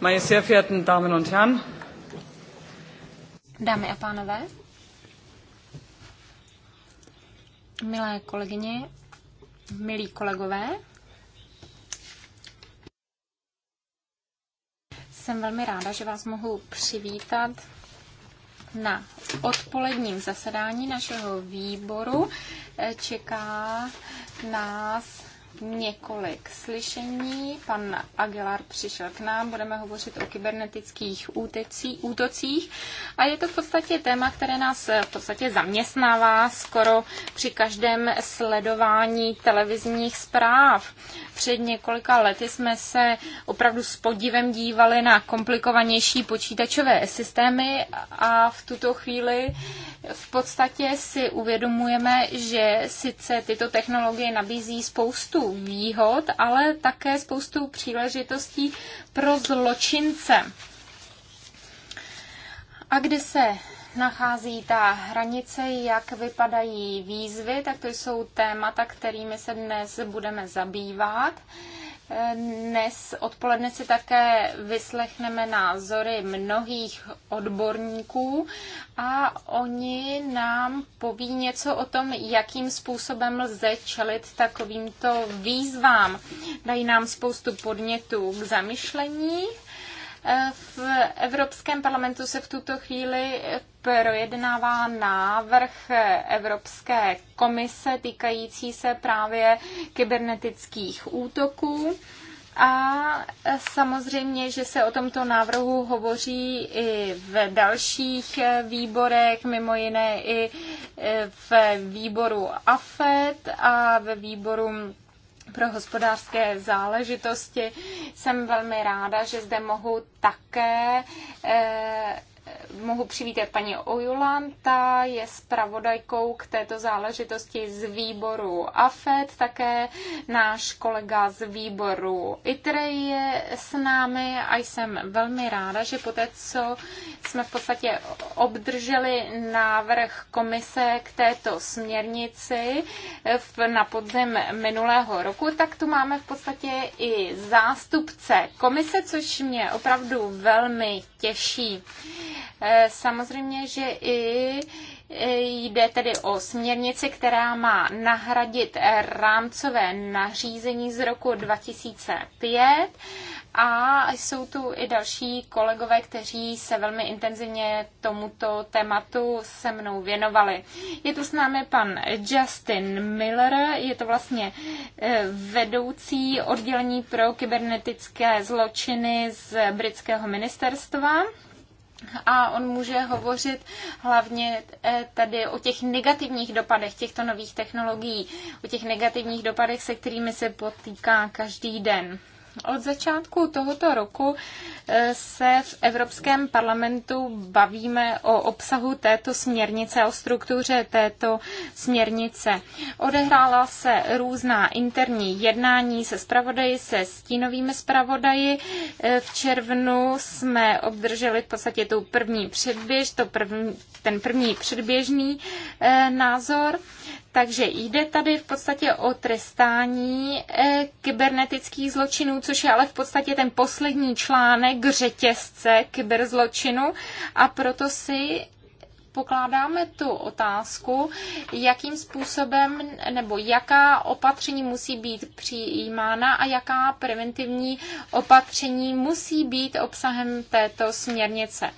Meine sehr verehrten Damen und Herren, Dámy a pánové, milé kolegyně, milí kolegové, jsem velmi ráda, že vás mohu přivítat na odpoledním zasedání našeho výboru. Čeká nás několik slyšení. Pan Aguilar přišel k nám, budeme hovořit o kybernetických útecí, útocích a je to v podstatě téma, které nás eh, v podstatě zaměstnává skoro při každém sledování televizních zpráv před několika lety jsme se opravdu s podívem dívali na komplikovanější počítačové systémy a v tuto chvíli v podstatě si uvědomujeme, že sice tyto technologie nabízí spoustu výhod, ale také spoustu příležitostí pro zločince. A kdy se nachází ta hranice, jak vypadají výzvy, tak to jsou témata, kterými se dnes budeme zabývat. Dnes odpoledne si také vyslechneme názory mnohých odborníků a oni nám poví něco o tom, jakým způsobem lze čelit takovýmto výzvám. Dají nám spoustu podnětů k zamyšlení v Evropském parlamentu se v tuto chvíli projednává návrh Evropské komise týkající se právě kybernetických útoků. A samozřejmě, že se o tomto návrhu hovoří i v dalších výborech, mimo jiné i v výboru AFET a ve výboru pro hospodářské záležitosti. Jsem velmi ráda, že zde mohu také eh, mohu přivítat paní Ojulanta, je zpravodajkou k této záležitosti z výboru AFED, také náš kolega z výboru ITRE je s námi a jsem velmi ráda, že po té, co jsme v podstatě obdrželi návrh komise k této směrnici na podzim minulého roku, tak tu máme v podstatě i zástupce komise, což mě opravdu velmi těší. E, samozřejmě, že i e, jde tedy o směrnici, která má nahradit rámcové nařízení z roku 2005 a jsou tu i další kolegové, kteří se velmi intenzivně tomuto tématu se mnou věnovali. Je tu s námi pan Justin Miller, je to vlastně e, vedoucí oddělení pro kybernetické zločiny z britského ministerstva a on může hovořit hlavně eh, tady o těch negativních dopadech těchto nových technologií, o těch negativních dopadech, se kterými se potýká každý den. Od začátku tohoto roku eh, se v Evropském parlamentu bavíme o obsahu této směrnice, o struktuře této směrnice. Odehrála se různá interní jednání se zpravodaji, se stínovými zpravodaji. Eh, v červnu jsme obdrželi v podstatě tu první předběž, to první, ten první předběžný eh, názor. Takže jde tady v podstatě o trestání eh, kybernetických zločinů, což je ale v podstatě ten poslední článek řetězce kyberzločinu a proto si pokládáme tu otázku, jakým způsobem nebo jaká opatření musí být přijímána a jaká preventivní opatření musí být obsahem této směrnice.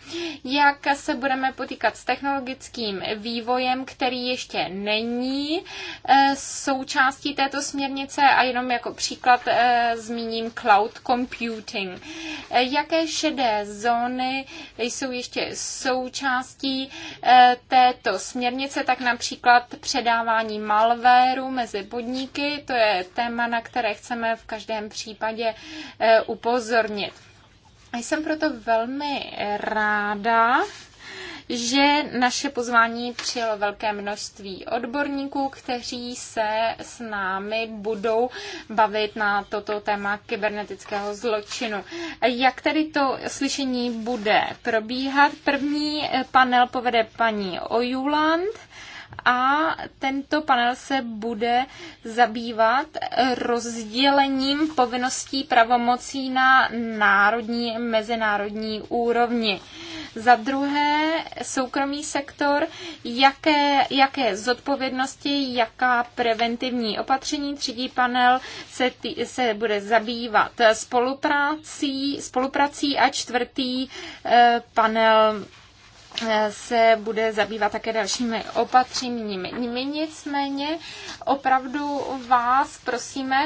Jak se budeme potýkat s technologickým vývojem, který ještě není eh, součástí této směrnice a jenom jako příklad eh, zmíním cloud computing. Eh, jaké šedé zóny jsou ještě součástí E, této směrnice, tak například předávání malvéru mezi podniky, to je téma, na které chceme v každém případě e, upozornit. Jsem proto velmi ráda, že naše pozvání přijelo velké množství odborníků, kteří se s námi budou bavit na toto téma kybernetického zločinu. Jak tedy to slyšení bude probíhat? První panel povede paní Ojuland, a tento panel se bude zabývat rozdělením povinností pravomocí na národní mezinárodní úrovni. Za druhé, soukromý sektor, jaké, jaké zodpovědnosti, jaká preventivní opatření. Třetí panel se, tý, se bude zabývat spoluprací, spoluprací a čtvrtý eh, panel se bude zabývat také dalšími opatřeními. My nicméně opravdu vás prosíme,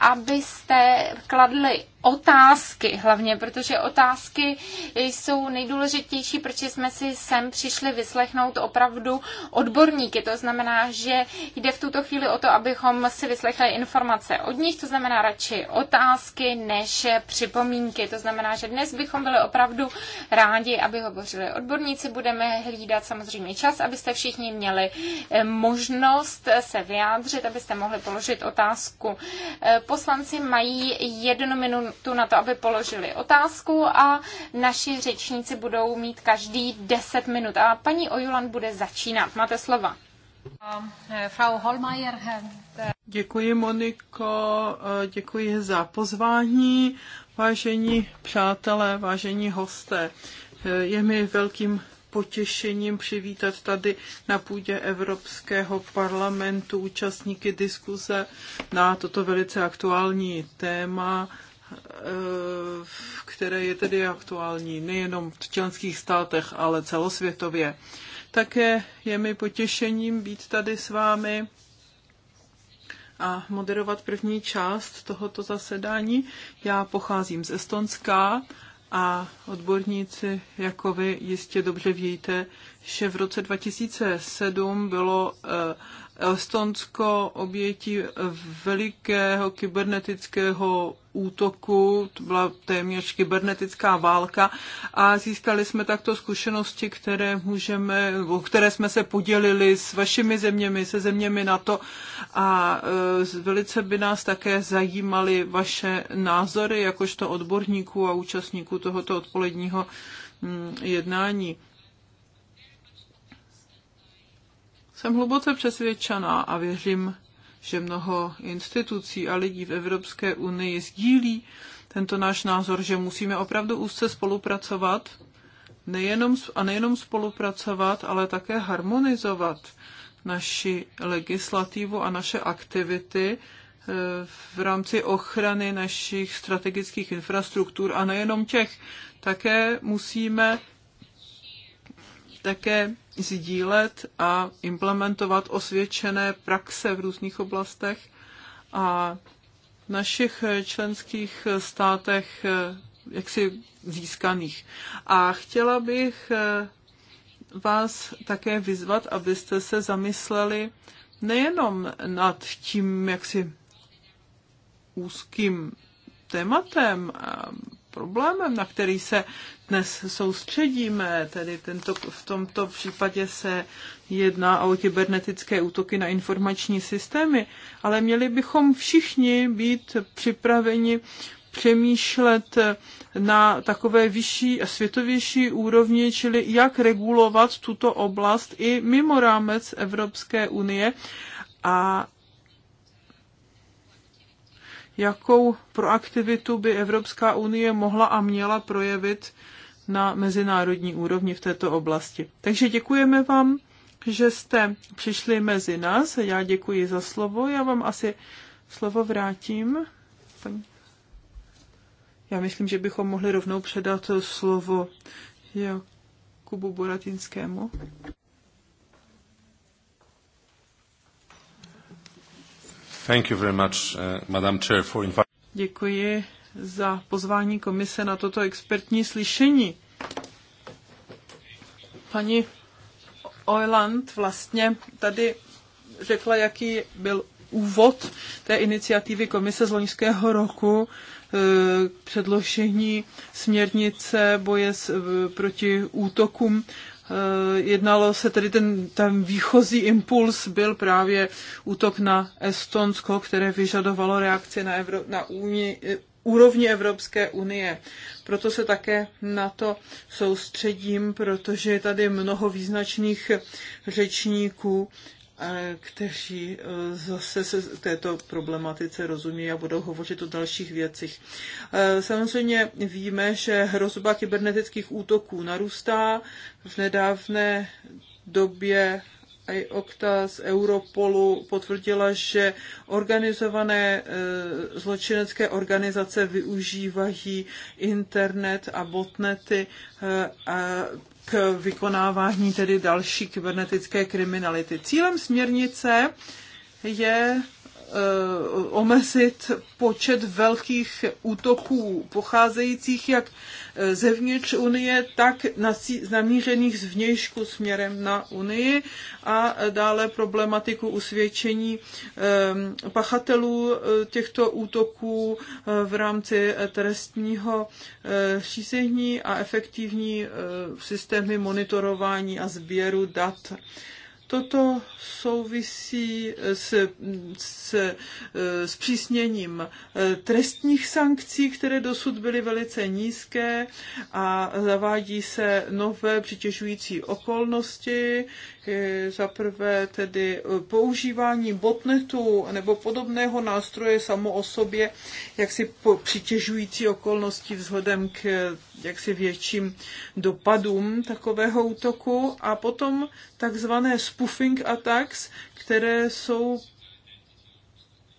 abyste kladli otázky hlavně, protože otázky jsou nejdůležitější, protože jsme si sem přišli vyslechnout opravdu odborníky. To znamená, že jde v tuto chvíli o to, abychom si vyslechli informace od nich, to znamená radši otázky než připomínky. To znamená, že dnes bychom byli opravdu rádi, aby hovořili odborníci. Budeme hlídat samozřejmě čas, abyste všichni měli eh, možnost se vyjádřit, abyste mohli položit otázku. Eh, poslanci mají jednu minutu minutu na to, aby položili otázku a naši řečníci budou mít každý 10 minut. A paní Ojulan bude začínat. Máte slova. Um, eh, Frau Holmeier. Eh, děkuji, Moniko, eh, děkuji za pozvání. Vážení přátelé, vážení hosté, je mi velkým potěšením přivítat tady na půdě Evropského parlamentu účastníky diskuze na toto velice aktuální téma Eh, které je tedy aktuální nejenom v členských státech, ale celosvětově. Také je mi potěšením být tady s vámi a moderovat první část tohoto zasedání. Já pocházím z Estonska a odborníci, jako vy jistě dobře víte, že v roce 2007 bylo eh, Estonsko obětí velikého kybernetického útoku, to byla téměř kybernetická válka a získali jsme takto zkušenosti, které, můžeme, které jsme se podělili s vašimi zeměmi, se zeměmi NATO a e, velice by nás také zajímaly vaše názory jakožto odborníků a účastníků tohoto odpoledního mm, jednání. Jsem hluboce přesvědčená a věřím, že mnoho institucí a lidí v Evropské unii sdílí tento náš názor, že musíme opravdu úzce spolupracovat, nejenom, a nejenom spolupracovat, ale také harmonizovat naši legislativu a naše aktivity eh, v rámci ochrany našich strategických infrastruktur a nejenom těch. Také musíme také sdílet a implementovat osvědčené praxe v různých oblastech a v našich členských státech eh, jaksi získaných. A chtěla bych eh, vás také vyzvat, abyste se zamysleli nejenom nad tím jaksi úzkým tématem problémem, na který se dnes soustředíme. Tedy tento, v tomto případě se jedná o kybernetické útoky na informační systémy, ale měli bychom všichni být připraveni přemýšlet na takové vyšší a světovější úrovni, čili jak regulovat tuto oblast i mimo rámec Evropské unie a jakou proaktivitu by Evropská unie mohla a měla projevit na mezinárodní úrovni v této oblasti. Takže děkujeme vám, že jste přišli mezi nás. Já děkuji za slovo. Já vám asi slovo vrátím. Já myslím, že bychom mohli rovnou předat slovo Jakubu Boratinskému. Uh, Děkuji za pozvání komise na toto expertní slyšení. Paní Oiland vlastně tady řekla, jaký byl úvod té iniciativy komise z loňského roku k eh, předložení směrnice boje s, proti útokům Eh, jednalo se tedy ten, ten výchozí impuls byl právě útok na Estonsko, které vyžadovalo reakci na, Evro, na úni, eh, úrovni Evropské unie. Proto se také na to soustředím, protože je tady mnoho význačných řečníků, kteří eh, zase se této problematice rozumí a budou hovořit o dalších věcích. Eh, samozřejmě víme, že hrozba kybernetických útoků narůstá. V nedávné době i Okta z Europolu potvrdila, že organizované eh, zločinecké organizace využívají internet a botnety a k vykonávání tedy další kybernetické kriminality. Cílem směrnice je Eh, omezit počet velkých útoků pocházejících jak eh, zevnitř Unie, tak namířených zvnějšku směrem na Unii a dále problematiku usvědčení eh, pachatelů těchto útoků v rámci trestního řízení a efektivní systémy monitorování a sběru dat. Toto souvisí s, s, s přísněním eh, trestních sankcí, které dosud byly velice nízké a zavádí se nové přitěžující okolnosti. Eh, za prvé tedy eh, používání botnetu nebo podobného nástroje samo o sobě jaksi přitěžující okolnosti vzhledem k jaksi větším dopadům takového útoku a potom takzvané spoofing attacks, které jsou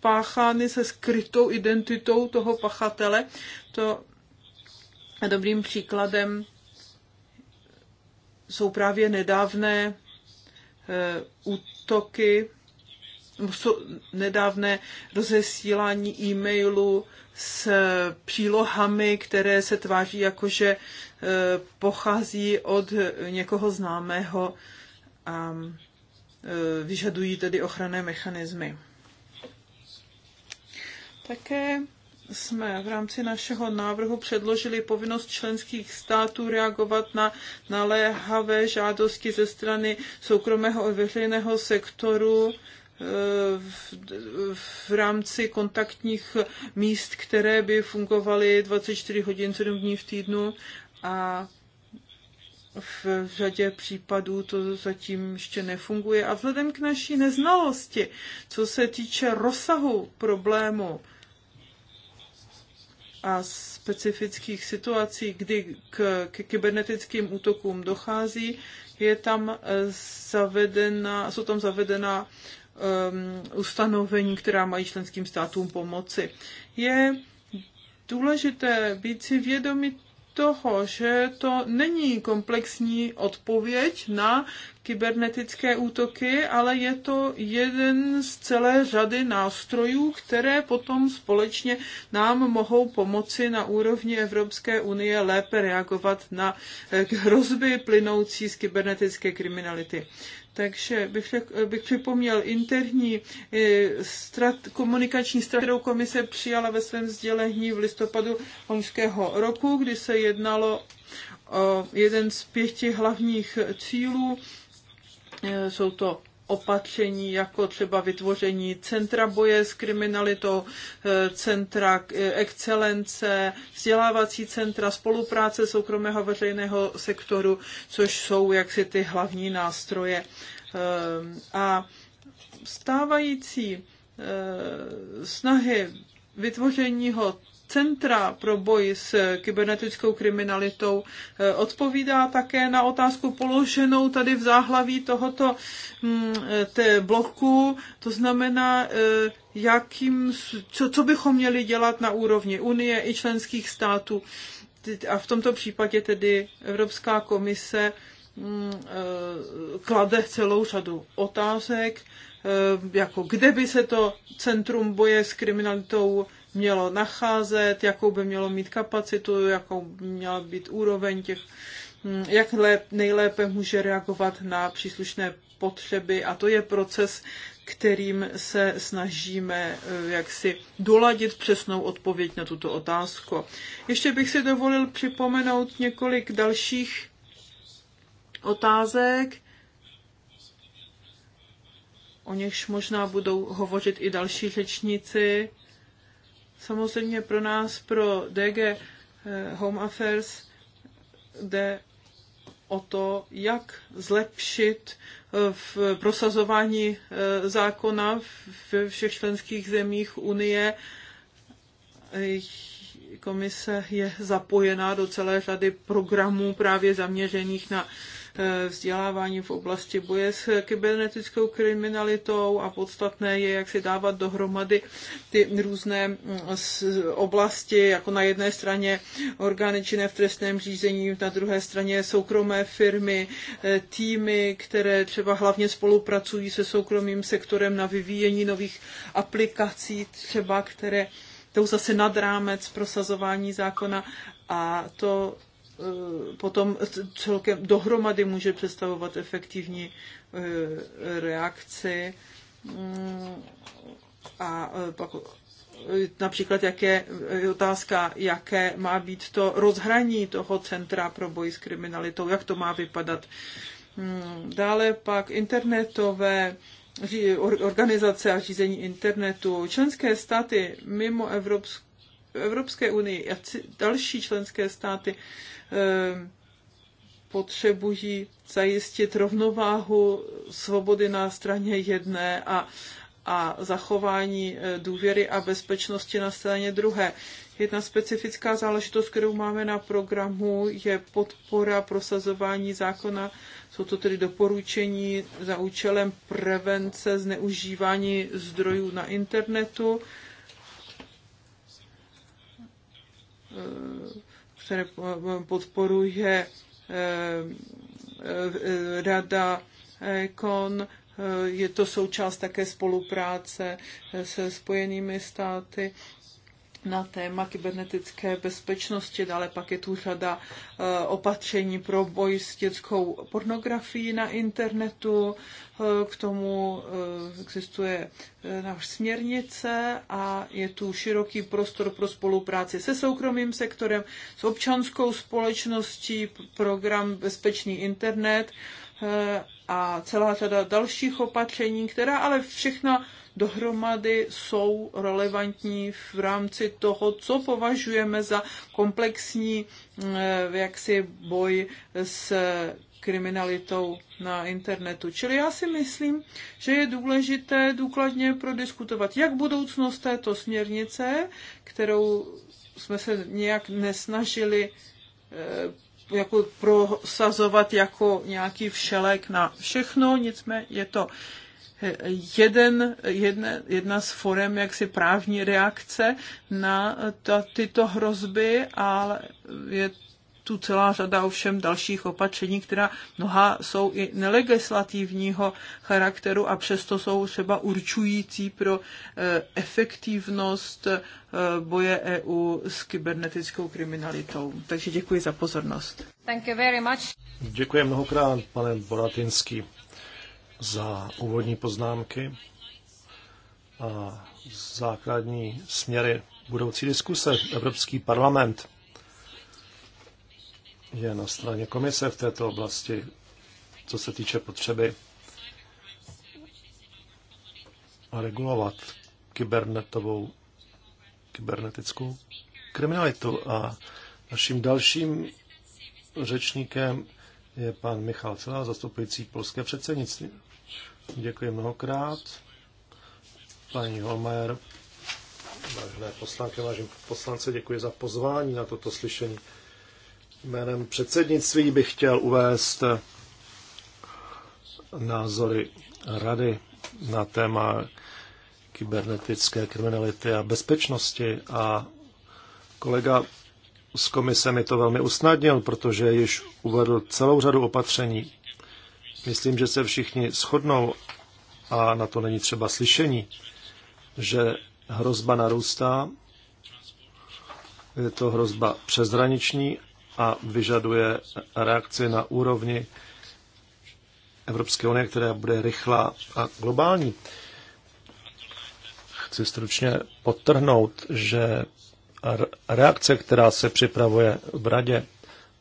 páchány se skrytou identitou toho pachatele. To dobrým příkladem jsou právě nedávné eh, útoky, nedávné rozesílání e-mailu s přílohami, které se tváří jako, že eh, pochází od někoho známého. Um, Eh, vyžadují tedy ochranné mechanismy. Také jsme v rámci našeho návrhu předložili povinnost členských států reagovat na naléhavé žádosti ze strany soukromého a veřejného sektoru eh, v, v rámci kontaktních míst, které by fungovaly 24 hodin 7 dní v týdnu a v řadě případů to zatím ještě nefunguje. A vzhledem k naší neznalosti, co se týče rozsahu problému a specifických situací, kdy k, k kybernetickým útokům dochází, je tam eh, zavedena, jsou tam zavedena um, ustanovení, která mají členským státům pomoci. Je důležité být si vědomi toho, že to není komplexní odpověď na kybernetické útoky, ale je to jeden z celé řady nástrojů, které potom společně nám mohou pomoci na úrovni Evropské unie lépe reagovat na eh, hrozby plynoucí z kybernetické kriminality. Takže bych, eh, bych připomněl interní eh, strat, komunikační strategii, kterou komise přijala ve svém sdělení v listopadu loňského roku, kdy se jednalo o jeden z pěti hlavních cílů Vlastně jsou to opatření, jako třeba vytvoření centra boje s kriminalitou, eh, centra eh, excelence, vzdělávací centra, spolupráce soukromého veřejného sektoru, což jsou jaksi ty hlavní nástroje. Eh, a stávající snahy vytvořeního Centra pro boj s kybernetickou kriminalitou eh, odpovídá také na otázku položenou tady v záhlaví tohoto mm, eh, té bloku, to znamená, eh, jakým, co, co bychom měli dělat na úrovni Unie i členských států. A v tomto případě tedy Evropská komise mm, klade celou řadu otázek, jako kde by se to centrum boje s kriminalitou mělo nacházet, jakou by mělo mít kapacitu, jakou by měla být úroveň těch, hm, jak nejlépe může reagovat na příslušné potřeby a to je proces, kterým se snažíme eh, jaksi doladit přesnou odpověď na tuto otázku. Ještě bych si dovolil připomenout několik dalších otázek, o nichž možná budou hovořit i další řečníci. Samozřejmě pro nás, pro DG eh, Home Affairs, jde o to, jak zlepšit eh, v prosazování eh, zákona ve všech členských zemích Unie. Komise je zapojená do celé řady programů právě zaměřených na Eh, vzdělávání v oblasti boje s kybernetickou kriminalitou a podstatné je, jak si dávat dohromady ty různé mm, oblasti, jako na jedné straně orgány činné v trestném řízení, na druhé straně soukromé firmy, eh, týmy, které třeba hlavně spolupracují se soukromým sektorem na vyvíjení nových aplikací, třeba které jsou zase nad rámec prosazování zákona a to Eh, potom celkem dohromady může představovat efektivní eh, reakci mm, a eh, pak například jaké, je otázka, jaké má být to rozhraní toho centra pro boj s kriminalitou, jak to má vypadat. Mm, dále pak internetové organizace a řízení internetu. Členské státy mimo Evropskou Evropské unii a další členské státy ehm, potřebují zajistit rovnováhu svobody na straně jedné a, a zachování eh, důvěry a bezpečnosti na straně druhé. Jedna specifická záležitost, kterou máme na programu, je podpora prosazování zákona. Jsou to tedy doporučení za účelem prevence zneužívání zdrojů na internetu Eh, které eh, podporuje eh, rada Kon je to součást také spolupráce se Spojenými státy na téma kybernetické bezpečnosti, dále pak je tu řada eh, opatření pro boj s dětskou pornografií na internetu, eh, k tomu eh, existuje náš směrnice a je tu široký prostor pro spolupráci se soukromým sektorem, s občanskou společností, program Bezpečný internet a celá řada dalších opatření, která ale všechna dohromady jsou relevantní v rámci toho, co považujeme za komplexní eh, jaksi boj s kriminalitou na internetu. Čili já si myslím, že je důležité důkladně prodiskutovat, jak budoucnost této směrnice, kterou jsme se nějak nesnažili eh, jako prosazovat jako nějaký všelek na všechno, nicméně je to jeden, jedna, jedna z forem jaksi právní reakce na ta, tyto hrozby, ale je tu celá řada ovšem dalších opatření, která mnoha jsou i nelegislativního charakteru a přesto jsou třeba určující pro eh, efektivnost eh, boje EU s kybernetickou kriminalitou. Takže děkuji za pozornost. Thank you very much. Děkuji mnohokrát, pane Boratinský za úvodní poznámky a základní směry budoucí diskuse. Evropský parlament je na straně komise v této oblasti, co se týče potřeby regulovat kybernetovou, kybernetickou kriminalitu. A naším dalším řečníkem je pan Michal Celá, zastupující polské předsednictví. Děkuji mnohokrát. Paní Holmajer, vážené poslanky, vážení poslanci, děkuji za pozvání na toto slyšení. Jménem předsednictví bych chtěl uvést názory rady na téma kybernetické kriminality a bezpečnosti a kolega z komise mi to velmi usnadnil, protože již uvedl celou řadu opatření, Myslím, že se všichni shodnou, a na to není třeba slyšení, že hrozba narůstá, je to hrozba přezhraniční a vyžaduje reakci na úrovni Evropské unie, která bude rychlá a globální. Chci stručně podtrhnout, že reakce, která se připravuje v Radě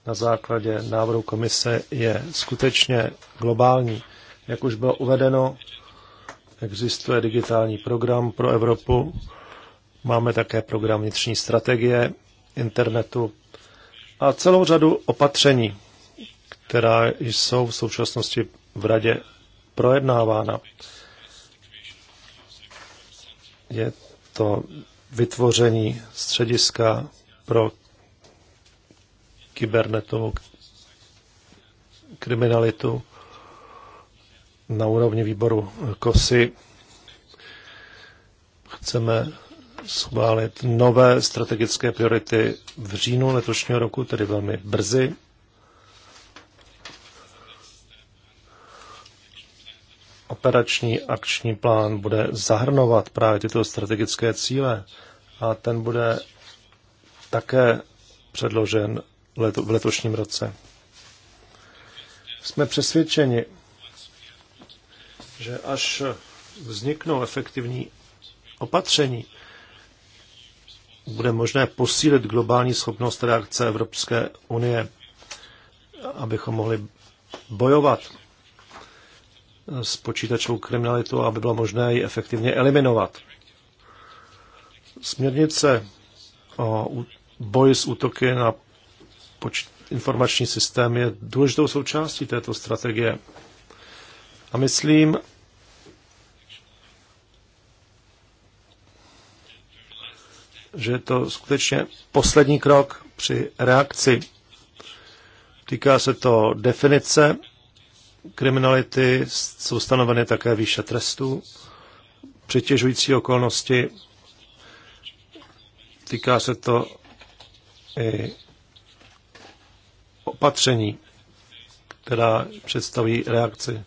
na základě návrhu komise je skutečně globální. Jak už bylo uvedeno, existuje digitální program pro Evropu, máme také program vnitřní strategie internetu a celou řadu opatření, která jsou v současnosti v radě projednávána. Je to vytvoření střediska pro kybernetovou kriminalitu na úrovni výboru KOSY. Chceme schválit nové strategické priority v říjnu letošního roku, tedy velmi brzy. Operační akční plán bude zahrnovat právě tyto strategické cíle a ten bude také předložen leto, v letošním roce. Jsme přesvědčeni, že až vzniknou efektivní opatření, bude možné posílit globální schopnost reakce Evropské unie, abychom mohli bojovat s počítačovou kriminalitu, aby bylo možné ji efektivně eliminovat. Směrnice o boji s útoky na informační systém je důležitou součástí této strategie. A myslím, že je to skutečně poslední krok při reakci. Týká se to definice kriminality, jsou stanoveny také výše trestů, přitěžující okolnosti. Týká se to i opatření, která představí reakci.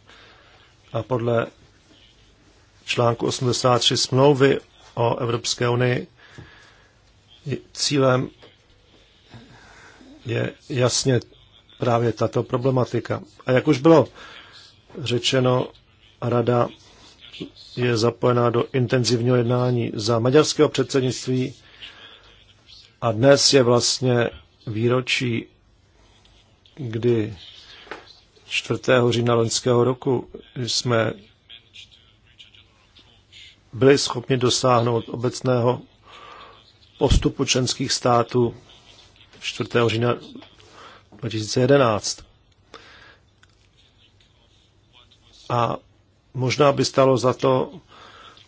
A podle článku 83 smlouvy o Evropské unii cílem je jasně právě tato problematika. A jak už bylo řečeno, rada je zapojená do intenzivního jednání za maďarského předsednictví a dnes je vlastně výročí kdy 4. října loňského roku jsme byli schopni dosáhnout obecného postupu členských států 4. října 2011. A možná by stalo za to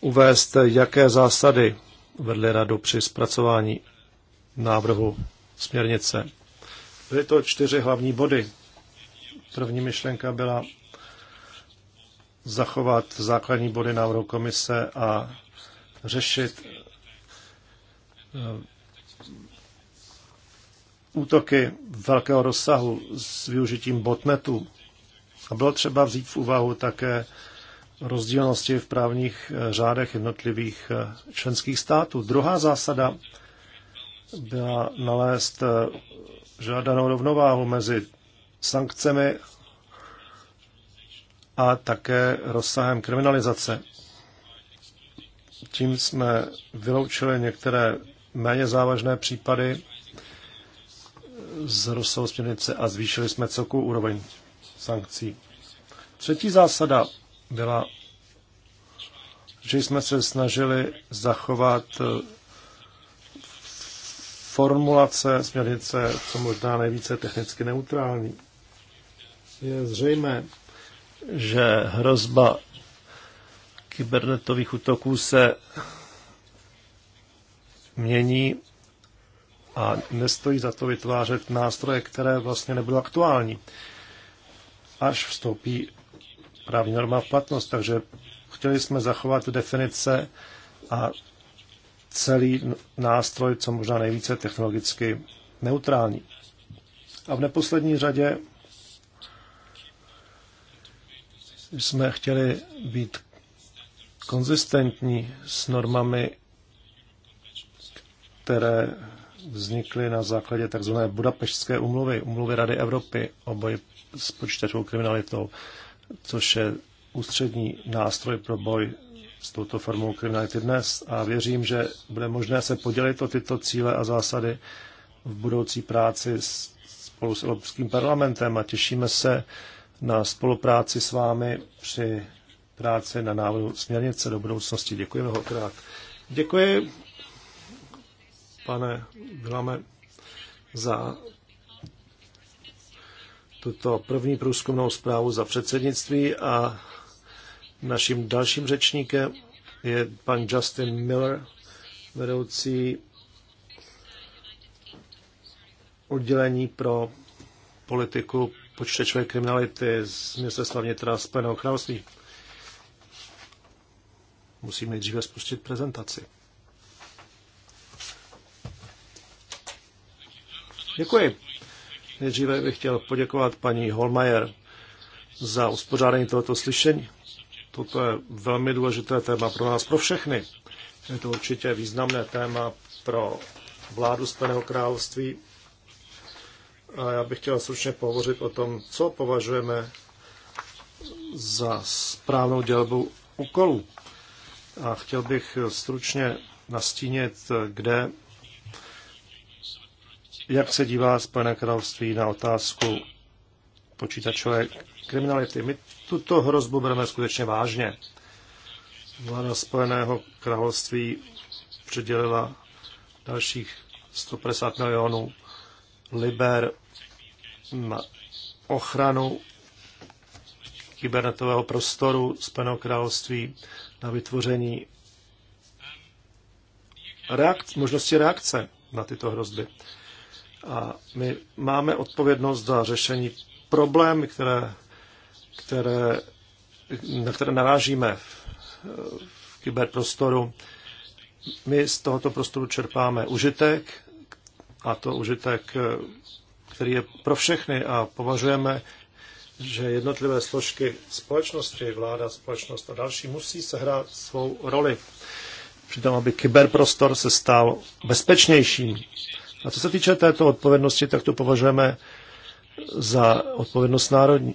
uvést, jaké zásady vedly radu při zpracování návrhu směrnice. Byly to čtyři hlavní body. První myšlenka byla zachovat základní body návrhu komise a řešit eh, útoky velkého rozsahu s využitím botnetu. A bylo třeba vzít v úvahu také rozdílnosti v právních eh, řádech jednotlivých eh, členských států. Druhá zásada byla nalézt žádanou rovnováhu mezi sankcemi a také rozsahem kriminalizace. Tím jsme vyloučili některé méně závažné případy z rozsahu směrnice a zvýšili jsme celkovou úroveň sankcí. Třetí zásada byla, že jsme se snažili zachovat formulace směrnice co možná nejvíce technicky neutrální. Je zřejmé, že hrozba kybernetových útoků se mění a nestojí za to vytvářet nástroje, které vlastně nebudou aktuální, až vstoupí právní norma v platnost. Takže chtěli jsme zachovat definice a celý nástroj co možná nejvíce technologicky neutrální. A v neposlední řadě jsme chtěli být konzistentní s normami, které vznikly na základě tzv. Budapešské umluvy, umluvy Rady Evropy o boji s počítačovou kriminalitou, což je ústřední nástroj pro boj s touto formou kriminality dnes a věřím, že bude možné se podělit o tyto cíle a zásady v budoucí práci spolu s Evropským parlamentem a těšíme se na spolupráci s vámi při práci na návrhu směrnice do budoucnosti. Děkuji mnohokrát. Děkuji, pane Vilame, za tuto první průzkumnou zprávu za předsednictví a Naším dalším řečníkem je pan Justin Miller, vedoucí oddělení pro politiku počítačové kriminality z města vnitra Spojeného království. Musím nejdříve spustit prezentaci. Děkuji. Nejdříve bych chtěl poděkovat paní Holmajer za uspořádání tohoto slyšení Toto je velmi důležité téma pro nás, pro všechny. Je to určitě významné téma pro vládu Spojeného království. A já bych chtěl stručně pohovořit o tom, co považujeme za správnou dělbu úkolů. A chtěl bych stručně nastínit, kde, jak se dívá Spojené království na otázku počítačové kriminality. My tuto hrozbu bereme skutečně vážně. Vláda Spojeného království přidělila dalších 150 milionů liber na ochranu kybernetového prostoru Spojeného království na vytvoření reakc, možnosti reakce na tyto hrozby. A my máme odpovědnost za řešení problémy, které které, na které narážíme v kyberprostoru, my z tohoto prostoru čerpáme užitek, a to užitek, který je pro všechny a považujeme, že jednotlivé složky společnosti, vláda, společnost a další musí sehrát svou roli. Přitom, aby kyberprostor se stal bezpečnějším. A co se týče této odpovědnosti, tak to považujeme za odpovědnost národní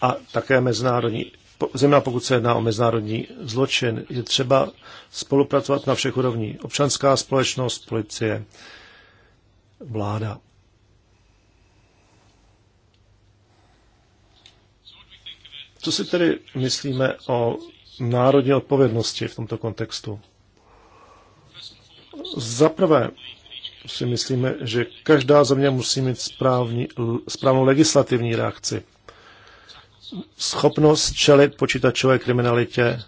a také mezinárodní, zejména pokud se jedná o mezinárodní zločin, je třeba spolupracovat na všech úrovní. Občanská společnost, policie, vláda. Co si tedy myslíme o národní odpovědnosti v tomto kontextu? Zaprvé si myslíme, že každá země musí mít správní, správnou legislativní reakci schopnost čelit počítačové kriminalitě,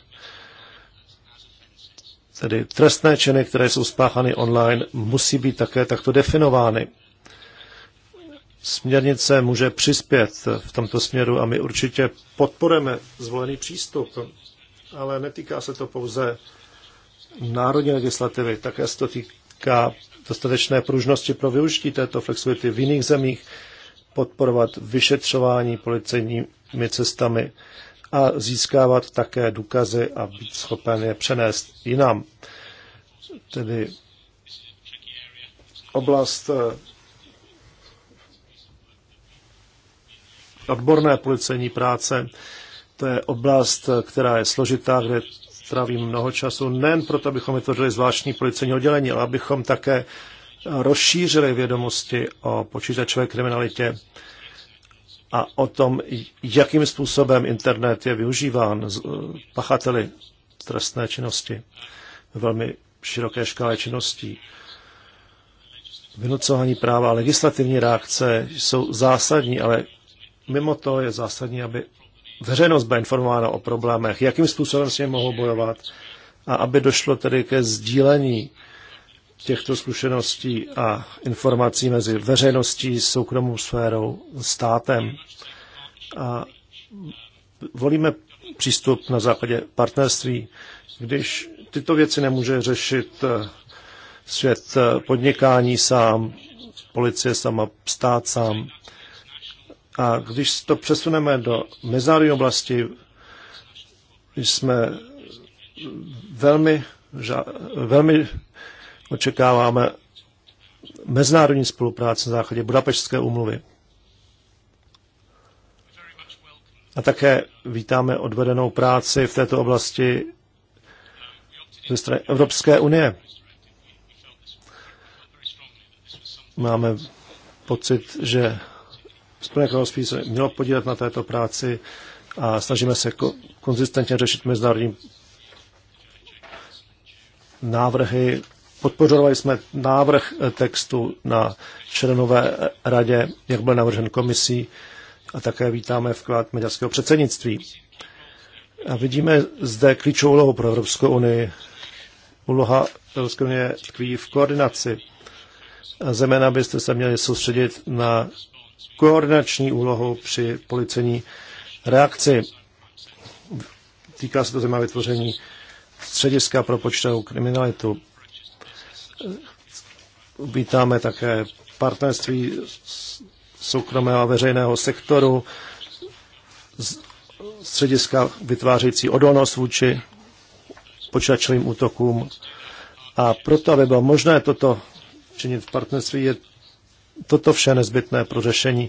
tedy trestné činy, které jsou spáchány online, musí být také takto definovány. Směrnice může přispět v tomto směru a my určitě podporujeme zvolený přístup, ale netýká se to pouze národní legislativy, také se to týká dostatečné pružnosti pro využití této flexibility v jiných zemích, podporovat vyšetřování policejní různými cestami a získávat také důkazy a být schopen je přenést jinam. Tedy oblast eh, odborné policejní práce, to je oblast, eh, která je složitá, kde trávím mnoho času, nejen proto, abychom vytvořili zvláštní policejní oddělení, ale abychom také rozšířili vědomosti o počítačové kriminalitě a o tom, jakým způsobem internet je využíván eh, pachateli trestné činnosti velmi široké škále činností. Vynucování práva a legislativní reakce jsou zásadní, ale mimo to je zásadní, aby veřejnost byla informována o problémech, jakým způsobem s nimi mohou bojovat a aby došlo tedy ke sdílení těchto zkušeností a informací mezi veřejností, soukromou sférou, státem. A volíme přístup na základě partnerství, když tyto věci nemůže řešit eh, svět eh, podnikání sám, policie sama, stát sám. A když to přesuneme do mezinárodní oblasti, jsme velmi, velmi Očekáváme mezinárodní spolupráci na základě Budapeštské umluvy. A také vítáme odvedenou práci v této oblasti ze strany Evropské unie. Máme pocit, že Spojené království se mělo podílet na této práci a snažíme se ko- konzistentně řešit mezinárodní návrhy Podpořovali jsme návrh textu na členové radě, jak byl navržen komisí a také vítáme vklad maďarského předsednictví. A vidíme zde klíčovou úlohu pro Evropskou unii. Úloha Evropské unie tkví v koordinaci. Zeměna byste se měli soustředit na koordinační úlohu při policení reakci. Týká se to zejména vytvoření střediska pro počtovou kriminalitu Vítáme také partnerství soukromého a veřejného sektoru, střediska vytvářející odolnost vůči počítačovým útokům. A proto, aby bylo možné toto činit v partnerství, je toto vše nezbytné pro řešení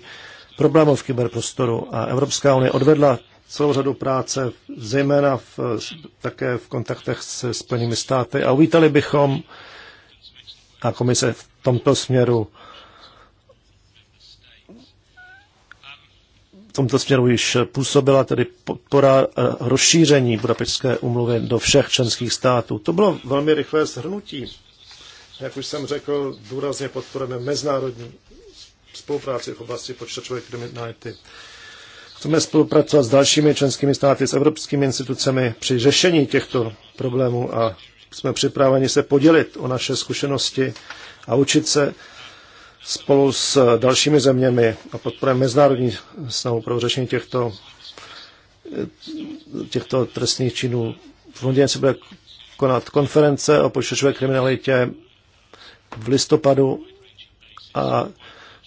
problémů v kyberprostoru. A Evropská unie odvedla celou řadu práce, zejména v, také v kontaktech se Spojenými státy. A uvítali bychom a komise v tomto směru v tomto směru již působila tedy podpora eh, rozšíření Budapešské umluvy do všech členských států. To bylo velmi rychlé shrnutí. Jak už jsem řekl, důrazně podporujeme mezinárodní spolupráci v oblasti počítačové kriminality. Chceme spolupracovat s dalšími členskými státy, s evropskými institucemi při řešení těchto problémů a jsme připraveni se podělit o naše zkušenosti a učit se spolu s dalšími zeměmi a podporujeme mezinárodní snahu pro řešení těchto, těchto trestných činů. V Londýně se bude konat konference o počítačové kriminalitě v listopadu a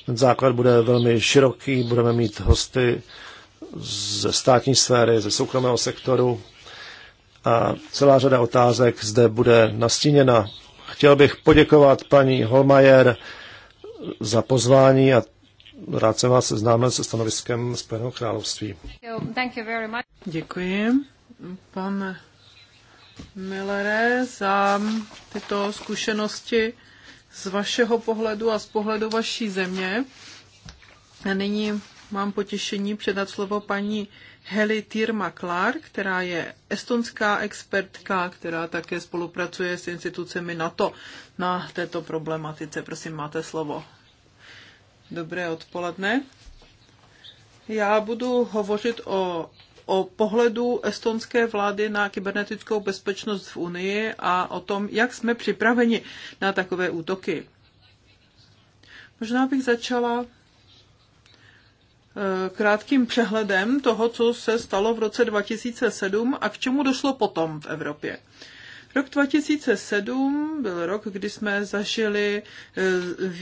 ten základ bude velmi široký, budeme mít hosty ze státní sféry, ze soukromého sektoru, a celá řada otázek zde bude nastíněna. Chtěl bych poděkovat paní Holmajer za pozvání a rád jsem vás seznámil se stanoviskem Spojeného království. Děkuji, pan Millere, za tyto zkušenosti z vašeho pohledu a z pohledu vaší země. A nyní mám potěšení předat slovo paní Heli Tirma Klar, která je estonská expertka, která také spolupracuje s institucemi NATO na této problematice. Prosím, máte slovo. Dobré odpoledne. Já budu hovořit o, o pohledu estonské vlády na kybernetickou bezpečnost v Unii a o tom, jak jsme připraveni na takové útoky. Možná bych začala Eh, krátkým přehledem toho, co se stalo v roce 2007 a k čemu došlo potom v Evropě. Rok 2007 byl rok, kdy jsme zažili eh,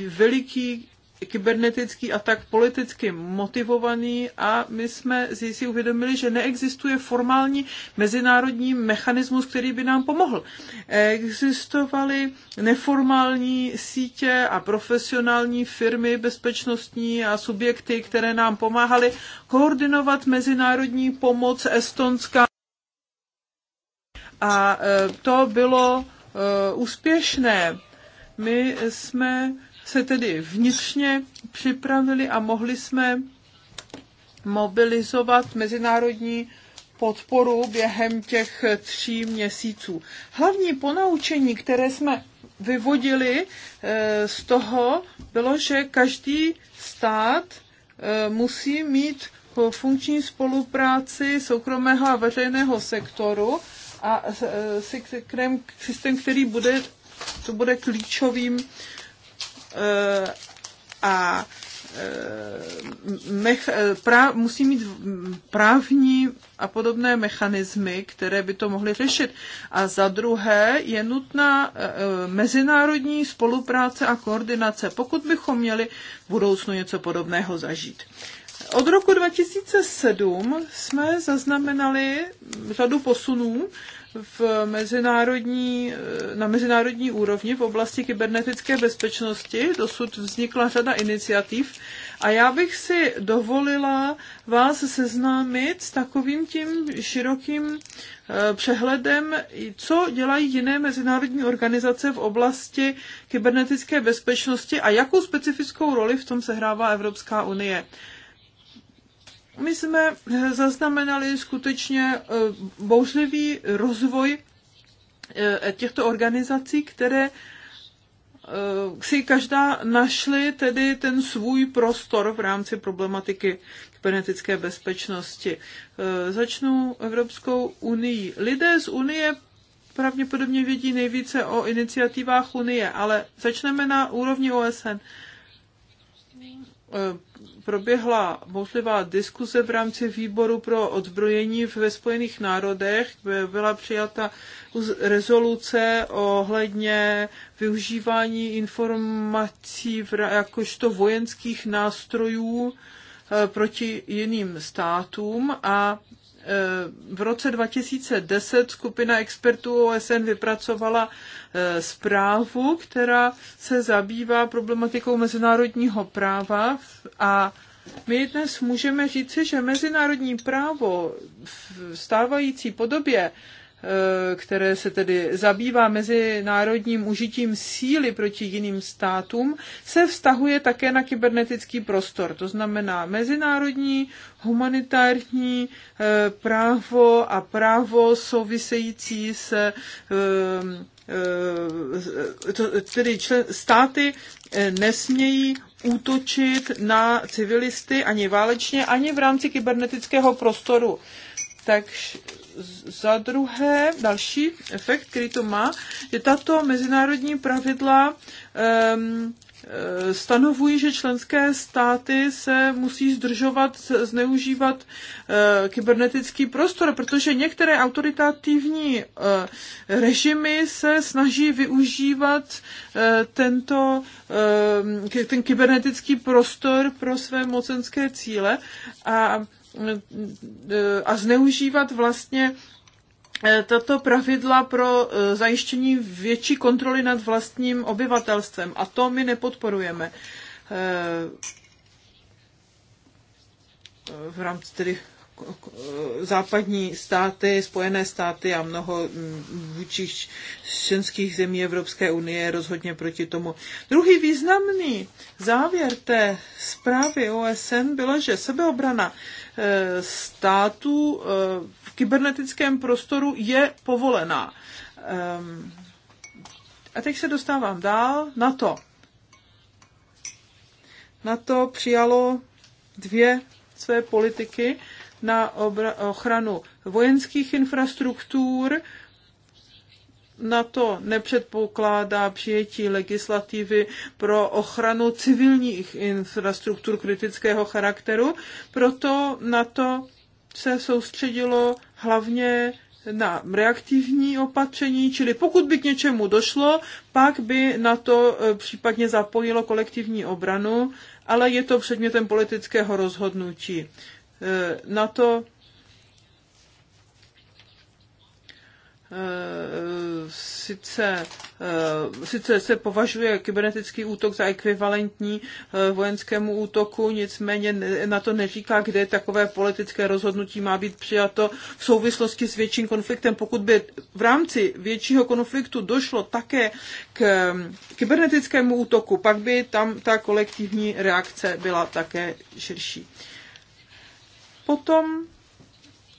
veliký kybernetický atak politicky motivovaný a my jsme si uvědomili, že neexistuje formální mezinárodní mechanismus, který by nám pomohl. Existovaly neformální sítě a profesionální firmy bezpečnostní a subjekty, které nám pomáhaly koordinovat mezinárodní pomoc Estonska. A e, to bylo e, úspěšné. My jsme se tedy vnitřně připravili a mohli jsme mobilizovat mezinárodní podporu během těch tří měsíců. Hlavní ponaučení, které jsme vyvodili eh, z toho, bylo, že každý stát eh, musí mít funkční spolupráci soukromého a veřejného sektoru a eh, systém, který bude, to bude klíčovým Eh, a eh, mech, eh, pra, musí mít právní a podobné mechanismy, které by to mohly řešit. A za druhé je nutná mezinárodní spolupráce a koordinace, pokud bychom měli v budoucnu něco podobného zažít. Od roku 2007 jsme zaznamenali řadu posunů v mezinárodní, na mezinárodní úrovni v oblasti kybernetické bezpečnosti. Dosud vznikla řada iniciativ a já bych si dovolila vás seznámit s takovým tím širokým eh, přehledem, co dělají jiné mezinárodní organizace v oblasti kybernetické bezpečnosti a jakou specifickou roli v tom sehrává Evropská unie. My jsme zaznamenali skutečně eh, bouřlivý rozvoj eh, těchto organizací, které eh, si každá našly tedy ten svůj prostor v rámci problematiky kybernetické bezpečnosti. Začnu Evropskou unii. Lidé z Unie pravděpodobně vědí nejvíce o iniciativách Unie, ale začneme na úrovni OSN proběhla bouřlivá diskuze v rámci výboru pro odbrojení ve Spojených národech. Byla přijata rezoluce ohledně využívání informací v, jakožto vojenských nástrojů eh, proti jiným státům a v roce 2010 skupina expertů OSN vypracovala e, zprávu, která se zabývá problematikou mezinárodního práva a my dnes můžeme říci, že mezinárodní právo v stávající podobě Eh, které se tedy zabývá mezinárodním užitím síly proti jiným státům, se vztahuje také na kybernetický prostor. To znamená mezinárodní, humanitární eh, právo a právo související s eh, tedy státy nesmějí útočit na civilisty ani válečně, ani v rámci kybernetického prostoru. Takže za druhé, další efekt, který to má, je tato mezinárodní pravidla um, stanovují, že členské státy se musí zdržovat, zneužívat eh, kybernetický prostor, protože některé autoritativní eh, režimy se snaží využívat tento, ten kybernetický prostor pro své mocenské cíle a a zneužívat vlastně eh, tato pravidla pro eh, zajištění větší kontroly nad vlastním obyvatelstvem. A to my nepodporujeme eh, v rámci tedy západní státy, Spojené státy a mnoho mm, vůči členských zemí Evropské unie rozhodně proti tomu. Druhý významný závěr té zprávy OSN bylo, že sebeobrana e, států e, v kybernetickém prostoru je povolená. Ehm, a teď se dostávám dál na to. Na to přijalo dvě své politiky na ochranu vojenských infrastruktur. Na to nepředpokládá přijetí legislativy pro ochranu civilních infrastruktur kritického charakteru, proto na to se soustředilo hlavně na reaktivní opatření, čili pokud by k něčemu došlo, pak by na to e, případně zapojilo kolektivní obranu, ale je to předmětem politického rozhodnutí. Eh, na to eh, sice, eh, sice se považuje kybernetický útok za ekvivalentní vojenskému útoku, nicméně na to neříká, kde takové politické rozhodnutí má být přijato v souvislosti s větším konfliktem. Pokud by v rámci většího konfliktu došlo také k kybernetickému útoku, pak by tam ta kolektivní reakce byla také širší. Potom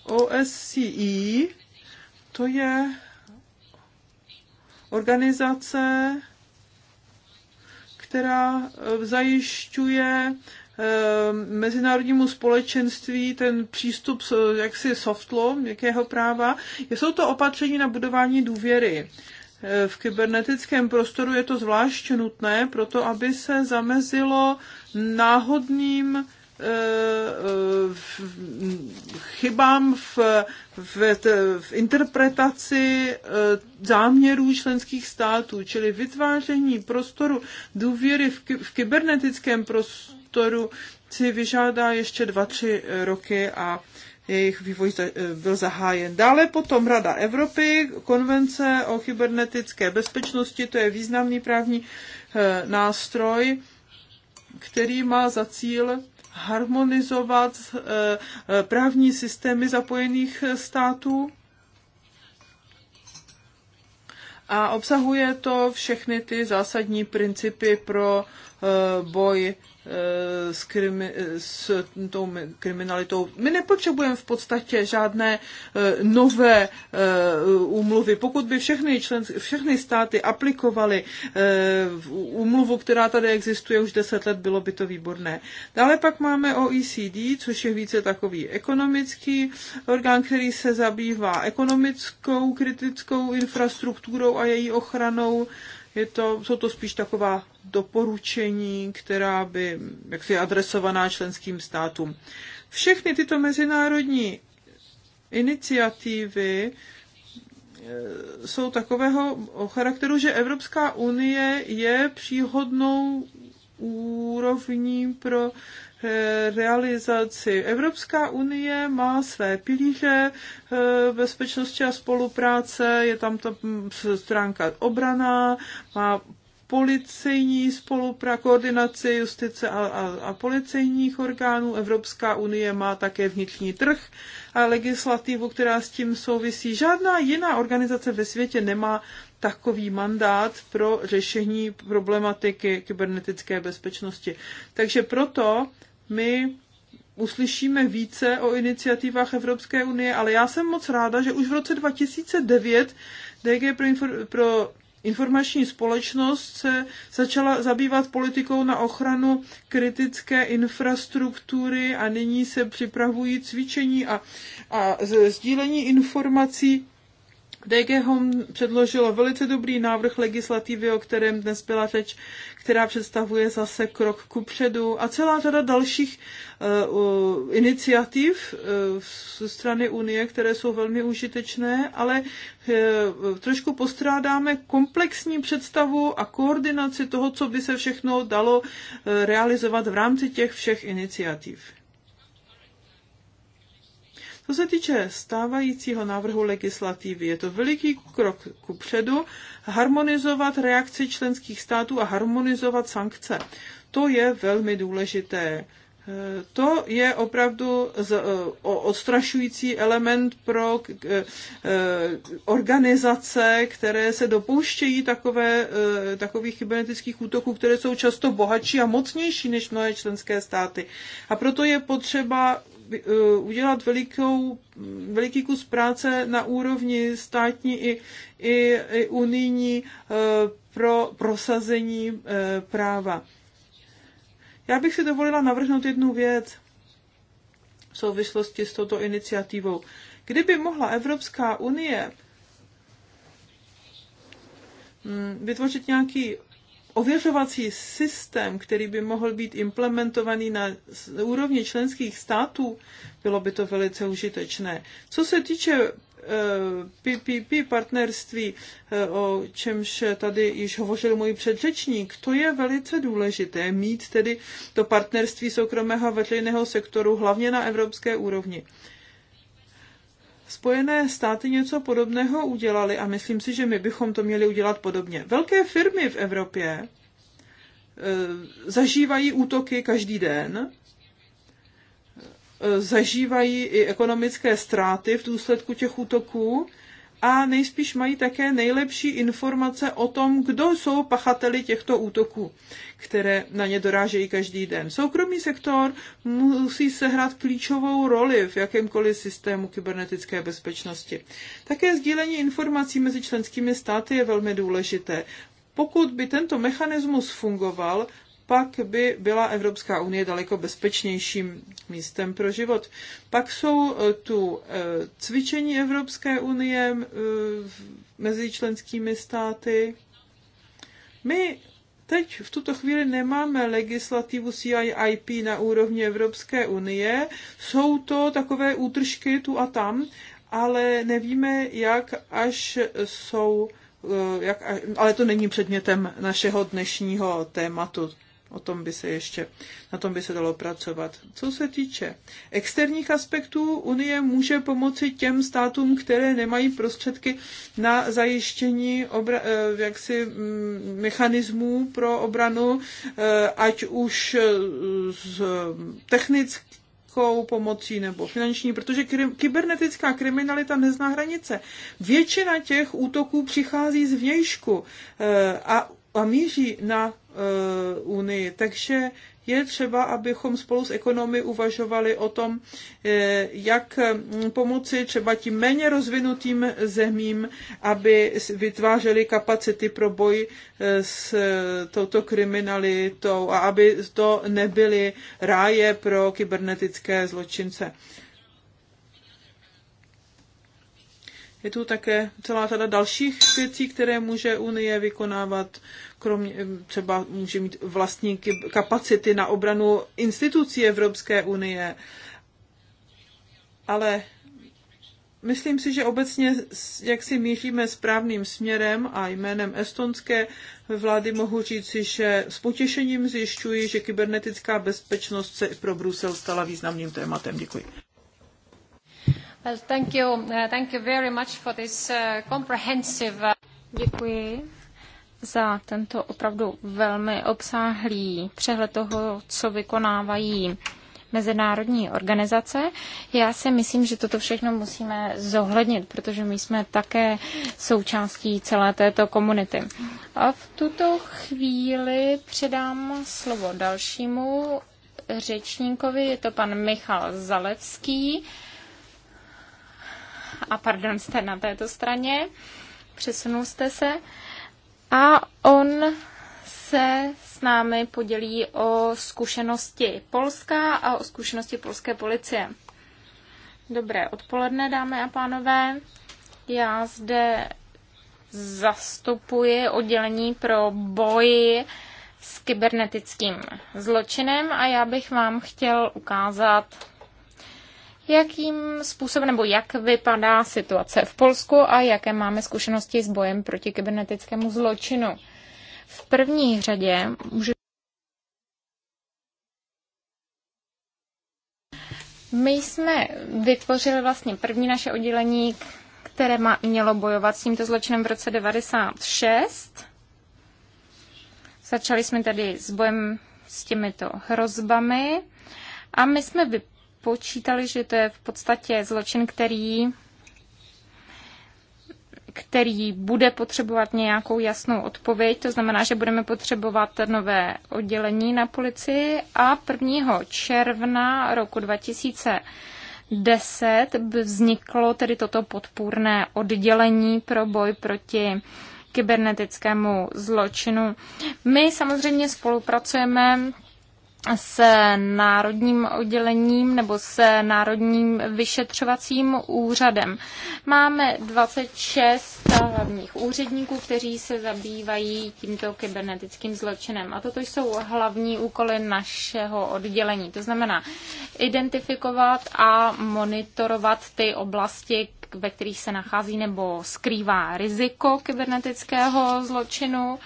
OSCE, to je organizace, která eh, zajišťuje eh, mezinárodnímu společenství ten přístup eh, jaksi soft law, měkkého práva. Jsou to opatření na budování důvěry. V kybernetickém prostoru je to zvlášť nutné, proto aby se zamezilo náhodným Eh, chybám v, v, v interpretaci eh, záměrů členských států, čili vytváření prostoru důvěry v, v kybernetickém prostoru si vyžádá ještě dva, tři roky a jejich vývoj byl zahájen. Dále potom Rada Evropy, konvence o kybernetické bezpečnosti, to je významný právní eh, nástroj, který má za cíl harmonizovat eh, eh, právní systémy zapojených eh, států a obsahuje to všechny ty zásadní principy pro Eh, boj eh, s, krimi, s tou kriminalitou. My nepotřebujeme v podstatě žádné eh, nové úmluvy. Pokud by všechny, člen, všechny státy aplikovaly úmluvu, která tady existuje už deset let, bylo by to výborné. Dále pak máme OECD, což je více takový ekonomický orgán, který se zabývá ekonomickou kritickou infrastrukturou a její ochranou. Je to, jsou to spíš taková doporučení, která by jaksi adresovaná členským státům. Všechny tyto mezinárodní iniciativy eh, jsou takového charakteru, že Evropská unie je příhodnou úrovní pro eh, realizaci. Evropská unie má své pilíře eh, bezpečnosti a spolupráce, je tam ta hm, stránka obrana, má policejní spolupra, koordinaci justice a, a, a policejních orgánů. Evropská unie má také vnitřní trh a legislativu, která s tím souvisí. Žádná jiná organizace ve světě nemá takový mandát pro řešení problematiky kybernetické bezpečnosti. Takže proto my uslyšíme více o iniciativách Evropské unie, ale já jsem moc ráda, že už v roce 2009 DG pro, pro informační společnost se začala zabývat politikou na ochranu kritické infrastruktury a nyní se připravují cvičení a, a sdílení informací DG Home předložilo velice dobrý návrh legislativy, o kterém dnes byla řeč, která představuje zase krok ku předu a celá řada dalších uh, iniciativ uh, ze strany Unie, které jsou velmi užitečné, ale uh, trošku postrádáme komplexní představu a koordinaci toho, co by se všechno dalo uh, realizovat v rámci těch všech iniciativ. Co se týče stávajícího návrhu legislativy, je to veliký krok ku předu harmonizovat reakci členských států a harmonizovat sankce. To je velmi důležité. E, to je opravdu e, odstrašující element pro e, organizace, které se dopouštějí takové, takových kybernetických útoků, které jsou často bohatší a mocnější než mnohé členské státy. A proto je potřeba Eh, udělat velikou, veliký kus práce na úrovni státní i, i, i unijní eh, pro prosazení eh, práva. Já bych si dovolila navrhnout jednu věc v souvislosti s touto iniciativou. Kdyby mohla Evropská unie hm, vytvořit nějaký ověřovací systém, který by mohl být implementovaný na úrovni členských států, bylo by to velice užitečné. Co se týče PPP eh, partnerství, eh, o čemž tady již hovořil můj předřečník, to je velice důležité mít tedy to partnerství soukromého a veřejného sektoru hlavně na evropské úrovni. Spojené státy něco podobného udělali a myslím si, že my bychom to měli udělat podobně. Velké firmy v Evropě e, zažívají útoky každý den, e, zažívají i ekonomické ztráty v důsledku těch útoků a nejspíš mají také nejlepší informace o tom, kdo jsou pachateli těchto útoků, které na ně dorážejí každý den. Soukromý sektor musí sehrát klíčovou roli v jakémkoliv systému kybernetické bezpečnosti. Také sdílení informací mezi členskými státy je velmi důležité. Pokud by tento mechanismus fungoval, pak by byla Evropská unie daleko bezpečnějším místem pro život. Pak jsou eh, tu eh, cvičení Evropské unie eh, mezi členskými státy. My teď v tuto chvíli nemáme legislativu CIIP na úrovni Evropské unie. Jsou to takové útržky tu a tam, ale nevíme, jak až jsou jak, ale to není předmětem našeho dnešního tématu o tom by se ještě, na tom by se dalo pracovat. Co se týče externích aspektů, Unie může pomoci těm státům, které nemají prostředky na zajištění obra, eh, jaksi, mm, mechanismů pro obranu, eh, ať už z technických technickou pomocí nebo finanční, protože kybernetická kriminalita nezná hranice. Většina těch útoků přichází z vnějšku eh, a, a míří na Eh, unii. Takže je třeba, abychom spolu s ekonomy uvažovali o tom, eh, jak mm, pomoci třeba tím méně rozvinutým zemím, aby vytvářely kapacity pro boj eh, s touto kriminalitou a aby to nebyly ráje pro kybernetické zločince. je tu také celá řada dalších věcí, které může Unie vykonávat, kromě eh, třeba může mít vlastní kapacity na obranu institucí Evropské unie. Ale myslím si, že obecně, jak si míříme správným směrem a jménem estonské vlády mohu říci, že s potěšením zjišťuji, že kybernetická bezpečnost se pro Brusel stala významným tématem. Děkuji. Well, thank you. Uh, thank you very much for this uh, comprehensive... Uh, Děkuji za tento opravdu velmi obsáhlý přehled toho, co vykonávají mezinárodní organizace. Já si myslím, že toto všechno musíme zohlednit, protože my jsme také součástí celé této komunity. A v tuto chvíli předám slovo dalšímu řečníkovi, je to pan Michal Zalevský a pardon, jste na této straně, přesunul jste se a on se s námi podělí o zkušenosti Polska a o zkušenosti polské policie. Dobré odpoledne, dámy a pánové. Já zde zastupuji oddělení pro boj s kybernetickým zločinem a já bych vám chtěl ukázat jakým způsobem nebo jak vypadá situace v Polsku a jaké máme zkušenosti s bojem proti kybernetickému zločinu. V první řadě může. My jsme vytvořili vlastně první naše oddělení, které má, mělo bojovat s tímto zločinem v roce 96. Začali jsme tedy s bojem s těmito hrozbami a my jsme vy, počítali, že to je v podstatě zločin, který který bude potřebovat nějakou jasnou odpověď, to znamená, že budeme potřebovat nové oddělení na policii a 1. června roku 2010 vzniklo tedy toto podpůrné oddělení pro boj proti kybernetickému zločinu. My samozřejmě spolupracujeme s národním oddělením nebo s národním vyšetřovacím úřadem. Máme 26 hlavních úředníků, kteří se zabývají tímto kybernetickým zločinem. A toto jsou hlavní úkoly našeho oddělení. To znamená identifikovat a monitorovat ty oblasti, ve kterých se nachází nebo skrývá riziko kybernetického zločinu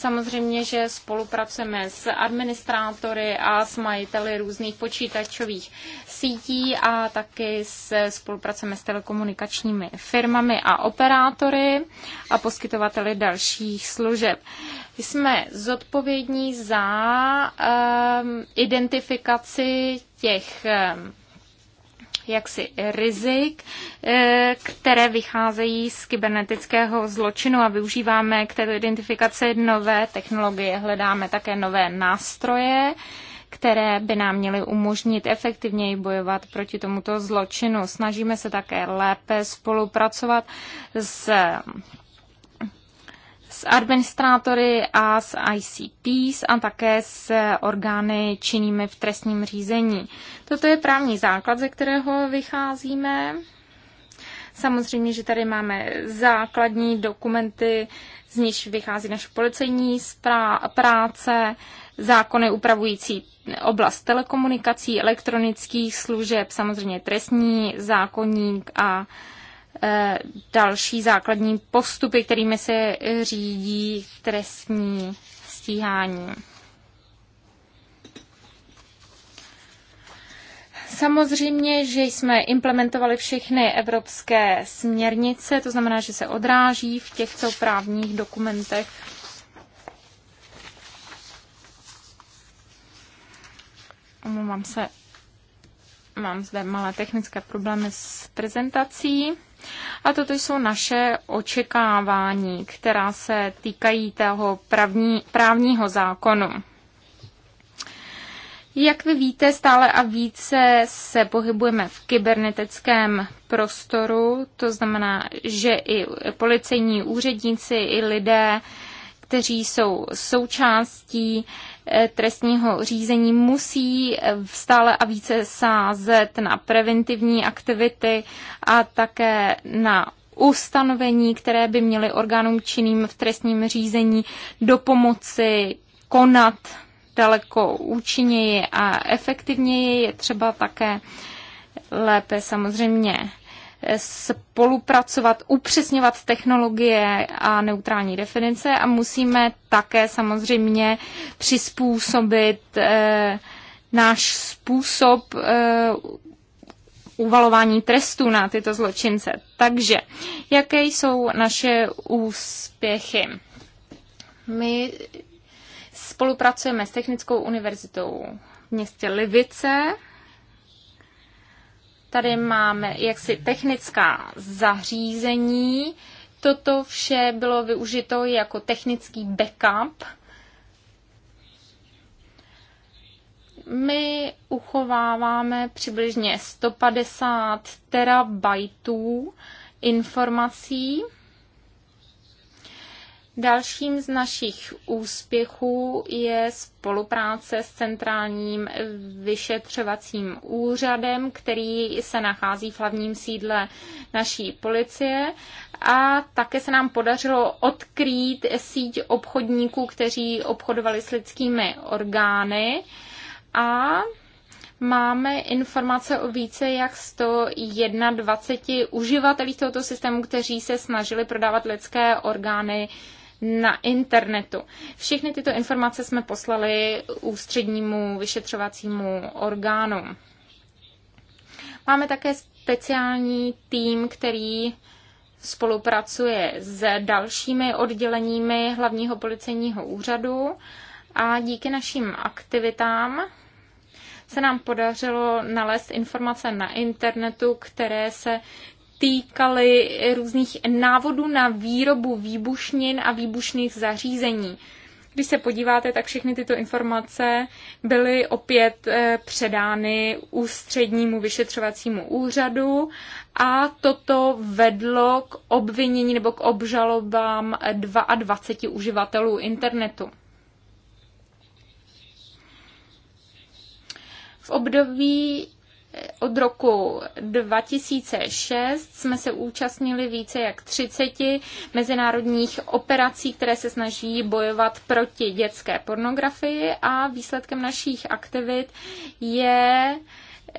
Samozřejmě, že spolupracujeme s administrátory a s majiteli různých počítačových sítí a taky se spolupracujeme s telekomunikačními firmami a operátory a poskytovateli dalších služeb. Jsme zodpovědní za um, identifikaci těch um, jaksi rizik, eh, které vycházejí z kybernetického zločinu a využíváme k této identifikaci nové technologie. Hledáme také nové nástroje, které by nám měly umožnit efektivněji bojovat proti tomuto zločinu. Snažíme se také lépe spolupracovat s s administrátory a s ICPs a také s orgány činnými v trestním řízení. Toto je právní základ, ze kterého vycházíme. Samozřejmě, že tady máme základní dokumenty, z níž vychází naše policejní práce, zákony upravující oblast telekomunikací, elektronických služeb, samozřejmě trestní zákonník a uh, Eh, další základní postupy, kterými se řídí trestní stíhání. Samozřejmě, že jsme implementovali všechny evropské směrnice, to znamená, že se odráží v těchto právních dokumentech. Omlouvám se, mám zde malé technické problémy s prezentací. A toto jsou naše očekávání, která se týkají toho pravní, právního zákonu. Jak vy víte, stále a více se pohybujeme v kybernetickém prostoru, to znamená, že i policejní úředníci, i lidé kteří jsou součástí eh, trestního řízení, musí eh, stále a více sázet na preventivní aktivity a také na ustanovení, které by měly orgánům činným v trestním řízení do pomoci konat daleko účinněji a efektivněji. Je třeba také lépe samozřejmě spolupracovat, upřesňovat technologie a neutrální definice a musíme také samozřejmě přizpůsobit eh, náš způsob eh, uvalování trestů na tyto zločince. Takže, jaké jsou naše úspěchy? My spolupracujeme s Technickou univerzitou v městě Livice, Tady máme jaksi technická zařízení. Toto vše bylo využito jako technický backup. My uchováváme přibližně 150 terabajtů informací Dalším z našich úspěchů je spolupráce s centrálním vyšetřovacím úřadem, který se nachází v hlavním sídle naší policie. A také se nám podařilo odkrýt síť obchodníků, kteří obchodovali s lidskými orgány. A máme informace o více jak 121 uživatelích tohoto systému, kteří se snažili prodávat lidské orgány na internetu. Všechny tyto informace jsme poslali ústřednímu vyšetřovacímu orgánu. Máme také speciální tým, který spolupracuje s dalšími odděleními hlavního policejního úřadu a díky našim aktivitám se nám podařilo nalézt informace na internetu, které se týkaly různých návodů na výrobu výbušnin a výbušných zařízení. Když se podíváte, tak všechny tyto informace byly opět eh, předány ústřednímu vyšetřovacímu úřadu a toto vedlo k obvinění nebo k obžalobám 22 uživatelů internetu. V období od roku 2006 jsme se účastnili více jak 30 mezinárodních operací, které se snaží bojovat proti dětské pornografii a výsledkem našich aktivit je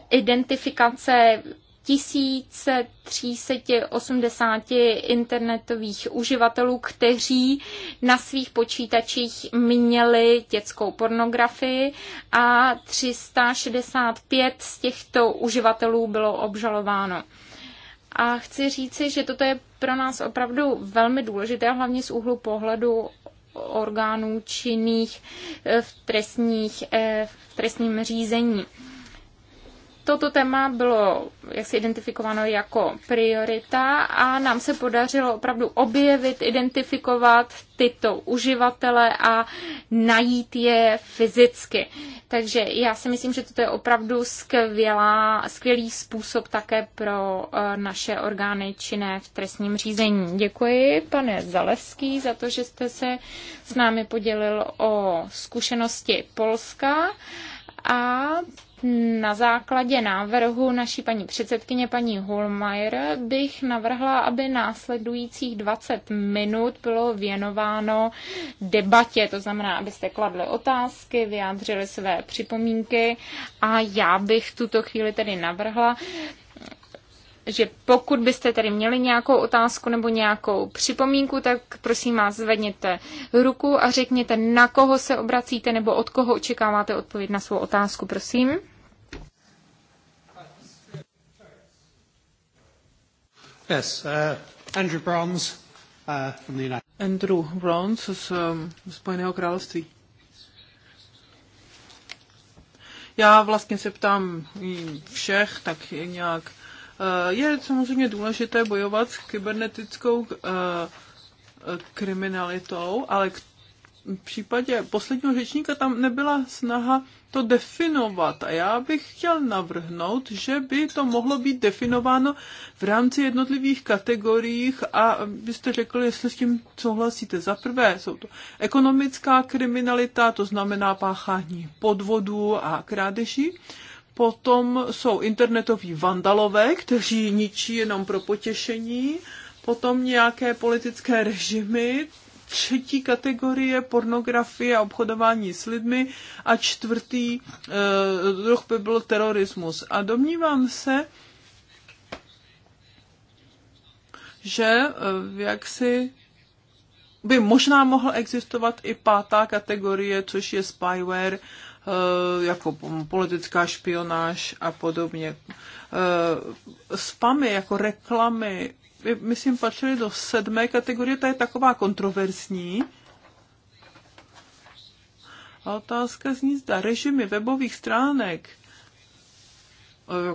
identifikace 1380 internetových uživatelů, kteří na svých počítačích měli dětskou pornografii a 365 z těchto uživatelů bylo obžalováno. A chci říci, že toto je pro nás opravdu velmi důležité, hlavně z úhlu pohledu orgánů činných eh, v, trestních, eh, v trestním řízení toto téma bylo jaksi identifikováno jako priorita a nám se podařilo opravdu objevit, identifikovat tyto uživatele a najít je fyzicky. Takže já si myslím, že toto je opravdu skvělá, skvělý způsob také pro eh, naše orgány činné v trestním řízení. Děkuji, pane Zaleský, za to, že jste se s námi podělil o zkušenosti Polska a na základě návrhu naší paní předsedkyně, paní Holmeier, bych navrhla, aby následujících 20 minut bylo věnováno debatě, to znamená, abyste kladli otázky, vyjádřili své připomínky a já bych v tuto chvíli tedy navrhla, že pokud byste tady měli nějakou otázku nebo nějakou připomínku, tak prosím vás zvedněte ruku a řekněte, na koho se obracíte nebo od koho očekáváte odpověď na svou otázku, prosím. Yes, uh, Andrew Bronze uh, from the United Andrew Bronze z um, Spojeného království. Já vlastně se ptám všech, tak nějak. Eh, je samozřejmě důležité bojovat s kybernetickou eh, eh, kriminalitou, ale k v případě posledního řečníka tam nebyla snaha to definovat. A já bych chtěl navrhnout, že by to mohlo být definováno v rámci jednotlivých kategoriích a byste řekli, jestli s tím souhlasíte. Za prvé jsou to ekonomická kriminalita, to znamená páchání podvodů a krádeží. Potom jsou internetoví vandalové, kteří ničí jenom pro potěšení. Potom nějaké politické režimy, Třetí kategorie pornografie a obchodování s lidmi a čtvrtý eh, druh by byl terorismus. A domnívám se, že eh, jaksi by možná mohla existovat i pátá kategorie, což je spyware, eh, jako politická špionáž a podobně. Eh, spamy jako reklamy myslím, patřili do sedmé kategorie, ta je taková kontroverzní. A otázka zní, zda režimy webových stránek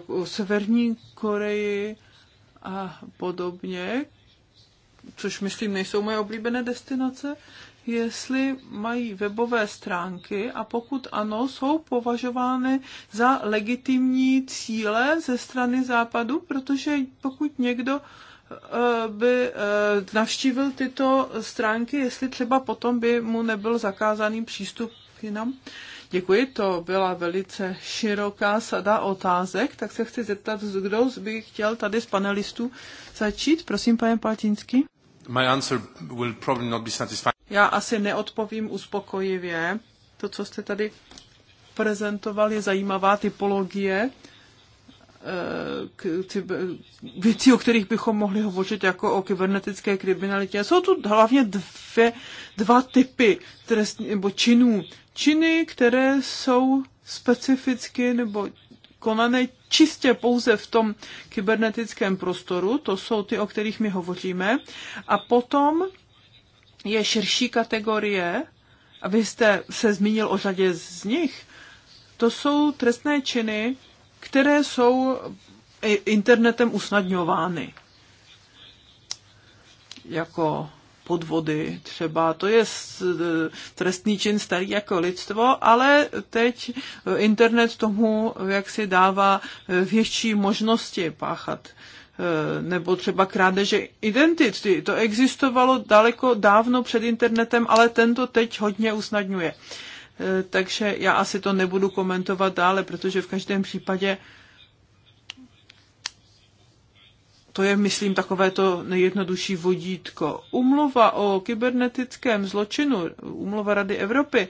o Severní Koreji a podobně, což myslím nejsou moje oblíbené destinace, jestli mají webové stránky a pokud ano, jsou považovány za legitimní cíle ze strany západu, protože pokud někdo by eh, navštívil tyto stránky, jestli třeba potom by mu nebyl zakázaný přístup jinam. Děkuji, to byla velice široká sada otázek, tak se chci zeptat, kdo by chtěl tady z panelistů začít. Prosím, pane Paltinsky. My answer will probably not be satisfying. Já asi neodpovím uspokojivě. To, co jste tady prezentoval, je zajímavá typologie Eh, k, ty, věcí, o kterých bychom mohli hovořit jako o kybernetické kriminalitě. Jsou tu hlavně dvě, dva typy trest, nebo činů. Činy, které jsou specificky nebo konané čistě pouze v tom kybernetickém prostoru, to jsou ty, o kterých my hovoříme. A potom je širší kategorie, a vy jste se zmínil o řadě z nich, to jsou trestné činy, které jsou internetem usnadňovány. Jako podvody třeba, to je e, trestný čin starý jako lidstvo, ale teď internet tomu jak si dává e, větší možnosti páchat e, nebo třeba krádeže identity. To existovalo daleko dávno před internetem, ale tento teď hodně usnadňuje. Uh, Eh, takže já asi to nebudu komentovat dále, protože v každém případě to je, myslím, takové to nejjednodušší vodítko. Umluva o kybernetickém zločinu, umluva Rady Evropy,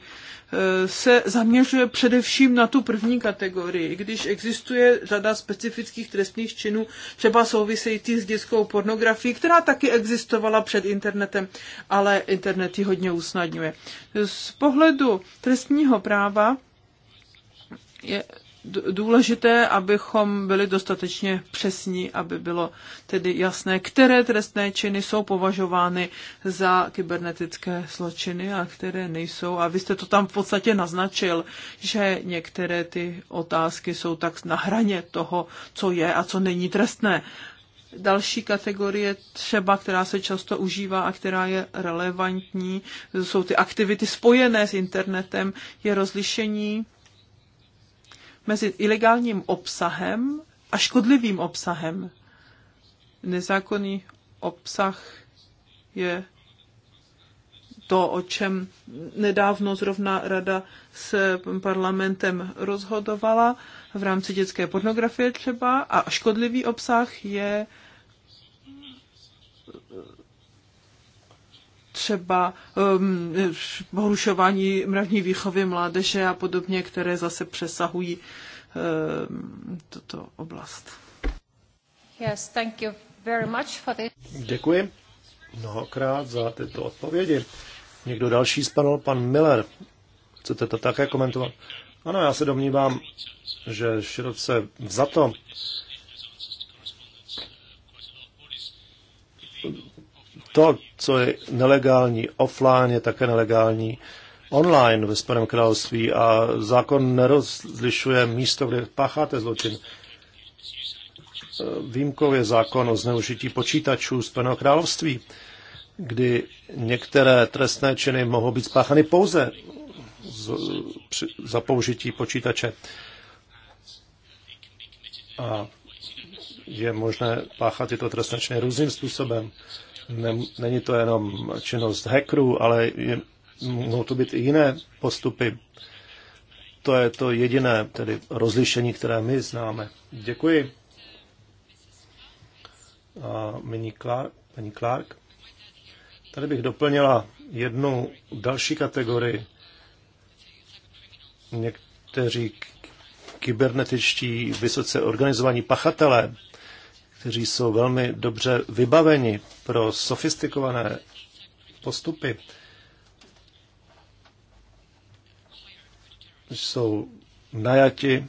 Eh, se zaměřuje především na tu první kategorii, když existuje řada specifických trestných činů, třeba související s dětskou pornografií, která taky existovala před internetem, ale internet ji hodně usnadňuje. Z pohledu trestního práva je důležité, abychom byli dostatečně přesní, aby bylo tedy jasné, které trestné činy jsou považovány za kybernetické zločiny a které nejsou. A vy jste to tam v podstatě naznačil, že některé ty otázky jsou tak na hraně toho, co je a co není trestné. Další kategorie třeba, která se často užívá a která je relevantní, jsou ty aktivity spojené s internetem, je rozlišení mezi ilegálním obsahem a škodlivým obsahem. Nezákonný obsah je to, o čem nedávno zrovna rada s parlamentem rozhodovala v rámci dětské pornografie třeba a škodlivý obsah je třeba um, porušování mravní výchovy mládeže a podobně, které zase přesahují um, tuto oblast. Yes, thank you very much for this. Děkuji mnohokrát za tyto odpovědi. Někdo další z spadl? Pan Miller. Chcete to také komentovat? Ano, já se domnívám, že široce za to to, co je nelegální offline, je také nelegální online ve Spojeném království a zákon nerozlišuje místo, kde pácháte zločin. Výjimkou je zákon o zneužití počítačů Spojeného království, kdy některé trestné činy mohou být spáchany pouze z, při, za použití počítače. A je možné páchat tyto trestné činy různým způsobem ne, není to jenom činnost hackerů, ale je, mohou to být i jiné postupy. To je to jediné tedy rozlišení, které my známe. Děkuji. A paní Clark, paní Clark. Tady bych doplnila jednu další kategorii. Někteří kybernetičtí vysoce organizovaní pachatelé, kteří jsou velmi dobře vybaveni pro sofistikované postupy, jsou najati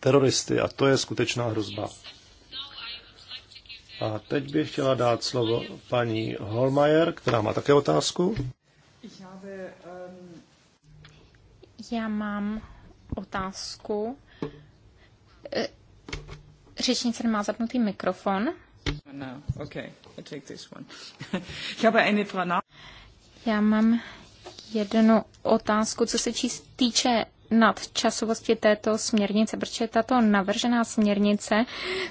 teroristy a to je skutečná hrozba. A teď bych chtěla dát slovo paní Holmajer, která má také otázku. Já mám otázku. Řečnice má zapnutý mikrofon. No, I take this one. Já mám jednu otázku, co se týče nadčasovosti této směrnice, protože tato navržená směrnice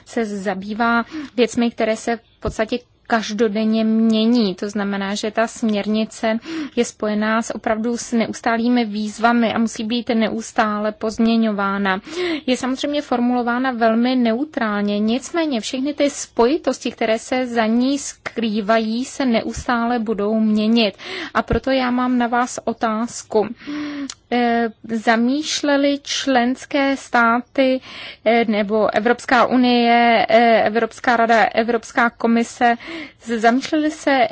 se zabývá věcmi, které se v podstatě každodenně mění. To znamená, že ta směrnice je spojená s opravdu s neustálými výzvami a musí být neustále pozměňována. Je samozřejmě formulována velmi neutrálně, nicméně všechny ty spojitosti, které se za ní skrývají, se neustále budou měnit. A proto já mám na vás otázku. Eh, zamýšleli členské státy eh, nebo Evropská unie, eh, Evropská rada, Evropská komise zamýšleli se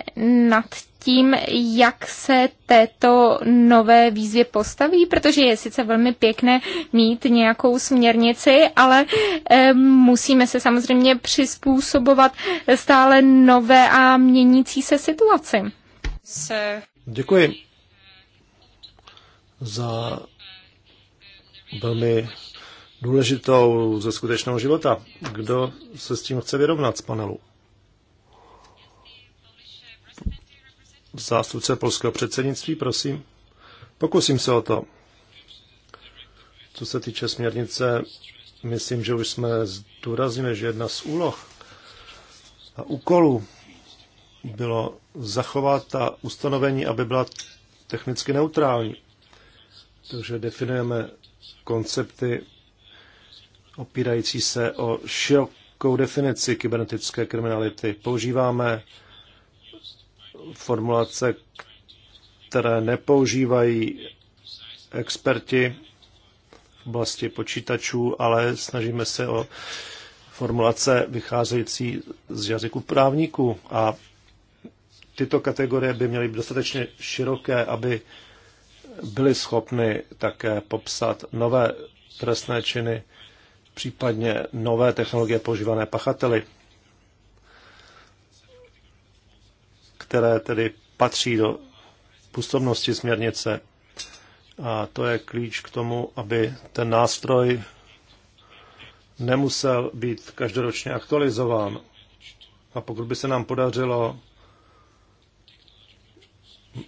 nad tím, jak se této nové výzvě postaví, protože je sice velmi pěkné mít nějakou směrnici, ale e, musíme se samozřejmě přizpůsobovat stále nové a měnící se situaci. Děkuji za velmi důležitou ze skutečného života. Kdo se s tím chce vyrovnat z panelu? zástupce polského předsednictví, prosím. Pokusím se o to. Co se týče směrnice, myslím, že už jsme zdůraznili, že jedna z úloh a úkolů bylo zachovat ta ustanovení, aby byla technicky neutrální. Takže definujeme koncepty opírající se o širokou definici kybernetické kriminality. Používáme formulace, které nepoužívají experti v oblasti počítačů, ale snažíme se o formulace vycházející z jazyku právníků a tyto kategorie by měly být dostatečně široké, aby byly schopny také popsat nové trestné činy, případně nové technologie používané pachateli. které tedy patří do působnosti směrnice. A to je klíč k tomu, aby ten nástroj nemusel být každoročně aktualizován. A pokud by se nám podařilo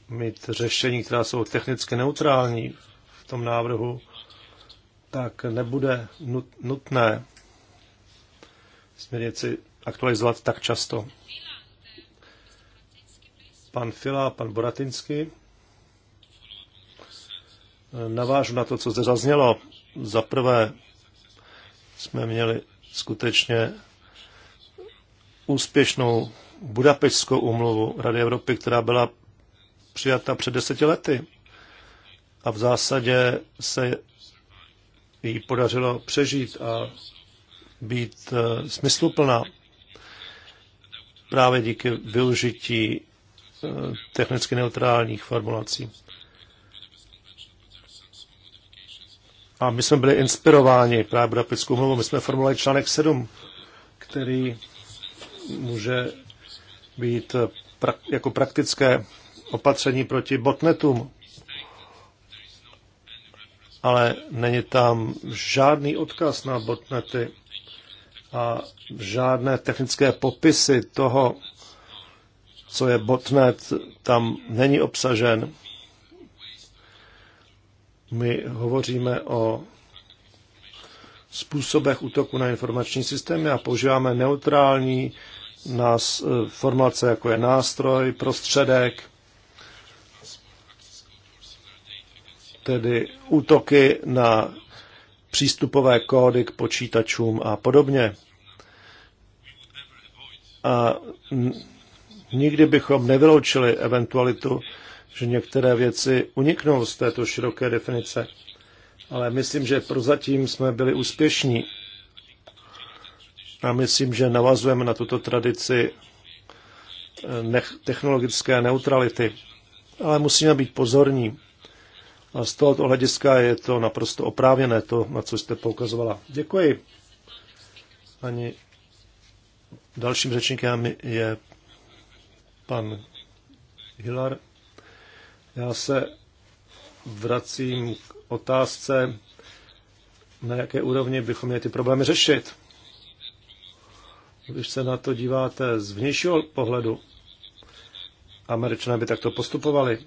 mít řešení, která jsou technicky neutrální v tom návrhu, tak nebude nutné směrnici aktualizovat tak často pan Fila, pan Boratinsky. Navážu na to, co zde zaznělo. Za prvé jsme měli skutečně úspěšnou budapešskou umluvu Rady Evropy, která byla přijata před deseti lety. A v zásadě se jí podařilo přežít a být eh, smysluplná právě díky využití Eh, technicky neutrálních formulací. A my jsme byli inspirováni právě budapickou mluvou. My jsme formulovali článek 7, který může být pra- jako praktické opatření proti botnetům. Ale není tam žádný odkaz na botnety a žádné technické popisy toho, co je botnet, tam není obsažen. My hovoříme o způsobech útoku na informační systémy a používáme neutrální nás, eh, formulace, jako je nástroj, prostředek, tedy útoky na přístupové kódy k počítačům a podobně. A Nikdy bychom nevyloučili eventualitu, že některé věci uniknou z této široké definice. Ale myslím, že prozatím jsme byli úspěšní. A myslím, že navazujeme na tuto tradici eh, technologické neutrality. Ale musíme být pozorní. A z tohoto hlediska je to naprosto oprávněné, to, na co jste poukazovala. Děkuji. Ani dalším řečníkem je pan Hilar. Já se vracím k otázce, na jaké úrovni bychom měli ty problémy řešit. Když se na to díváte z vnějšího pohledu, američané by takto postupovali.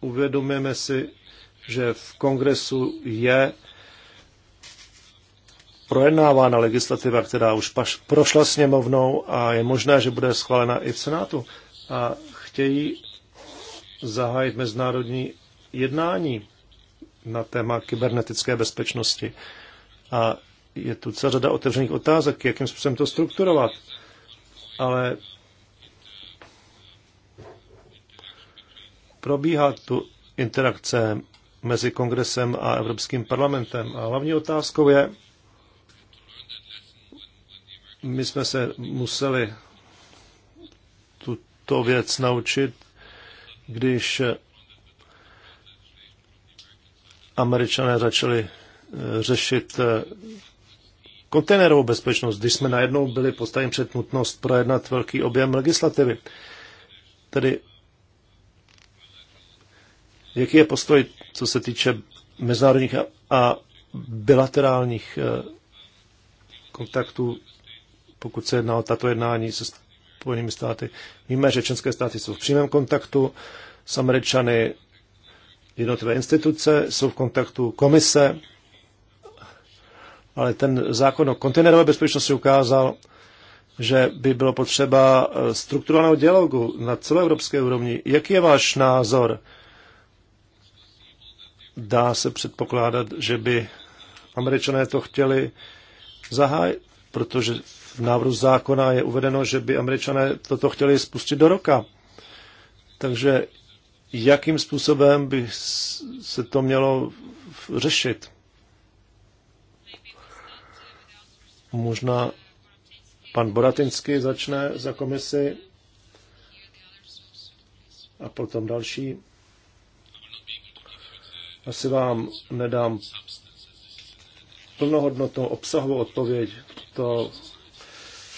Uvědomujeme si, že v kongresu je projednávána legislativa, která už prošla sněmovnou a je možné, že bude schválena i v Senátu. A chtějí zahájit mezinárodní jednání na téma kybernetické bezpečnosti. A je tu celá řada otevřených otázek, jakým způsobem to strukturovat. Ale probíhá tu interakce mezi kongresem a Evropským parlamentem. A hlavní otázkou je, my jsme se museli tuto věc naučit, když američané začali eh, řešit eh, kontejnerovou bezpečnost, když jsme najednou byli postaveni před nutnost projednat velký objem legislativy. Tedy jaký je postoj, co se týče mezinárodních a bilaterálních eh, kontaktů pokud se jedná o tato jednání se Spojenými státy. Víme, že české státy jsou v přímém kontaktu s Američany, jednotlivé instituce jsou v kontaktu komise, ale ten zákon o kontejnerové bezpečnosti ukázal, že by bylo potřeba eh, strukturovaného dialogu na celoevropské úrovni. Jaký je váš názor? Dá se předpokládat, že by američané to chtěli zahájit, protože v návrhu zákona je uvedeno, že by američané toto chtěli spustit do roka. Takže jakým způsobem by se to mělo řešit? Možná pan Boratinsky začne za komisi a potom další. Asi vám nedám plnohodnotnou obsahovou odpověď. To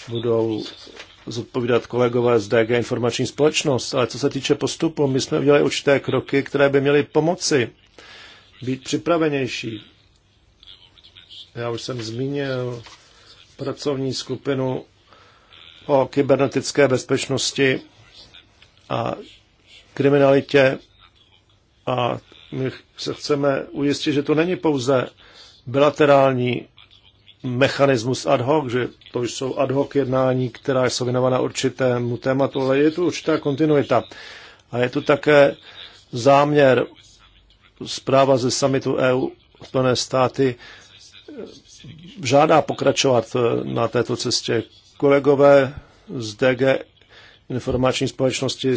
budou zodpovídat kolegové z DG Informační společnost, ale co se týče postupu, my jsme udělali určité kroky, které by měly pomoci být připravenější. Já už jsem zmínil pracovní skupinu o kybernetické bezpečnosti a kriminalitě a my se chceme ujistit, že to není pouze bilaterální mechanismus ad hoc, že to jsou ad hoc jednání, která jsou věnována určitému tématu, ale je tu určitá kontinuita. A je tu také záměr zpráva ze samitu EU Spojené státy eh, žádá pokračovat eh, na této cestě. Kolegové z DG informační společnosti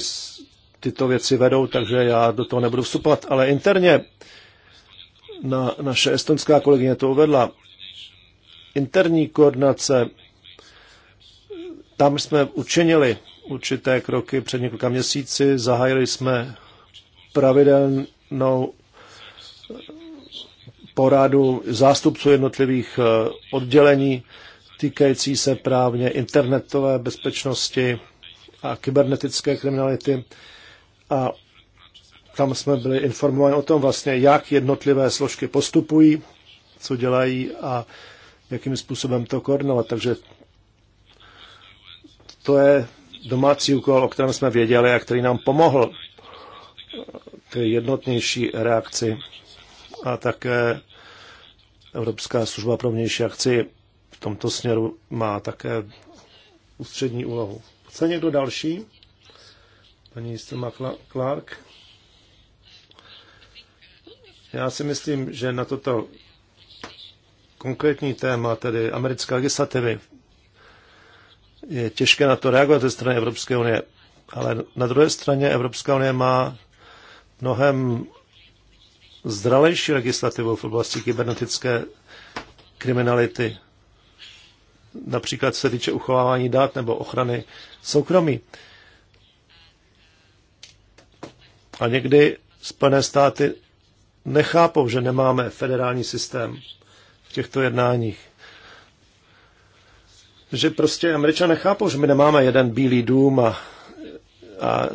tyto věci vedou, takže já do toho nebudu vstupovat, ale interně na naše estonská kolegyně to uvedla, interní koordinace, tam jsme učinili určité kroky před několika měsíci. Zahájili jsme pravidelnou poradu zástupců jednotlivých eh, oddělení týkající se právně internetové bezpečnosti a kybernetické kriminality. A tam jsme byli informováni o tom vlastně, jak jednotlivé složky postupují, co dělají a jakým způsobem to koordinovat. Takže to je domácí úkol, o kterém jsme věděli a který nám pomohl k jednotnější reakci a také Evropská služba pro vnější akci v tomto směru má také ústřední úlohu. Chce někdo další? Paní Stema Clark? Já si myslím, že na toto konkrétní téma, tedy americké legislativy, je těžké na to reagovat ze strany Evropské unie. Ale na druhé straně Evropská unie má mnohem zdralejší legislativu v oblasti kybernetické kriminality. Například se týče uchovávání dát nebo ochrany soukromí. A někdy Spojené státy nechápou, že nemáme federální systém těchto jednáních. Že prostě američané chápou, že my nemáme jeden bílý dům a, a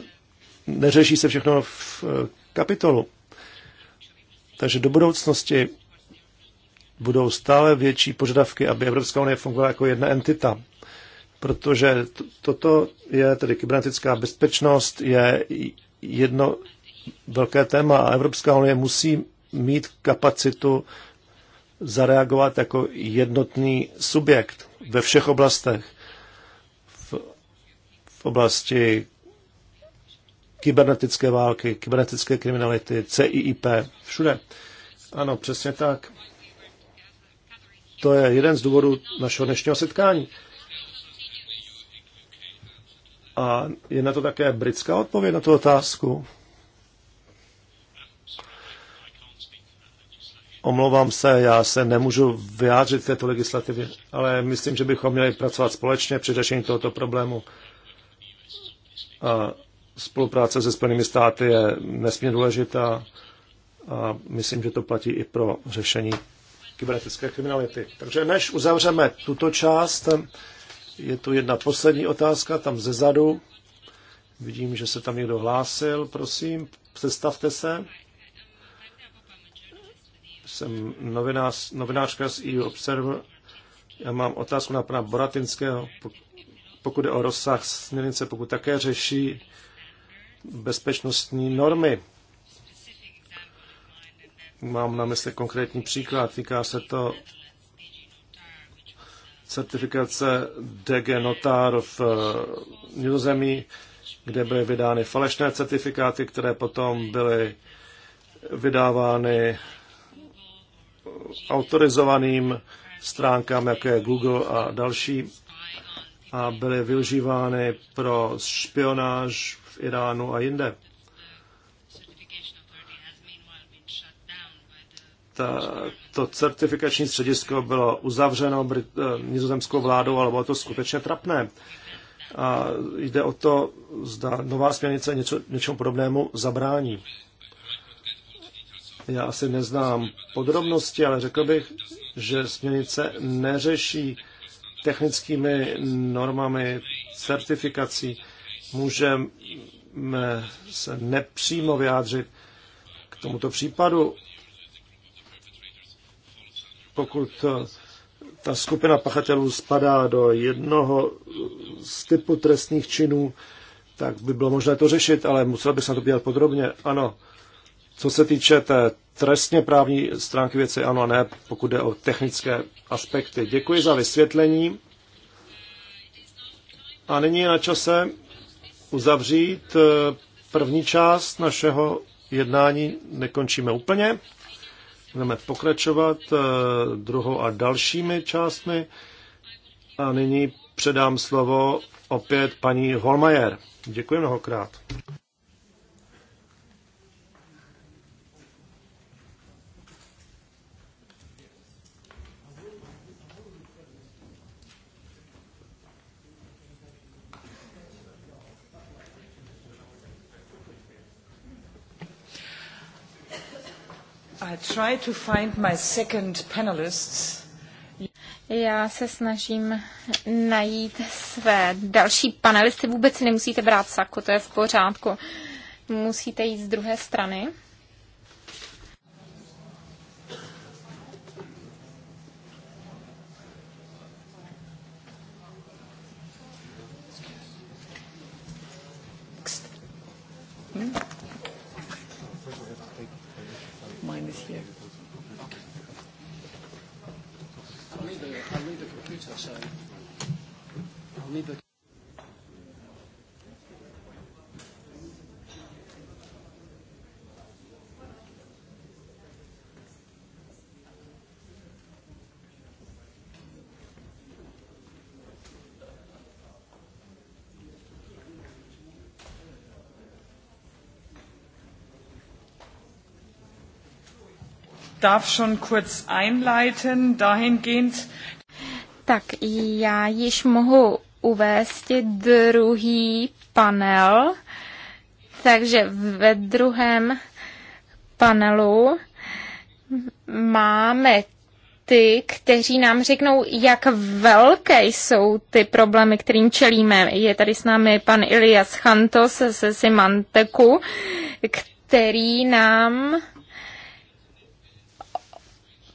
neřeší se všechno v eh, kapitolu. Takže do budoucnosti budou stále větší požadavky, aby Evropská unie fungovala jako jedna entita. Protože toto je tedy kybernetická bezpečnost, je jedno velké téma a Evropská unie musí mít kapacitu zareagovat jako jednotný subjekt ve všech oblastech. V, v oblasti kybernetické války, kybernetické kriminality, CIIP, všude. Ano, přesně tak. To je jeden z důvodů našeho dnešního setkání. A je na to také britská odpověď na tu otázku. Omlouvám se, já se nemůžu vyjádřit této legislativě, ale myslím, že bychom měli pracovat společně při řešení tohoto problému. A spolupráce se Spojenými státy je nesmírně důležitá a myslím, že to platí i pro řešení kybernetické kriminality. Takže než uzavřeme tuto část, je tu jedna poslední otázka, tam zezadu. Vidím, že se tam někdo hlásil, prosím, představte se. Jsem novinář, novinářka z EU Observer. Já mám otázku na pana Boratinského, pokud je o rozsah směrnice, pokud také řeší bezpečnostní normy. Mám na mysli konkrétní příklad, týká se to certifikace DG Notar v eh, Nizozemí, kde byly vydány falešné certifikáty, které potom byly vydávány autorizovaným stránkám, jako je Google a další, a byly využívány pro špionáž v Iránu a jinde. Ta, to certifikační středisko bylo uzavřeno Brit, eh, nizozemskou vládou, ale bylo to skutečně trapné. A jde o to, zda nová směrnice něco, něčemu podobnému zabrání. Já asi neznám podrobnosti, ale řekl bych, že směrnice neřeší technickými normami certifikací. Můžeme se nepřímo vyjádřit k tomuto případu, pokud ta skupina pachatelů spadá do jednoho z typu trestných činů, tak by bylo možné to řešit, ale musel bych se na to podrobně. Ano, co se týče té trestně právní stránky věci, ano a ne, pokud jde o technické aspekty. Děkuji za vysvětlení. A nyní je na čase uzavřít eh, první část našeho jednání. Nekončíme úplně. Budeme pokračovat eh, druhou a dalšími částmi. A nyní předám slovo opět paní Holmajer. Děkuji mnohokrát. Já se snažím najít své další panelisty. Vůbec si nemusíte brát sako, to je v pořádku. Musíte jít z druhé strany. So I'll need the darf schon kurz einleiten dahingehend, tak já již mohu uvést druhý panel. Takže ve druhém panelu máme ty, kteří nám řeknou, jak velké jsou ty problémy, kterým čelíme. Je tady s námi pan Ilias Chantos ze Simanteku, který nám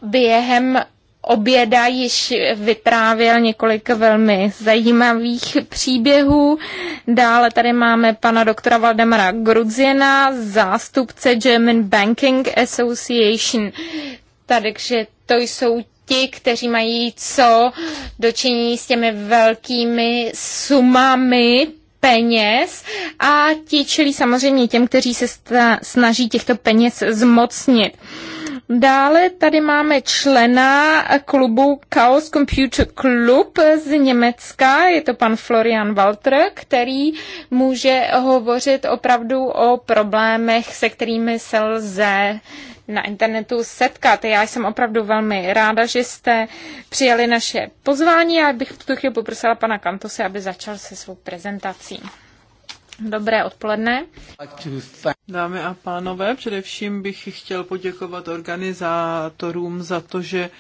během oběda již vyprávěl několik velmi zajímavých příběhů. Dále tady máme pana doktora Valdemara Grudziena, zástupce German Banking Association. Takže to jsou ti, kteří mají co dočinění s těmi velkými sumami peněz a ti čili samozřejmě těm, kteří se snaží těchto peněz zmocnit. Uh, Dále tady máme člena klubu Chaos Computer Club z Německa, je to pan Florian Walter, který může hovořit opravdu o problémech, se kterými se lze na internetu setkat. Já jsem opravdu velmi ráda, že jste přijali naše pozvání a bych v tuto chvíli poprosila pana Kantose, aby začal se svou prezentací. Dobré odpoledne. Dámy a pánové, především bych chtěl poděkovat organizátorům za to, že e,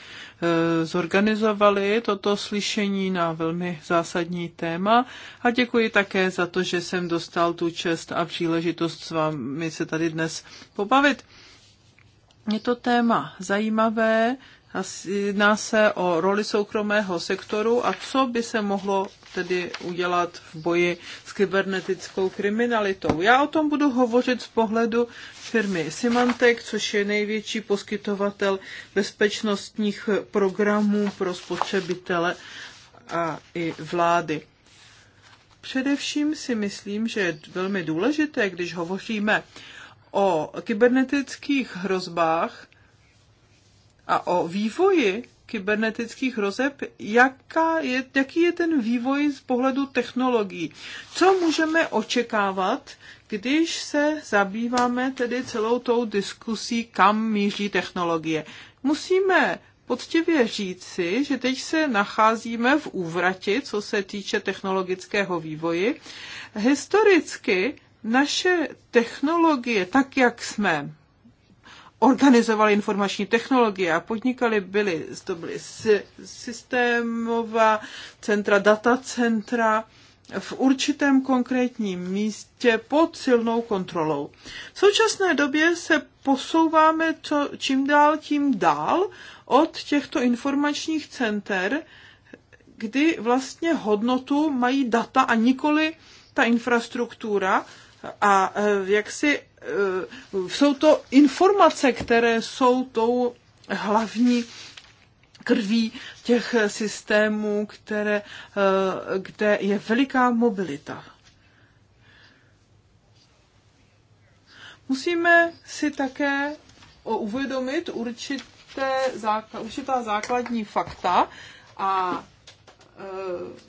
zorganizovali toto slyšení na velmi zásadní téma a děkuji také za to, že jsem dostal tu čest a příležitost s vámi se tady dnes pobavit. Je to téma zajímavé, Jedná se o roli soukromého sektoru a co by se mohlo tedy udělat v boji s kybernetickou kriminalitou. Já o tom budu hovořit z pohledu firmy Symantec, což je největší poskytovatel bezpečnostních programů pro spotřebitele a i vlády. Především si myslím, že je velmi důležité, když hovoříme o kybernetických hrozbách, a o vývoji kybernetických hrozeb, jaká je, jaký je ten vývoj z pohledu technologií. Co můžeme očekávat, když se zabýváme tedy celou tou diskusí, kam míří technologie. Musíme poctivě říct si, že teď se nacházíme v úvrati, co se týče technologického vývoji. Historicky naše technologie, tak jak jsme organizovali informační technologie a podnikali, byli to byly systémová centra, datacentra v určitém konkrétním místě pod silnou kontrolou. V současné době se posouváme co, čím dál tím dál od těchto informačních center, kdy vlastně hodnotu mají data a nikoli ta infrastruktura, a eh, jak si Eh, jsou to informace, které jsou tou hlavní krví těch systémů, které, eh, kde je veliká mobilita. Musíme si také uvědomit určité, určitá základní fakta a eh,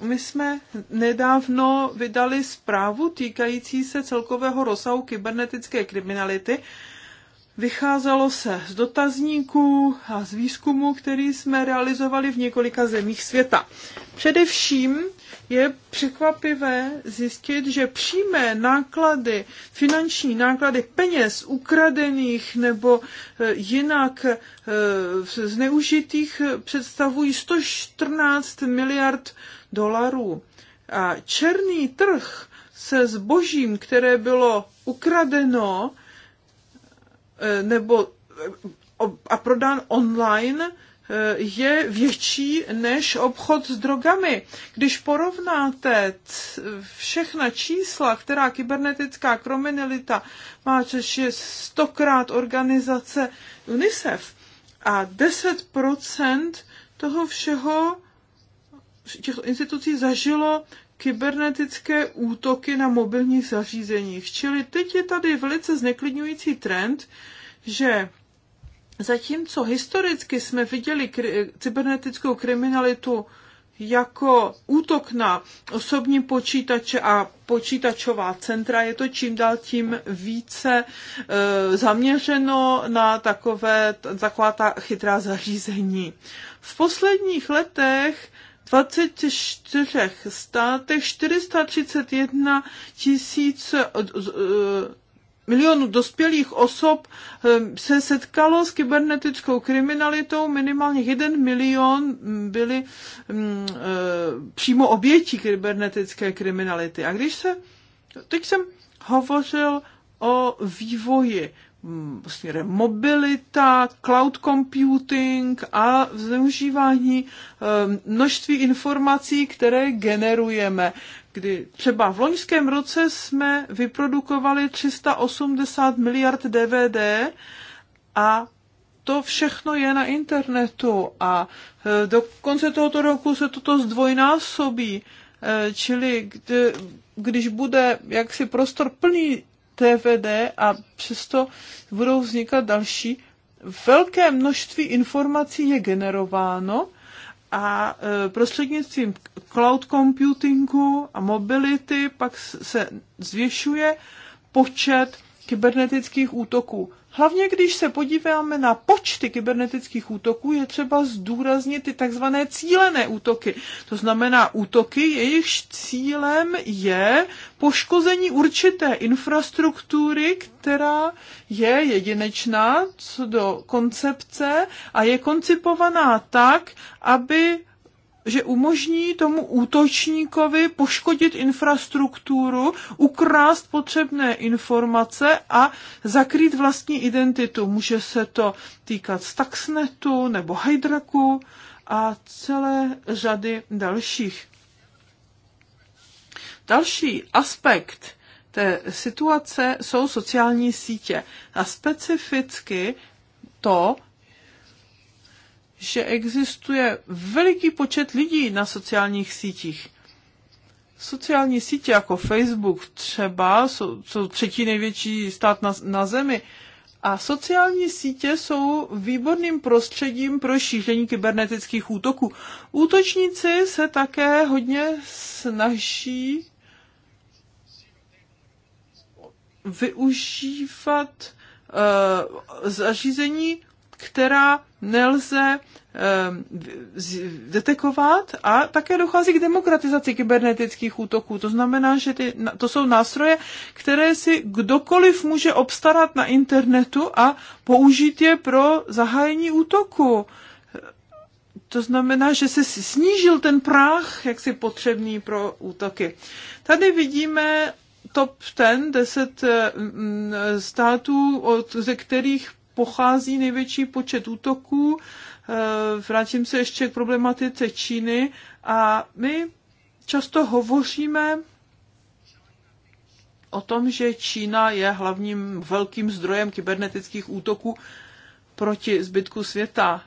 my jsme nedávno vydali zprávu týkající se celkového rozsahu kybernetické kriminality. Vycházelo se z dotazníků a z výzkumu, který jsme realizovali v několika zemích světa. Především je překvapivé zjistit, že přímé náklady, finanční náklady peněz ukradených nebo e, jinak e, zneužitých představují 114 miliard dolarů. A černý trh se zbožím, které bylo ukradeno eh, nebo eh, a prodán online, eh, je větší než obchod s drogami. Když porovnáte všechna čísla, která kybernetická kriminalita má, což je stokrát organizace UNICEF, a 10% toho všeho těch institucí zažilo kybernetické útoky na mobilních zařízeních. Čili teď je tady velice zneklidňující trend, že zatímco historicky jsme viděli kri- cybernetickou kriminalitu jako útok na osobní počítače a počítačová centra. Je to čím dál tím více e, zaměřeno na takové, taková ta chytrá zařízení. V posledních letech 24 státech 431 tisíc eh, eh, milionů dospělých osob eh, se setkalo s kybernetickou kriminalitou, minimálně 1 milion mm, byly mm, přímo obětí kybernetické kriminality. A když se, teď jsem hovořil o vývoji vlastně mobilita, cloud computing a využívání ehm, množství informací, které generujeme. Kdy třeba v loňském roce jsme vyprodukovali 380 miliard DVD a to všechno je na internetu a e, do konce tohoto roku se toto zdvojnásobí. E, čili kdy, když bude jaksi prostor plný TVD a přesto budou vznikat další. Velké množství informací je generováno a e, prostřednictvím cloud computingu a mobility pak se zvětšuje počet kybernetických útoků. Hlavně, když se podíváme na počty kybernetických útoků, je třeba zdůraznit ty takzvané cílené útoky. To znamená útoky, jejichž cílem je poškození určité infrastruktury, která je jedinečná co do koncepce a je koncipovaná tak, aby že umožní tomu útočníkovi poškodit infrastrukturu, ukrást potřebné informace a zakrýt vlastní identitu. Může se to týkat Stuxnetu nebo Hydraku a celé řady dalších. Další aspekt té situace jsou sociální sítě a specificky to, že existuje veliký počet lidí na sociálních sítích. Sociální sítě jako Facebook třeba jsou, jsou třetí největší stát na, na zemi. A sociální sítě jsou výborným prostředím pro šíření kybernetických útoků. Útočníci se také hodně snaží využívat uh, zařízení která nelze ehm, detekovat a také dochází k demokratizaci kybernetických útoků. To znamená, že ty, to jsou nástroje, které si kdokoliv může obstarat na internetu a použít je pro zahájení útoku. To znamená, že se snížil ten práh, jak si potřebný pro útoky. Tady vidíme top 10, 10 eh, států, od, ze kterých pochází největší počet útoků. Eh, vrátím se ještě k problematice Číny a my často hovoříme o tom, že Čína je hlavním velkým zdrojem kybernetických útoků proti zbytku světa.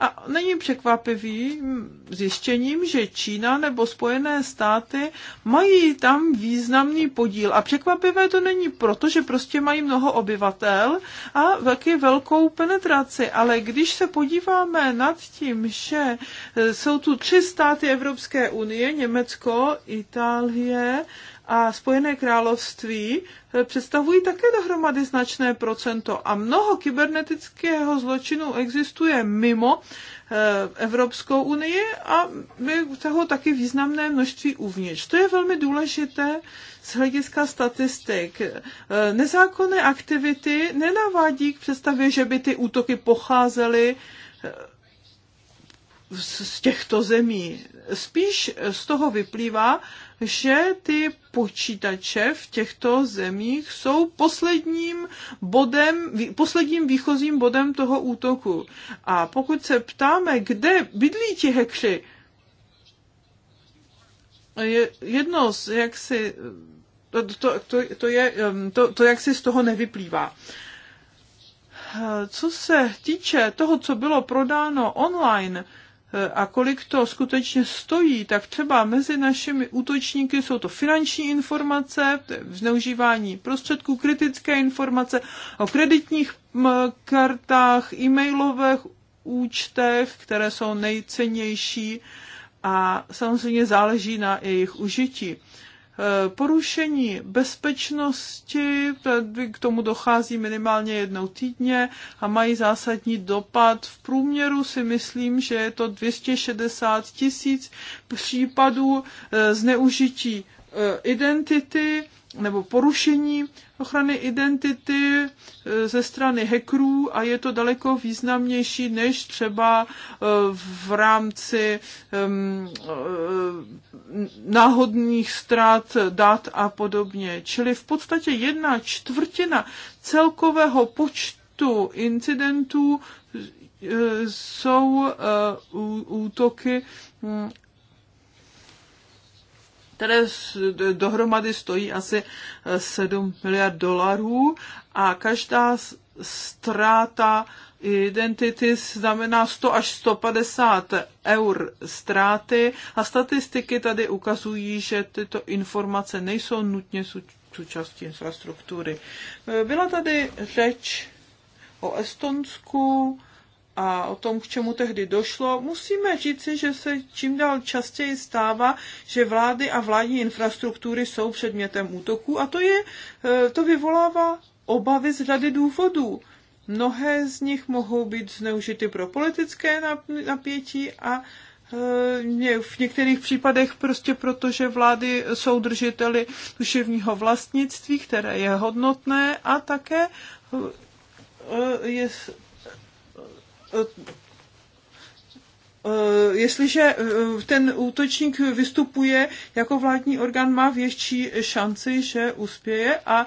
A není překvapivým zjištěním, že Čína nebo Spojené státy mají tam významný podíl. A překvapivé to není proto, že prostě mají mnoho obyvatel a velký velkou penetraci. Ale když se podíváme nad tím, že eh, jsou tu tři státy Evropské unie, Německo, Itálie a Spojené království eh, představují také dohromady značné procento a mnoho kybernetického zločinu existuje mimo eh, Evropskou unii a my toho taky významné množství uvnitř. To je velmi důležité z hlediska statistik. Eh, nezákonné aktivity nenavádí k představě, že by ty útoky pocházely z těchto zemí. Spíš z toho vyplývá, že ty počítače v těchto zemích jsou posledním bodem, posledním výchozím bodem toho útoku. A pokud se ptáme, kde bydlí ti hekři, jedno z jak si, to, to, to, to, je, um, to, to jak si z toho nevyplývá. Eh, co se týče toho, co bylo prodáno online, a kolik to skutečně stojí, tak třeba mezi našimi útočníky jsou to finanční informace, zneužívání prostředků, kritické informace o kreditních kartách, e-mailových účtech, které jsou nejcennější a samozřejmě záleží na jejich užití. Eh, porušení bezpečnosti, k tomu dochází minimálně jednou týdně a mají zásadní dopad. V průměru si myslím, že je to 260 tisíc případů eh, zneužití Eh, identity nebo porušení ochrany identity eh, ze strany hackerů a je to daleko významnější než třeba eh, v rámci náhodných ztrát dat a podobně. Čili v podstatě jedna čtvrtina celkového počtu incidentů jsou útoky hm, které dohromady stojí asi 7 eh, miliard dolarů a každá ztráta identity znamená 100 až 150 eur ztráty a statistiky tady ukazují, že tyto informace nejsou nutně součástí infrastruktury. Eh, byla tady řeč o Estonsku, a o tom, k čemu tehdy došlo, musíme říci, že se čím dál častěji stává, že vlády a vládní infrastruktury jsou předmětem útoků a to, je, e, to vyvolává obavy z řady důvodů. Mnohé z nich mohou být zneužity pro politické napětí a e, v některých případech prostě proto, že vlády jsou držiteli duševního vlastnictví, které je hodnotné a také e, je Eh, jestliže eh, ten útočník vystupuje jako vládní orgán, má větší šanci, že uspěje a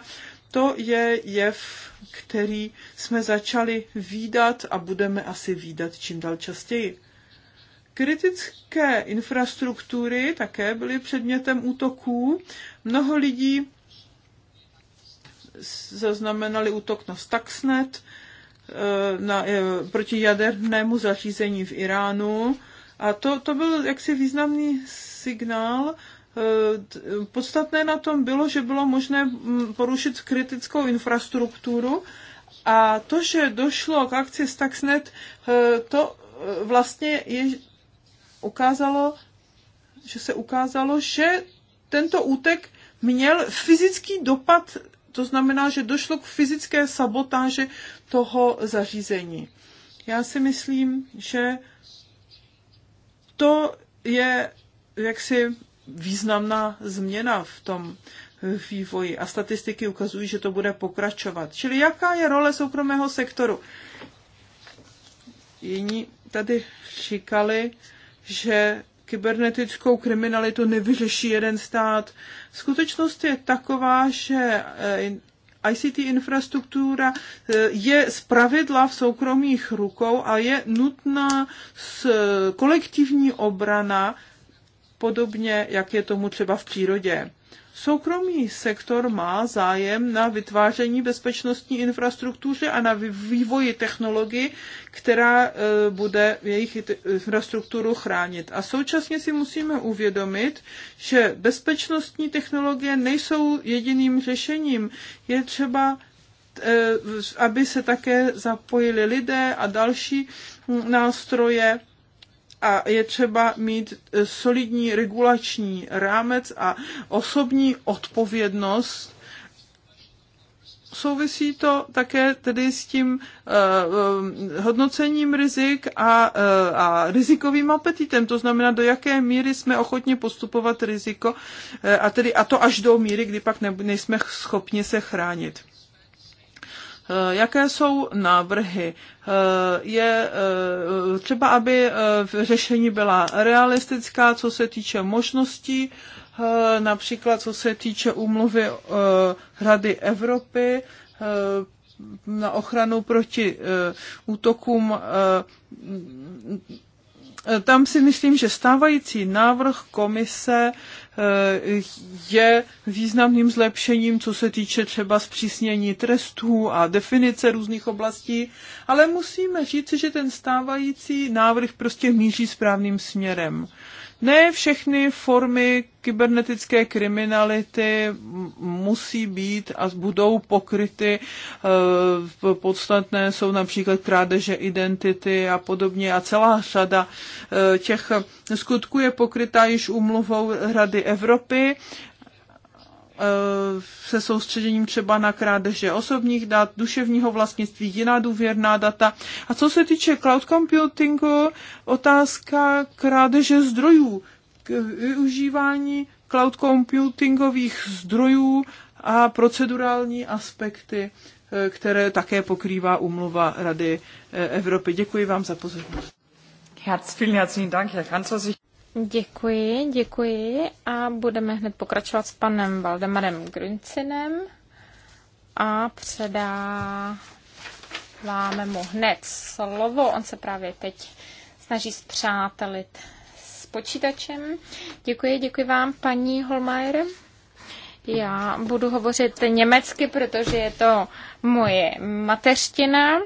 to je jev, který jsme začali výdat a budeme asi výdat čím dál častěji. Kritické infrastruktury také byly předmětem útoků. Mnoho lidí zaznamenali útok na Stuxnet, Eh, na, eh, proti jadernému zařízení v Iránu. A to, to byl jaksi významný signál. Eh, podstatné na tom bylo, že bylo možné mm, porušit kritickou infrastrukturu a to, že došlo k akci Stuxnet, to vlastně je, ukázalo, že se ukázalo, že tento útek měl fyzický dopad to znamená, že došlo k fyzické sabotáži toho zařízení. Já si myslím, že to je jaksi významná změna v tom vývoji a statistiky ukazují, že to bude pokračovat. Čili jaká je role soukromého sektoru? Jiní tady říkali, že kybernetickou kriminalitu nevyřeší jeden stát. Skutečnost je taková, že eh, ICT infrastruktura eh, je z v soukromých rukou a je nutná s kolektivní obrana, podobně jak je tomu třeba v přírodě. Soukromý sektor má zájem na vytváření bezpečnostní infrastruktury a na vývoji technologii, která e, bude jejich infrastrukturu chránit. A současně si musíme uvědomit, že bezpečnostní technologie nejsou jediným řešením. Je třeba e, aby se také zapojili lidé a další nástroje a je třeba mít eh, solidní regulační rámec a osobní odpovědnost. Souvisí to také tedy s tím uh, hodnocením rizik a, uh, a rizikovým apetitem, to znamená, do jaké míry jsme ochotni postupovat riziko uh, a, tedy, a to až do míry, kdy pak ne, nejsme schopni se chránit. Eh, jaké jsou návrhy? Eh, je eh, třeba, aby řešení byla realistická, co se týče možností, například co se týče úmluvy Rady Evropy na ochranu proti útokům tam si myslím, že stávající návrh komise Eh, je významným zlepšením, co se týče třeba zpřísnění trestů a definice různých oblastí, ale musíme říct, že ten stávající návrh prostě míří správným směrem. Ne všechny formy kybernetické kriminality musí být a budou pokryty. Eh, podstatné jsou například krádeže identity a podobně a celá řada eh, těch skutků je pokrytá již umluvou Rady Evropy Eh, se soustředěním třeba na krádeže osobních dat, duševního vlastnictví, jiná důvěrná data. A co se týče cloud computingu, otázka krádeže zdrojů, využívání cloud computingových zdrojů a procedurální aspekty, eh, které také pokrývá umluva Rady eh, Evropy. Děkuji vám za pozornost. Herz, vielen herzlichen Dank, Herr Kanzler. Děkuji, děkuji a budeme hned pokračovat s panem Valdemarem Grincinem a předáváme mu hned slovo. On se právě teď snaží zpřátelit s počítačem. Děkuji, děkuji vám, paní Holmajer. Já budu hovořit německy, protože je to moje mateřština.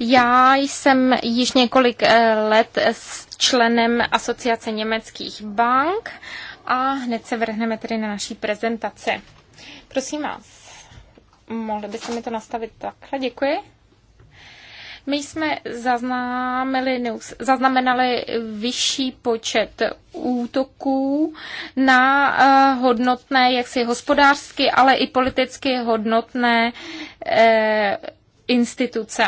Já jsem již několik eh, let s členem Asociace německých bank a hned se vrhneme tedy na naší prezentaci. Prosím vás, mohli byste mi to nastavit takhle, děkuji. My jsme zaznamenali, zaznamenali vyšší počet útoků na eh, hodnotné, jaksi hospodářsky, ale i politicky hodnotné eh, instituce.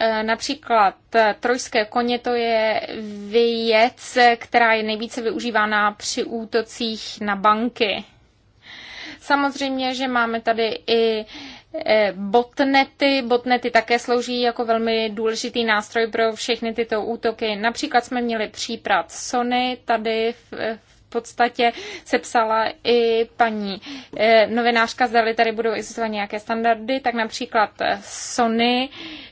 Eh, například eh, trojské koně to je věc, která je nejvíce využívána při útocích na banky. Samozřejmě, že máme tady i eh, botnety. Botnety také slouží jako velmi důležitý nástroj pro všechny tyto útoky. Například jsme měli případ Sony tady v, podstatě se psala i paní eh, novinářka, zdali tady budou existovat nějaké standardy, tak například Sony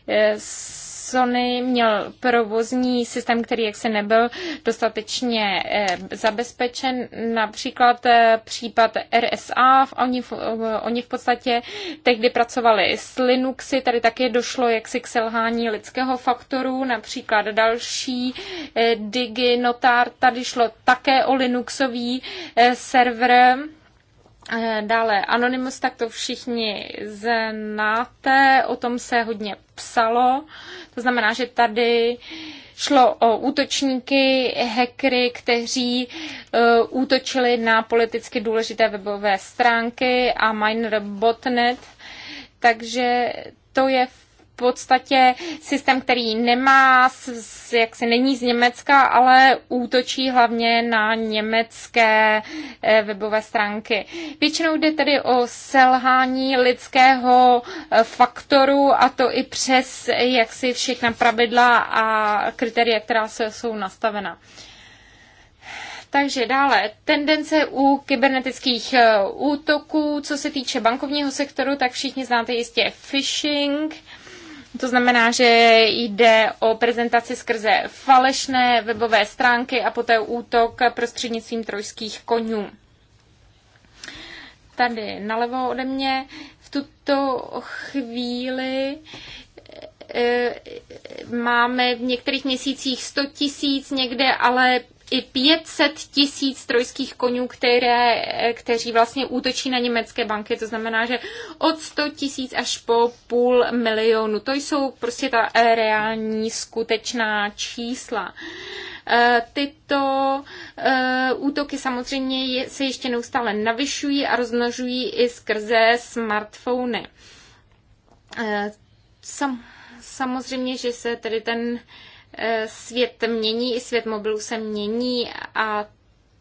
eh, s Sony měl provozní systém, který jaksi nebyl dostatečně eh, zabezpečen. Například eh, případ RSA, oni, eh, oni v podstatě tehdy pracovali s Linuxy, tady také došlo jaksi k selhání lidského faktoru, například další DigiNotar, tady šlo také o Linuxový server, Eh, dále Anonymous, tak to všichni znáte, o tom se hodně psalo. To znamená, že tady šlo o útočníky, hackery, kteří uh, útočili na politicky důležité webové stránky a miner botnet. Takže to je v podstatě systém, který nemá, jak se není z Německa, ale útočí hlavně na německé eh, webové stránky. Většinou jde tedy o selhání lidského eh, faktoru a to i přes eh, jaksi všechna pravidla a kritéria, která jsou nastavena. Takže dále, tendence u kybernetických útoků, co se týče bankovního sektoru, tak všichni znáte jistě phishing, to znamená, že jde o prezentaci skrze falešné webové stránky a poté útok prostřednictvím trojských konňů. Tady nalevo ode mě v tuto chvíli eh, eh, máme v některých měsících 100 tisíc, někde ale i 500 tisíc trojských konňů, které, kteří vlastně útočí na německé banky, to znamená, že od 100 tisíc až po půl milionu. To jsou prostě ta reální skutečná čísla. E, tyto e, útoky samozřejmě se ještě neustále navyšují a rozmnožují i skrze smartfony. E, samozřejmě, že se tedy ten Eh, svět mění, i svět mobilů se mění a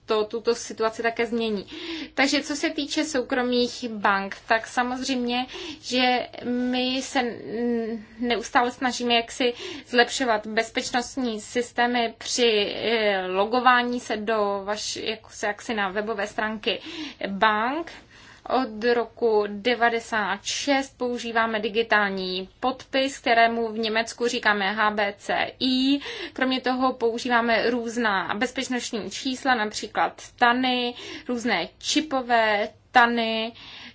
to tuto situaci také změní. Takže co se týče soukromých bank, tak samozřejmě, že my se neustále snažíme jaksi zlepšovat bezpečnostní systémy při eh, logování se do vaš, jaksi na webové stránky bank. Od roku 96 používáme digitální podpis, kterému v Německu říkáme HBCI. Kromě toho používáme různá bezpečnostní čísla, například TANy, různé čipové TANy,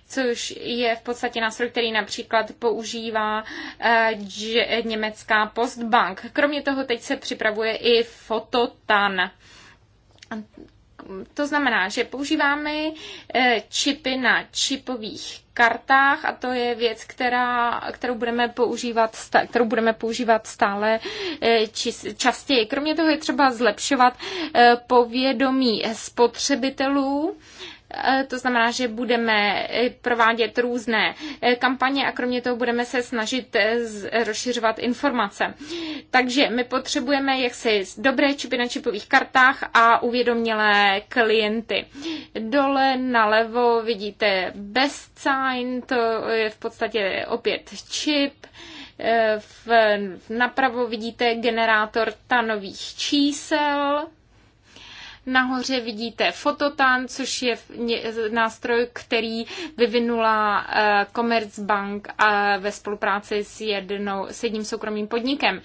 což je v podstatě nástroj, který například používá e, německá Postbank. Kromě toho teď se připravuje i fototan to znamená, že používáme eh, čipy na čipových kartách a to je věc, která, kterou, budeme používat, kterou budeme používat stále eh, častěji. Kromě toho je třeba zlepšovat eh, povědomí spotřebitelů Eh, to znamená, že budeme eh, provádět různé eh, kampaně a kromě toho budeme se snažit rozšiřovat informace. Takže my potřebujeme jaksi dobré čipy na čipových kartách a uvědomělé klienty. Dole nalevo vidíte best sign, to je v podstatě opět čip. V, napravo vidíte generátor tanových čísel, Nahoře vidíte Fototan, což je nástroj, který vyvinula eh, Commerzbank eh, ve spolupráci s, jednou, s jedním soukromým podnikem.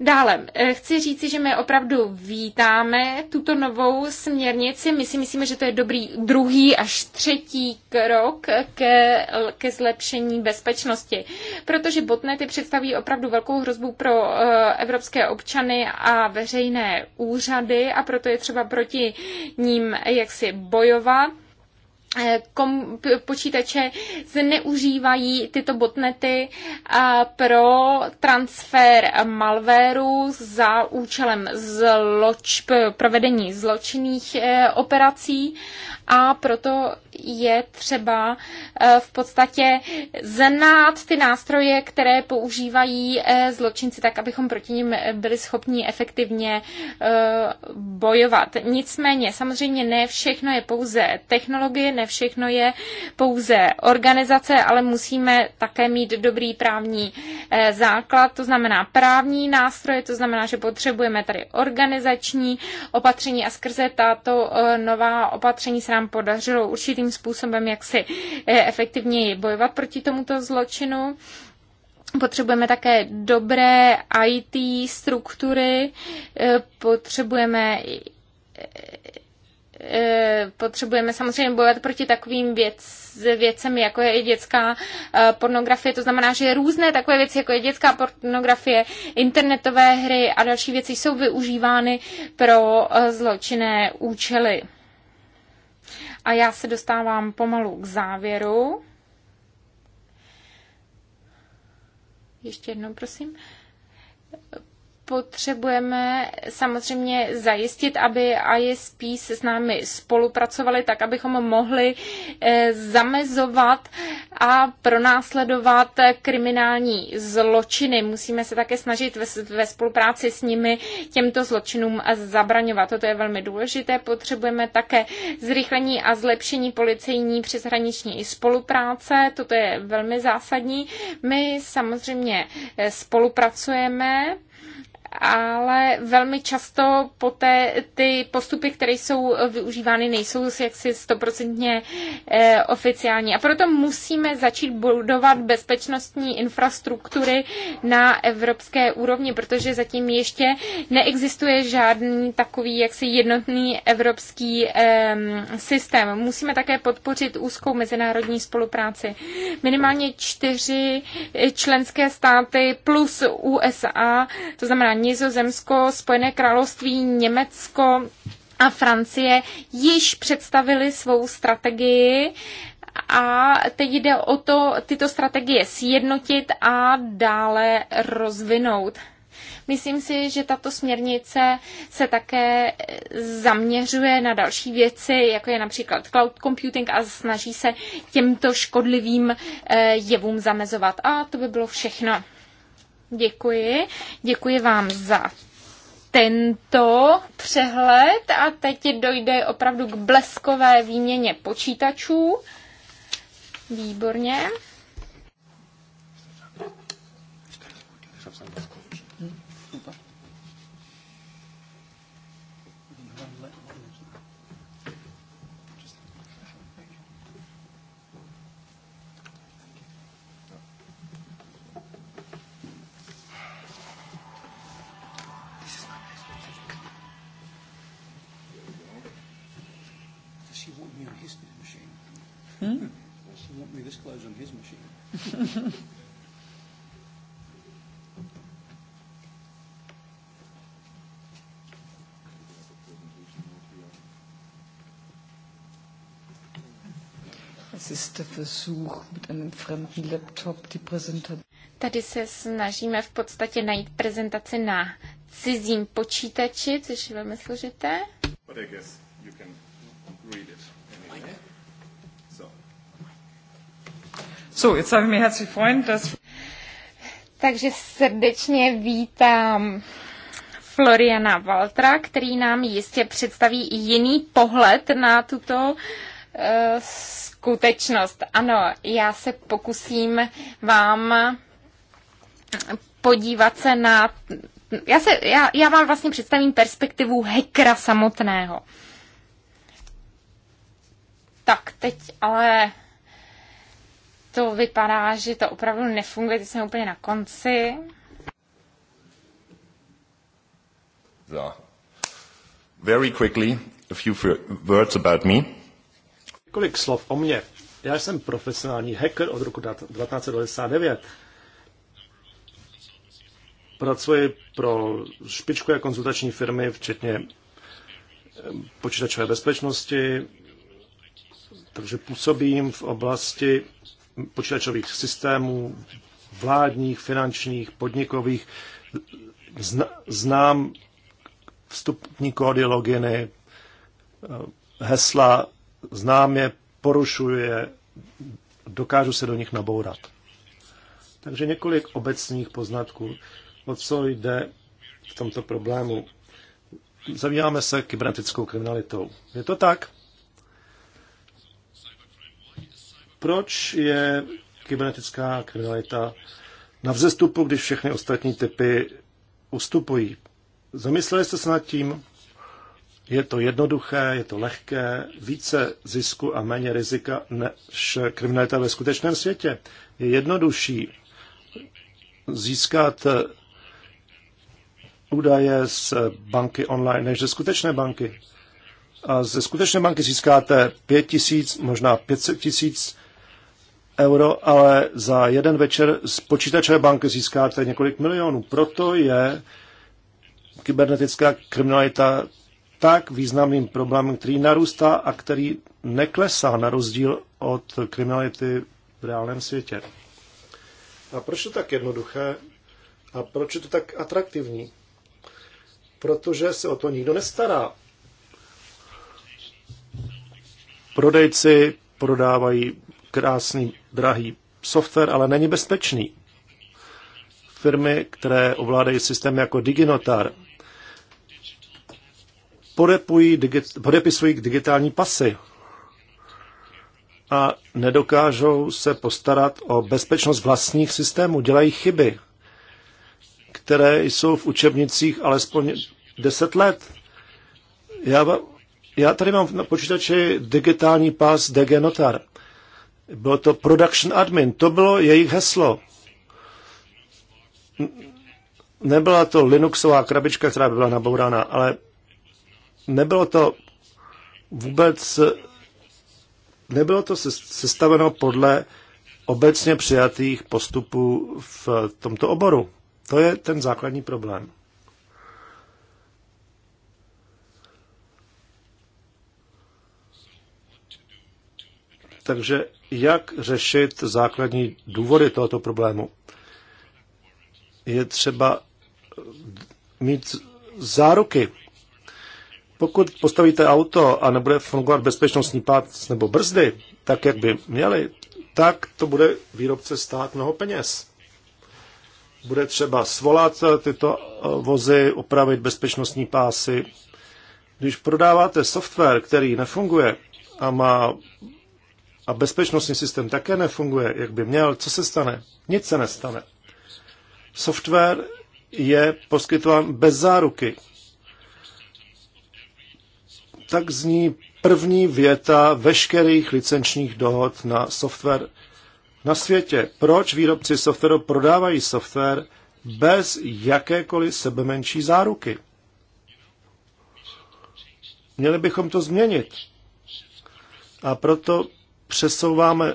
Dále, eh, chci říci, že my opravdu vítáme tuto novou směrnici. My si myslíme, že to je dobrý druhý až třetí krok ke, ke zlepšení bezpečnosti, protože botnety představují opravdu velkou hrozbu pro eh, evropské občany a veřejné úřady a proto je třeba proti ním jaksi bojovat. Eh, kom, počítače zneužívají tyto botnety eh, pro transfer malvéru za účelem zloč, provedení zločinných eh, operací a proto je třeba v podstatě znát ty nástroje, které používají zločinci, tak abychom proti nim byli schopni efektivně bojovat. Nicméně, samozřejmě ne všechno je pouze technologie, ne všechno je pouze organizace, ale musíme také mít dobrý právní eh, základ, to znamená právní nástroje, to znamená, že potřebujeme tady organizační opatření a skrze tato eh, nová opatření se nám podařilo určitým způsobem, jak si eh, efektivněji bojovat proti tomuto zločinu. Potřebujeme také dobré IT struktury, potřebujeme E, potřebujeme samozřejmě bojovat proti takovým věc, věcem, jako je i dětská e, pornografie. To znamená, že různé takové věci, jako je dětská pornografie, internetové hry a další věci jsou využívány pro e, zločinné účely. A já se dostávám pomalu k závěru. Ještě jednou, prosím potřebujeme samozřejmě zajistit, aby ISP se s námi spolupracovali tak, abychom mohli eh, zamezovat a pronásledovat kriminální zločiny. Musíme se také snažit ve spolupráci s nimi těmto zločinům zabraňovat. Toto je velmi důležité. Potřebujeme také zrychlení a zlepšení policejní přeshraniční spolupráce. Toto je velmi zásadní. My samozřejmě eh, spolupracujeme ale velmi často poté ty postupy, které jsou využívány, nejsou jaksi stoprocentně eh, oficiální. A proto musíme začít budovat bezpečnostní infrastruktury na evropské úrovni, protože zatím ještě neexistuje žádný takový jaksi jednotný evropský systém. Musíme také podpořit úzkou mezinárodní spolupráci. Minimálně čtyři eh, členské státy plus USA, to znamená Nizozemsko, Spojené království, Německo a Francie již představili svou strategii a teď jde o to tyto strategie sjednotit a dále rozvinout. Myslím si, že tato směrnice se také zaměřuje na další věci, jako je například cloud computing a snaží se těmto škodlivým eh, jevům zamezovat. A to by bylo všechno. Děkuji. Děkuji vám za tento přehled a teď dojde opravdu k bleskové výměně počítačů. Výborně. Es ist der Versuch, mit einem fremden Laptop die Präsentation. Tady se snažíme v podstatě najít prezentaci na cizím počítači, což je velmi složité. I guess So, jetzt habe ich mir herzlich freuen, dass... Takže srdečně vítám Floriana Valtra, který nám jistě představí jiný pohled na tuto uh, skutečnost. Ano, já se pokusím vám podívat se na... Já, se, já, já vám vlastně představím perspektivu Hekra samotného. Tak, teď ale to vypadá, že to opravdu nefunguje, ty jsme úplně na konci. So. Very quickly, a few words about me. Kolik slov o mně. Já jsem profesionální hacker od roku 1999. Pracuji pro špičkové konzultační firmy, včetně eh, počítačové bezpečnosti, takže působím v oblasti počítačových systémů, vládních, finančních, podnikových. Znám vstupní kódy, loginy, eh, hesla, znám je, porušuje, dokážu se do nich nabourat. Takže několik obecných poznatků, o co jde v tomto problému. Zavíjáme se kybernetickou kriminalitou. Je to tak? Proč je kybernetická kriminalita na vzestupu, když všechny ostatní typy ustupují? Zamysleli jste se nad tím? Je to jednoduché, je to lehké, více zisku a méně rizika než kriminalita ve skutečném světě. Je jednodušší získat údaje z banky online než ze skutečné banky. A ze skutečné banky získáte 5 tisíc, možná 500 tisíc euro, ale za jeden večer z počítačové banky získáte několik milionů. Proto je kybernetická kriminalita tak významným problémem, který narůstá a který neklesá na rozdíl od kriminality v reálném světě. A proč je to tak jednoduché? A proč je to tak atraktivní? Protože se o to nikdo nestará. Prodejci prodávají krásný, drahý software, ale není bezpečný. Firmy, které ovládají systém jako DigiNotar, podepují, digi- podepisují digitální pasy a nedokážou se postarat o bezpečnost vlastních systémů. Dělají chyby, které jsou v učebnicích alespoň 10 let. Já, já tady mám na počítači digitální pas DG Notar bylo to Production Admin, to bylo jejich heslo. Nebyla to Linuxová krabička, která by byla nabourána, ale nebylo to vůbec nebylo to sestaveno podle obecně přijatých postupů v tomto oboru. To je ten základní problém. Takže jak řešit základní důvody tohoto problému? Je třeba mít záruky. Pokud postavíte auto a nebude fungovat bezpečnostní pád nebo brzdy, tak jak by měli, tak to bude výrobce stát mnoho peněz. Bude třeba svolat tyto vozy, opravit bezpečnostní pásy. Když prodáváte software, který nefunguje a má a bezpečnostní systém také nefunguje, jak by měl, co se stane? Nic se nestane. Software je poskytován bez záruky. Tak zní první věta veškerých licenčních dohod na software na světě. Proč výrobci softwaru prodávají software bez jakékoliv sebemenší záruky? Měli bychom to změnit. A proto přesouváme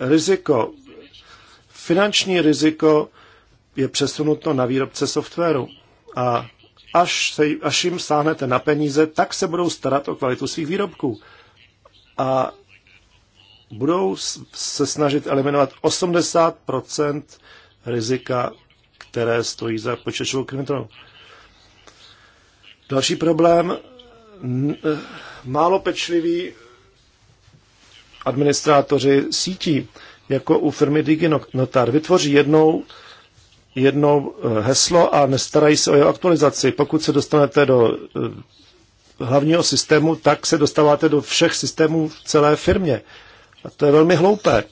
riziko. Finanční riziko je přesunuto na výrobce softwaru. A až, se, až jim sáhnete na peníze, tak se budou starat o kvalitu svých výrobků. A budou se snažit eliminovat 80 rizika, které stojí za počítačovou kriminalitou. Další problém, eh, málo pečlivý administrátoři sítí, jako u firmy DigiNotar, vytvoří jednou, jednou eh, heslo a nestarají se o jeho aktualizaci. Pokud se dostanete do eh, hlavního systému, tak se dostáváte do všech systémů v celé firmě. A to je velmi hloupé.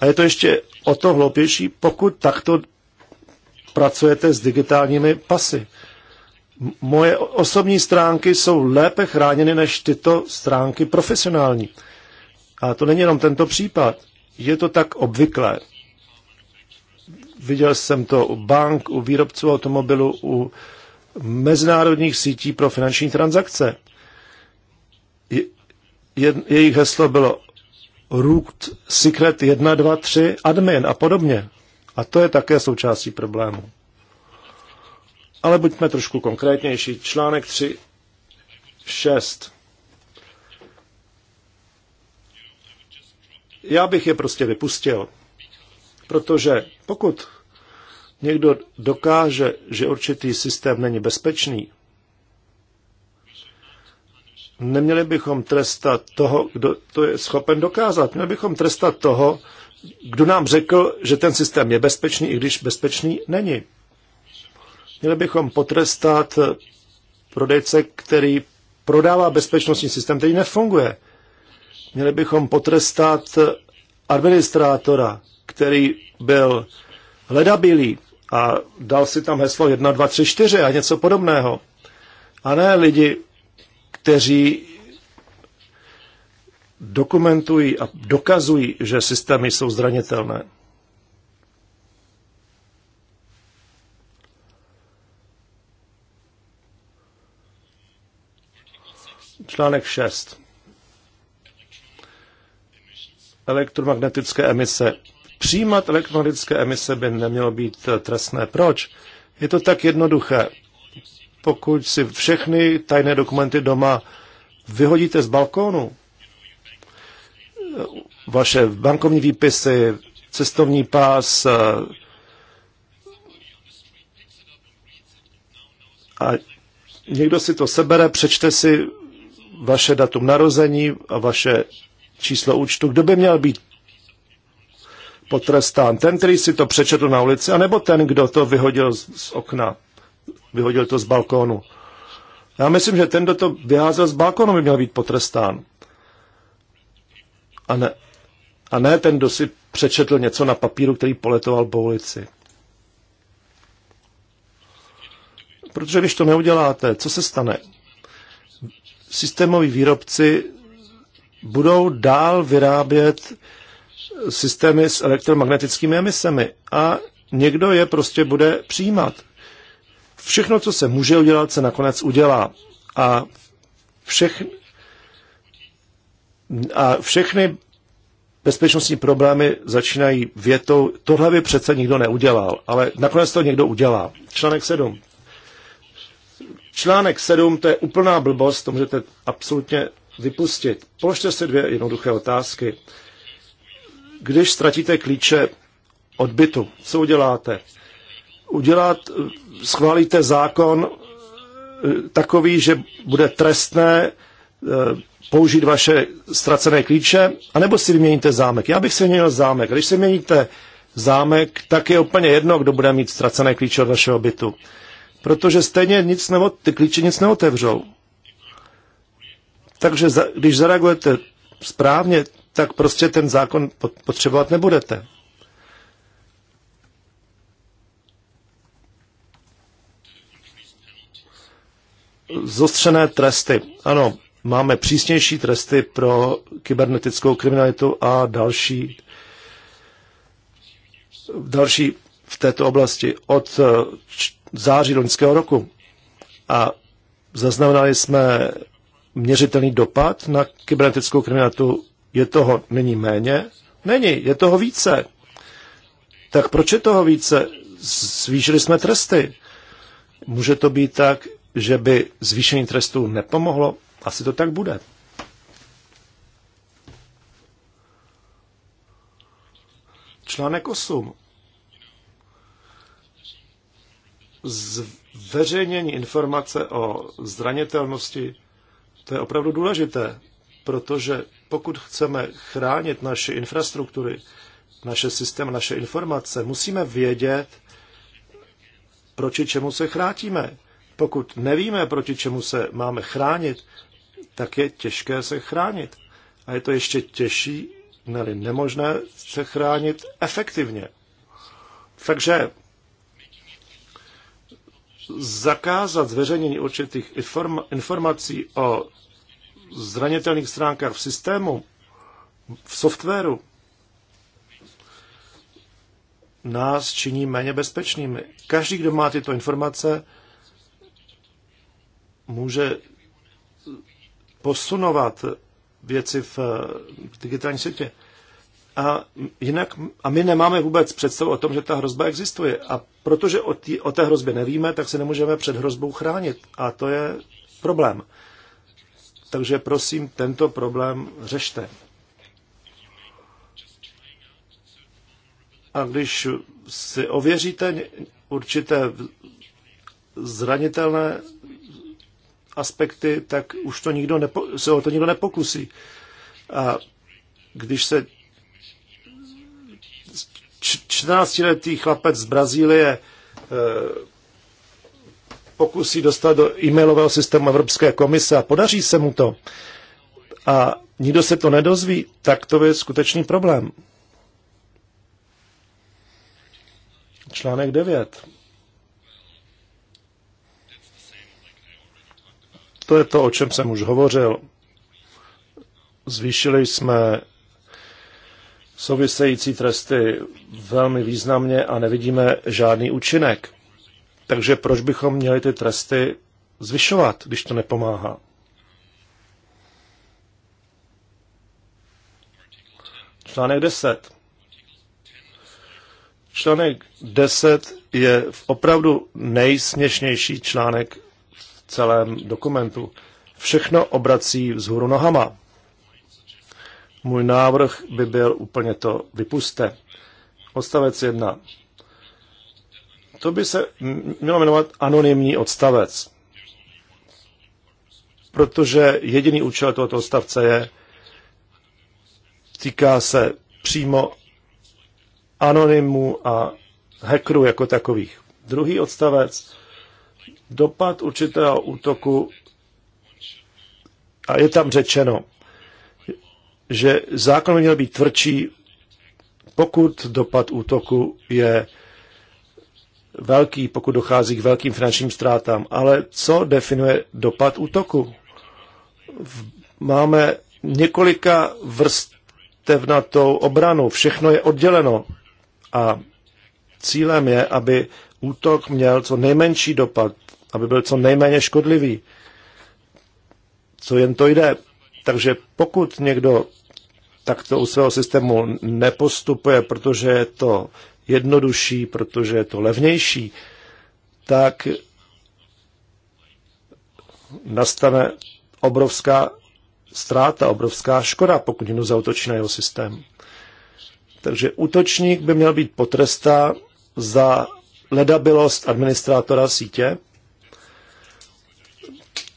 A je to ještě o to hloupější, pokud takto pracujete s digitálními pasy. Moje osobní stránky jsou lépe chráněny než tyto stránky profesionální. A to není jenom tento případ. Je to tak obvyklé. Viděl jsem to u bank, u výrobců automobilu, u mezinárodních sítí pro finanční transakce. Je, je, jejich heslo bylo Root Secret 1, 2, 3, admin a podobně. A to je také součástí problému. Ale buďme trošku konkrétnější. Článek 3, 6. Já bych je prostě vypustil. Protože pokud někdo dokáže, že určitý systém není bezpečný, neměli bychom trestat toho, kdo to je schopen dokázat. Měli bychom trestat toho, kdo nám řekl, že ten systém je bezpečný, i když bezpečný není. Měli bychom potrestat prodejce, který prodává bezpečnostní systém, který nefunguje. Měli bychom potrestat administrátora, který byl ledabilý a dal si tam heslo 1, 2, 3, 4 a něco podobného. A ne lidi, kteří dokumentují a dokazují, že systémy jsou zranitelné. Článek 6 elektromagnetické emise. Přijímat elektromagnetické emise by nemělo být eh, trestné. Proč? Je to tak jednoduché. Pokud si všechny tajné dokumenty doma vyhodíte z balkónu, eh, vaše bankovní výpisy, cestovní pás eh, a někdo si to sebere, přečte si vaše datum narození a vaše číslo účtu, kdo by měl být potrestán? Ten, který si to přečetl na ulici, anebo ten, kdo to vyhodil z okna, vyhodil to z balkónu? Já myslím, že ten, kdo to vyházel z balkónu, by měl být potrestán. A ne, a ne ten, kdo si přečetl něco na papíru, který poletoval po ulici. Protože když to neuděláte, co se stane? Systémoví výrobci budou dál vyrábět systémy s elektromagnetickými emisemi a někdo je prostě bude přijímat. Všechno, co se může udělat, se nakonec udělá. A, všech, a všechny bezpečnostní problémy začínají větou, tohle by přece nikdo neudělal, ale nakonec to někdo udělá. Článek 7. Článek 7, to je úplná blbost, to můžete absolutně vypustit. Položte si dvě jednoduché otázky. Když ztratíte klíče od bytu, co uděláte? Udělat, schválíte zákon eh, takový, že bude trestné eh, použít vaše ztracené klíče, anebo si vyměníte zámek. Já bych si měnil zámek. Když si měníte zámek, tak je úplně jedno, kdo bude mít ztracené klíče od vašeho bytu. Protože stejně nic neot- ty klíče nic neotevřou. Takže za, když zareagujete správně, tak prostě ten zákon potřebovat nebudete. Zostřené tresty. Ano, máme přísnější tresty pro kybernetickou kriminalitu a další, další v této oblasti od eh, září loňského roku. A zaznamenali jsme měřitelný dopad na kybernetickou kriminalitu, je toho není méně? Není, je toho více. Tak proč je toho více? Zvýšili jsme tresty. Může to být tak, že by zvýšení trestů nepomohlo? Asi to tak bude. Článek 8. Zveřejnění informace o zranitelnosti to je opravdu důležité, protože pokud chceme chránit naše infrastruktury, naše systém, naše informace, musíme vědět, proti čemu se chrátíme. Pokud nevíme, proti čemu se máme chránit, tak je těžké se chránit. A je to ještě těžší, ne nemožné se chránit efektivně. Takže zakázat zveřejnění určitých informací o zranitelných stránkách v systému, v softwaru, nás činí méně bezpečnými. Každý, kdo má tyto informace, může posunovat věci v eh, digitální světě. A, jinak, a my nemáme vůbec představu o tom, že ta hrozba existuje. A protože o, tý, o té hrozbě nevíme, tak se nemůžeme před hrozbou chránit. A to je problém. Takže prosím, tento problém řešte. A když si ověříte určité zranitelné aspekty, tak už to nikdo nepo, se o to nikdo nepokusí. A když se 14-letý chlapec z Brazílie eh, pokusí dostat do e-mailového systému Evropské komise a podaří se mu to a nikdo se to nedozví, tak to je skutečný problém. Článek 9. To je to, o čem jsem už hovořil. Zvýšili jsme související tresty velmi významně a nevidíme žádný účinek. Takže proč bychom měli ty tresty zvyšovat, když to nepomáhá? Článek 10. Článek 10 je opravdu nejsměšnější článek v celém dokumentu. Všechno obrací vzhůru nohama. Můj návrh by byl úplně to vypuste. Odstavec 1. To by se mělo jmenovat anonymní odstavec. Protože jediný účel tohoto odstavce je, týká se přímo anonymů a hackerů jako takových. Druhý odstavec, dopad určitého útoku, a je tam řečeno, že zákon měl být tvrdší, pokud dopad útoku je velký, pokud dochází k velkým finančním ztrátám. Ale co definuje dopad útoku? Máme několika vrstevnatou obranu, všechno je odděleno a cílem je, aby útok měl co nejmenší dopad, aby byl co nejméně škodlivý. Co jen to jde. Takže pokud někdo takto u svého systému nepostupuje, protože je to jednodušší, protože je to levnější, tak nastane obrovská ztráta, obrovská škoda, pokud jenom zautočí na jeho systém. Takže útočník by měl být potrestán za ledabilost administrátora sítě.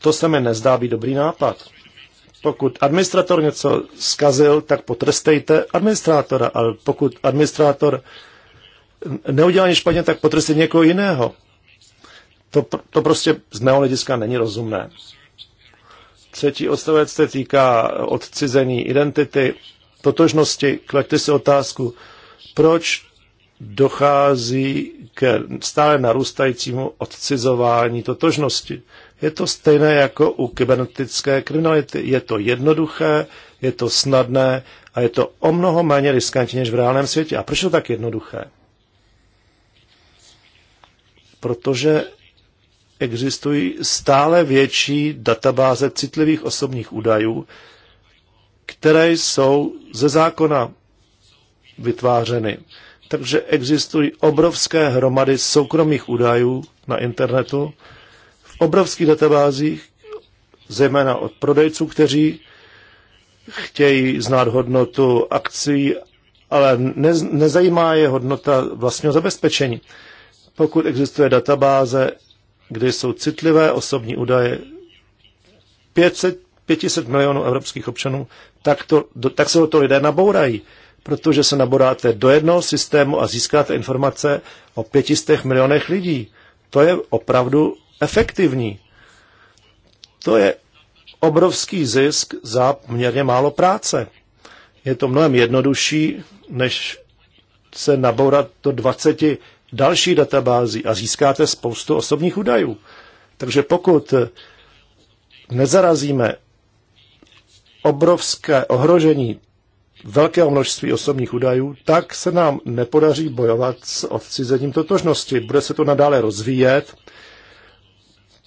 To se mi nezdá být dobrý nápad pokud administrátor něco zkazil, tak potrestejte administrátora, ale pokud administrátor neudělá nic špatně, tak potrestejte někoho jiného. To, to prostě z mého hlediska není rozumné. Třetí odstavec se týká odcizení identity, totožnosti. Klekte si otázku, proč dochází k stále narůstajícímu odcizování totožnosti. Je to stejné jako u kybernetické kriminality. Je to jednoduché, je to snadné a je to o mnoho méně riskantní než v reálném světě. A proč je to tak jednoduché? Protože existují stále větší databáze citlivých osobních údajů, které jsou ze zákona vytvářeny. Takže existují obrovské hromady soukromých údajů na internetu, obrovských databázích, zejména od prodejců, kteří chtějí znát hodnotu akcí, ale ne, nezajímá je hodnota vlastního zabezpečení. Pokud existuje databáze, kde jsou citlivé osobní údaje 500, 500 milionů evropských občanů, tak, to, tak se o to lidé nabourají, protože se nabouráte do jednoho systému a získáte informace o 500 milionech lidí. To je opravdu efektivní. To je obrovský zisk za poměrně málo práce. Je to mnohem jednodušší, než se nabourat do 20 další databází a získáte spoustu osobních údajů. Takže pokud nezarazíme obrovské ohrožení velkého množství osobních údajů, tak se nám nepodaří bojovat s odcizením totožnosti. Bude se to nadále rozvíjet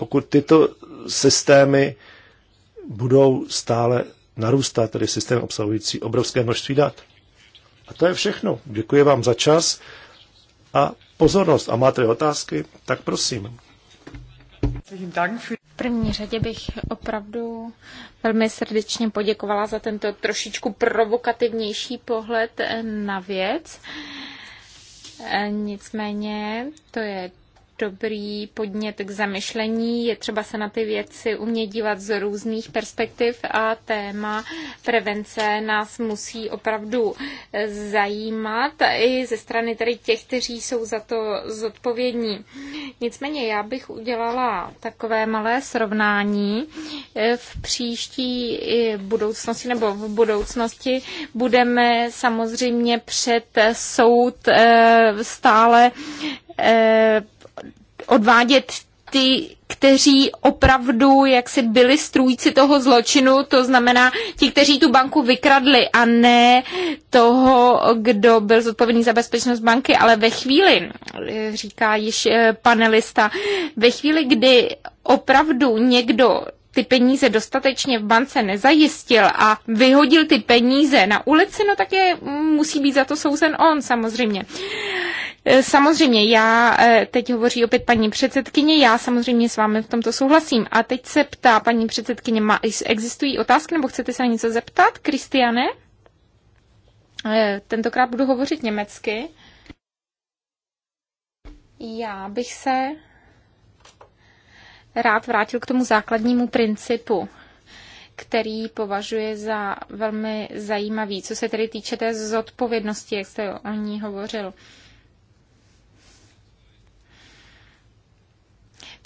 pokud tyto systémy budou stále narůstat, tedy systém obsahující obrovské množství dat. A to je všechno. Děkuji vám za čas a pozornost. A máte otázky, tak prosím. V první řadě bych opravdu velmi srdečně poděkovala za tento trošičku provokativnější pohled na věc. Nicméně to je dobrý podnět k zamyšlení. Je třeba se na ty věci umět dívat z různých perspektiv a téma prevence nás musí opravdu eh, zajímat i ze strany tedy těch, kteří jsou za to zodpovědní. Nicméně já bych udělala takové malé srovnání. Eh, v příští budoucnosti nebo v budoucnosti budeme samozřejmě před soud eh, stále odvádět ty, kteří opravdu jak si byli strůjci toho zločinu, to znamená ti, kteří tu banku vykradli a ne toho, kdo byl zodpovědný za bezpečnost banky, ale ve chvíli, říká již eh, panelista, ve chvíli, kdy opravdu někdo ty peníze dostatečně v bance nezajistil a vyhodil ty peníze na ulici, no tak je musí být za to souzen on samozřejmě. Eh, samozřejmě, já eh, teď hovoří opět paní předsedkyně, já samozřejmě s vámi v tomto souhlasím. A teď se ptá paní předsedkyně, má, existují otázky nebo chcete se na něco zeptat, Kristiane? Eh, tentokrát budu hovořit německy. Já bych se rád vrátil k tomu základnímu principu, který považuje za velmi zajímavý, co se tedy týče té zodpovědnosti, jak jste o ní hovořil.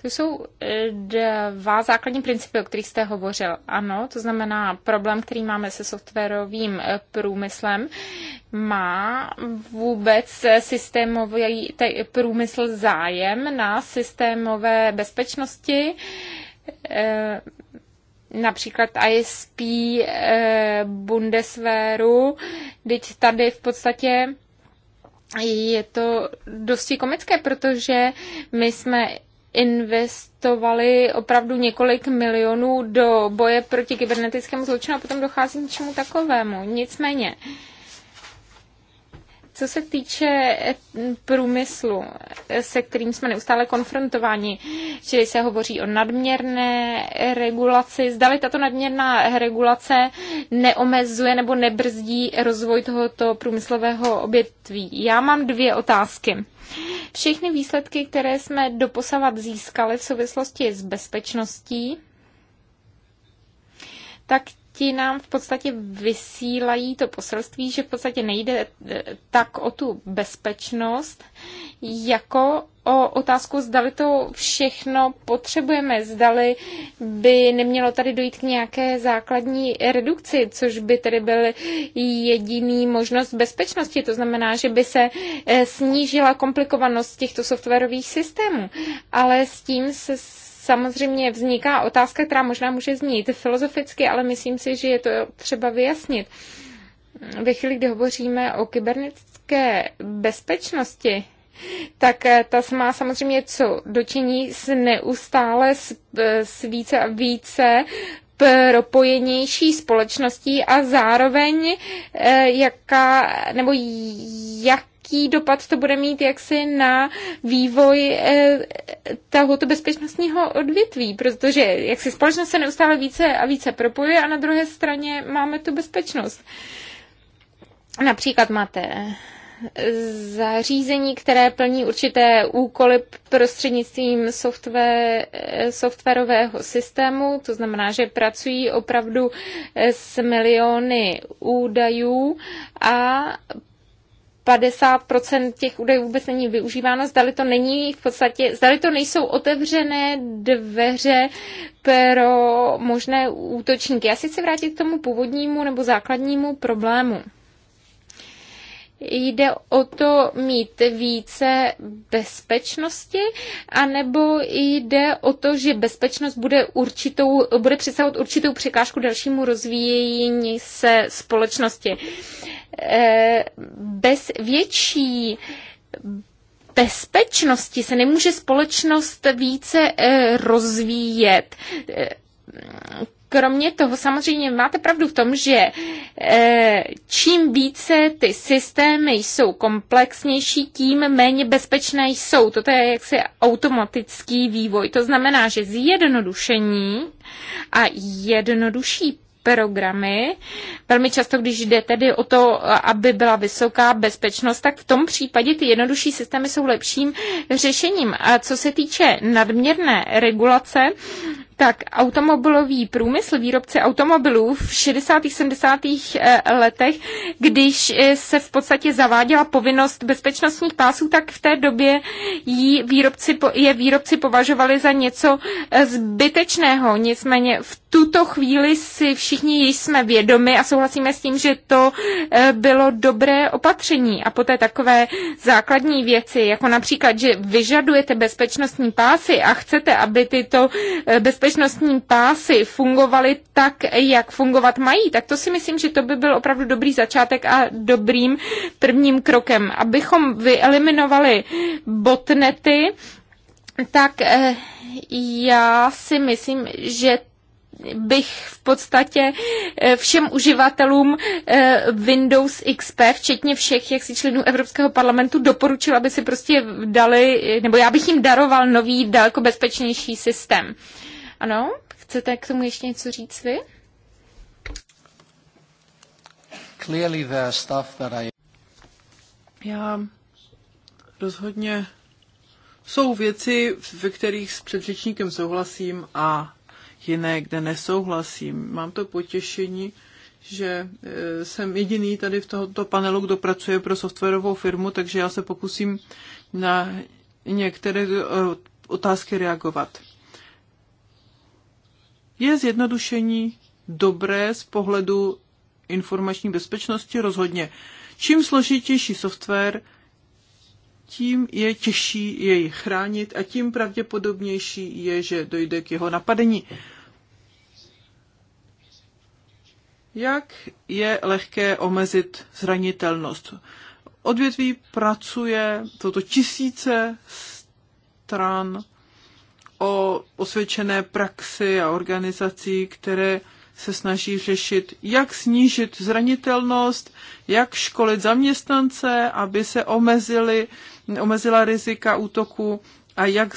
To jsou eh, dva základní principy, o kterých jste hovořil. Ano, to znamená problém, který máme se softwarovým eh, průmyslem. Má vůbec eh, systémový průmysl zájem na systémové bezpečnosti? například ISP Bundeswehru, teď tady v podstatě je to dosti komické, protože my jsme investovali opravdu několik milionů do boje proti kybernetickému zločinu a potom dochází k něčemu takovému. Nicméně, co se týče eh, průmyslu, eh, se kterým jsme neustále konfrontováni, čili se hovoří o nadměrné regulaci, zdali tato nadměrná regulace neomezuje nebo nebrzdí rozvoj tohoto průmyslového obětví. Já mám dvě otázky. Všechny výsledky, které jsme doposavat získali v souvislosti s bezpečností, tak ti nám v podstatě vysílají to poselství, že v podstatě nejde eh, tak o tu bezpečnost, jako o otázku, zdali to všechno potřebujeme, zdali by nemělo tady dojít k nějaké základní redukci, což by tedy byl jediný možnost bezpečnosti. To znamená, že by se eh, snížila komplikovanost těchto softwarových systémů. Ale s tím se samozřejmě vzniká otázka, která možná může znít filozoficky, ale myslím si, že je to třeba vyjasnit. Ve chvíli, kdy hovoříme o kybernetické bezpečnosti, tak eh, ta má samozřejmě co dočiní s neustále s, eh, s více a více propojenější společností a zároveň eh, jaká, nebo jak jaký dopad to bude mít jaksi na vývoj tohoto bezpečnostního odvětví, protože jak si společnost se neustále více a více propojuje a na druhé straně máme tu bezpečnost. Například máte zařízení, které plní určité úkoly prostřednictvím software, softwarového systému, to znamená, že pracují opravdu s miliony údajů a 50% těch údajů vůbec není využíváno, zdali to není v podstatě, zdali to nejsou otevřené dveře pro možné útočníky. Já si chci vrátit k tomu původnímu nebo základnímu problému. Jde o to mít více bezpečnosti, anebo jde o to, že bezpečnost bude, určitou, bude představovat určitou překážku dalšímu rozvíjení se společnosti. Eh, bez větší bezpečnosti se nemůže společnost více eh, rozvíjet eh, kromě toho samozřejmě máte pravdu v tom, že eh, čím více ty systémy jsou komplexnější, tím méně bezpečné jsou. Toto je jaksi automatický vývoj. To znamená, že zjednodušení a jednodušší programy. Velmi často, když jde tedy o to, aby byla vysoká bezpečnost, tak v tom případě ty jednodušší systémy jsou lepším řešením. A co se týče nadměrné regulace, tak automobilový průmysl, výrobce automobilů v 60. 70. Eh, letech, když eh, se v podstatě zaváděla povinnost bezpečnostních pásů, tak v té době jí výrobci, je výrobci považovali za něco eh, zbytečného. Nicméně v tuto chvíli si všichni jsme vědomi a souhlasíme s tím, že to eh, bylo dobré opatření. A poté takové základní věci, jako například, že vyžadujete bezpečnostní pásy a chcete, aby tyto eh, bezpečnostní pásy fungovaly tak, jak fungovat mají, tak to si myslím, že to by byl opravdu dobrý začátek a dobrým prvním krokem. Abychom vyeliminovali botnety, tak eh, já si myslím, že bych v podstatě eh, všem uživatelům eh, Windows XP, včetně všech jaksi členů Evropského parlamentu, doporučil, aby si prostě dali, nebo já bych jim daroval nový, daleko bezpečnější systém. Ano, chcete k tomu ještě něco říct vy? Clearly the stuff that I... Já rozhodně jsou věci, ve kterých s předřečníkem souhlasím a jiné, kde nesouhlasím. Mám to potěšení, že e, jsem jediný tady v tomto panelu, kdo pracuje pro softwarovou firmu, takže já se pokusím na některé e, otázky reagovat. Je zjednodušení dobré z pohledu informační bezpečnosti? Rozhodně. Čím složitější software, tím je těžší jej chránit a tím pravděpodobnější je, že dojde k jeho napadení. Jak je lehké omezit zranitelnost? Odvětví pracuje, toto tisíce stran o osvědčené praxi a organizací, které se snaží řešit, jak snížit zranitelnost, jak školit zaměstnance, aby se omezili, omezila rizika útoku a jak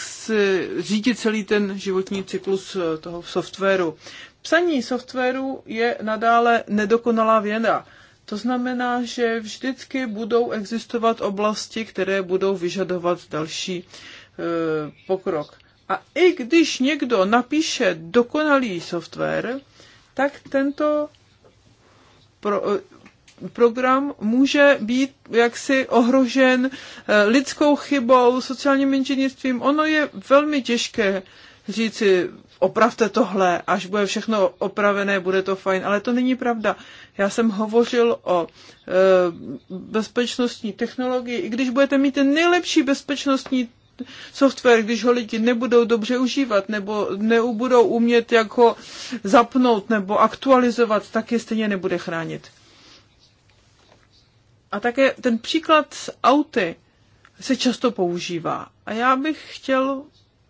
řídit celý ten životní cyklus toho softwaru. Psaní softwaru je nadále nedokonalá věda. To znamená, že vždycky budou existovat oblasti, které budou vyžadovat další e, pokrok. A i když někdo napíše dokonalý software, tak tento pro, e, program může být jaksi ohrožen e, lidskou chybou, sociálním inženýrstvím. Ono je velmi těžké říci, opravte tohle, až bude všechno opravené, bude to fajn. Ale to není pravda. Já jsem hovořil o e, bezpečnostní technologii. I když budete mít ten nejlepší bezpečnostní software, když ho lidi nebudou dobře užívat nebo nebudou umět jak ho zapnout nebo aktualizovat, tak je stejně nebude chránit. A také ten příklad s auty se často používá. A já bych chtěl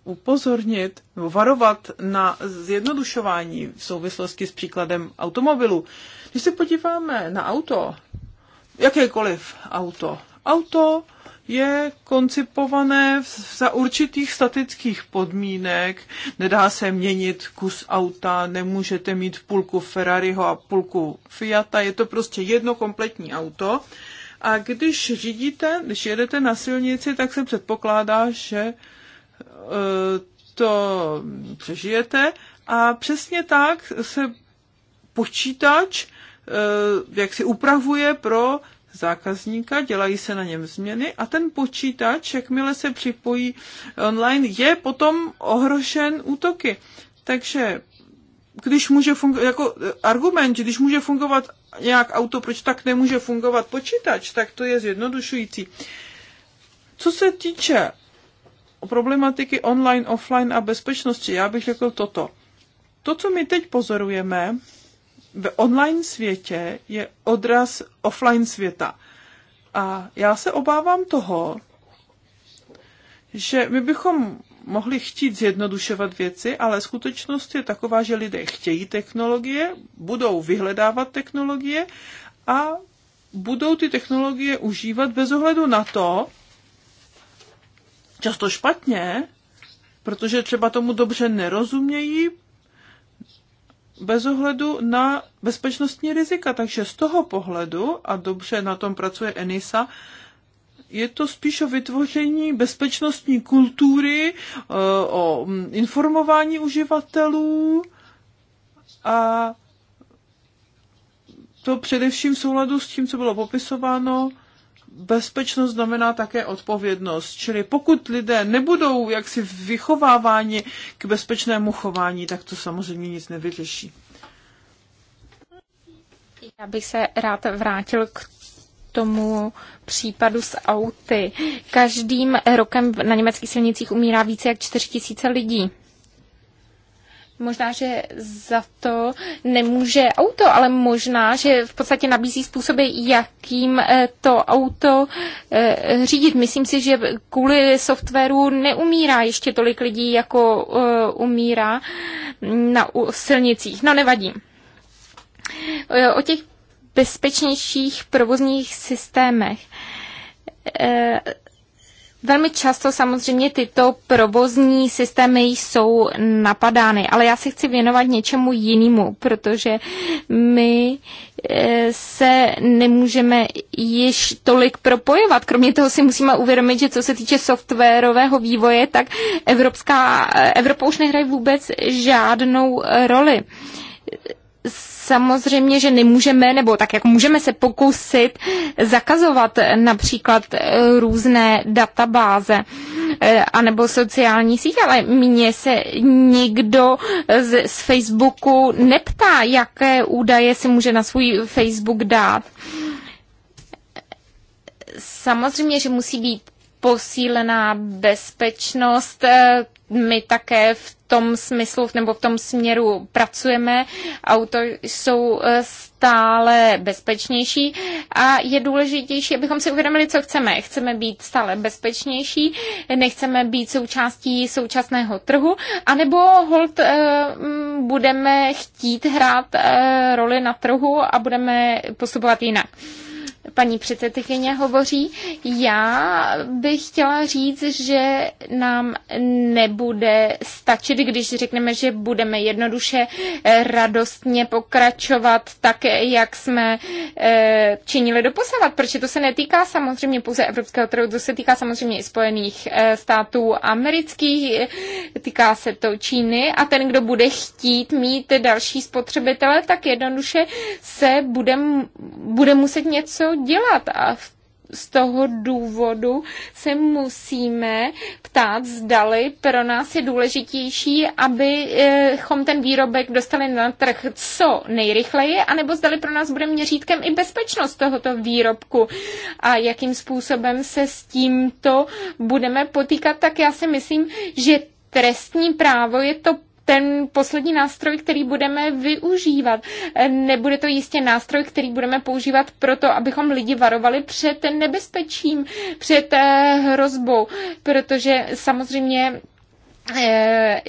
upozornit nebo varovat na zjednodušování v souvislosti s příkladem automobilu. Když se podíváme na auto, jakékoliv auto, auto je koncipované za určitých statických podmínek. Nedá se měnit kus auta, nemůžete mít půlku Ferrariho a půlku Fiata, je to prostě jedno kompletní auto. A když řídíte, když jedete na silnici, tak se předpokládá, že Eh, to přežijete a přesně tak se počítač eh, jak si upravuje pro zákazníka, dělají se na něm změny a ten počítač, jakmile se připojí online, je potom ohrožen útoky. Takže když může fungovat, jako eh, argument, že když může fungovat nějak auto, proč tak nemůže fungovat počítač, tak to je zjednodušující. Co se týče problematiky online, offline a bezpečnosti, já bych řekl toto. To, co my teď pozorujeme v online světě, je odraz offline světa. A já se obávám toho, že my bychom mohli chtít zjednodušovat věci, ale skutečnost je taková, že lidé chtějí technologie, budou vyhledávat technologie a budou ty technologie užívat bez ohledu na to, často špatně, protože třeba tomu dobře nerozumějí bez ohledu na bezpečnostní rizika. Takže z toho pohledu, a dobře na tom pracuje Enisa, je to spíš o vytvoření bezpečnostní kultury, eh, o mm, informování uživatelů a to především v souladu s tím, co bylo popisováno bezpečnost znamená také odpovědnost. Čili pokud lidé nebudou jaksi vychováváni k bezpečnému chování, tak to samozřejmě nic nevyřeší. Já bych se rád vrátil k tomu případu s auty. Každým rokem na německých silnicích umírá více jak 4 tisíce lidí. Možná, že za to nemůže auto, ale možná, že v podstatě nabízí způsoby, jakým eh, to auto eh, řídit. Myslím si, že kvůli softwaru neumírá ještě tolik lidí, jako eh, umírá na silnicích. No nevadí. O těch bezpečnějších provozních systémech Velmi často samozřejmě tyto provozní systémy jsou napadány, ale já se chci věnovat něčemu jinému, protože my eh, se nemůžeme již tolik propojovat. Kromě toho si musíme uvědomit, že co se týče softwarového vývoje, tak Evropská, eh, Evropa už nehraje vůbec žádnou roli samozřejmě, že nemůžeme, nebo tak jak můžeme se pokusit zakazovat například eh, různé databáze eh, anebo sociální sítě, ale mě se nikdo z, z Facebooku neptá, jaké údaje si může na svůj Facebook dát. Samozřejmě, že musí být posílená bezpečnost eh, my také v tom smyslu nebo v tom směru pracujeme. Auto jsou eh, stále bezpečnější a je důležitější, abychom si uvědomili, co chceme. Chceme být stále bezpečnější, nechceme být součástí současného trhu, anebo hold eh, budeme chtít hrát eh, roli na trhu a budeme postupovat jinak paní předsedkyně hovoří. Já bych chtěla říct, že nám nebude stačit, když řekneme, že budeme jednoduše eh, radostně pokračovat tak, jak jsme eh, činili doposavat, protože to se netýká samozřejmě pouze evropského trhu, to se týká samozřejmě i Spojených eh, států amerických, týká se to Číny a ten, kdo bude chtít mít další spotřebitele, tak jednoduše se bude, bude muset něco dělat a z toho důvodu se musíme ptát, zdali pro nás je důležitější, abychom eh, ten výrobek dostali na trh co nejrychleji, anebo zdali pro nás bude měřítkem i bezpečnost tohoto výrobku a jakým způsobem se s tímto budeme potýkat, tak já si myslím, že trestní právo je to ten poslední nástroj, který budeme využívat. E, nebude to jistě nástroj, který budeme používat proto, abychom lidi varovali před nebezpečím, před e, hrozbou, protože samozřejmě e,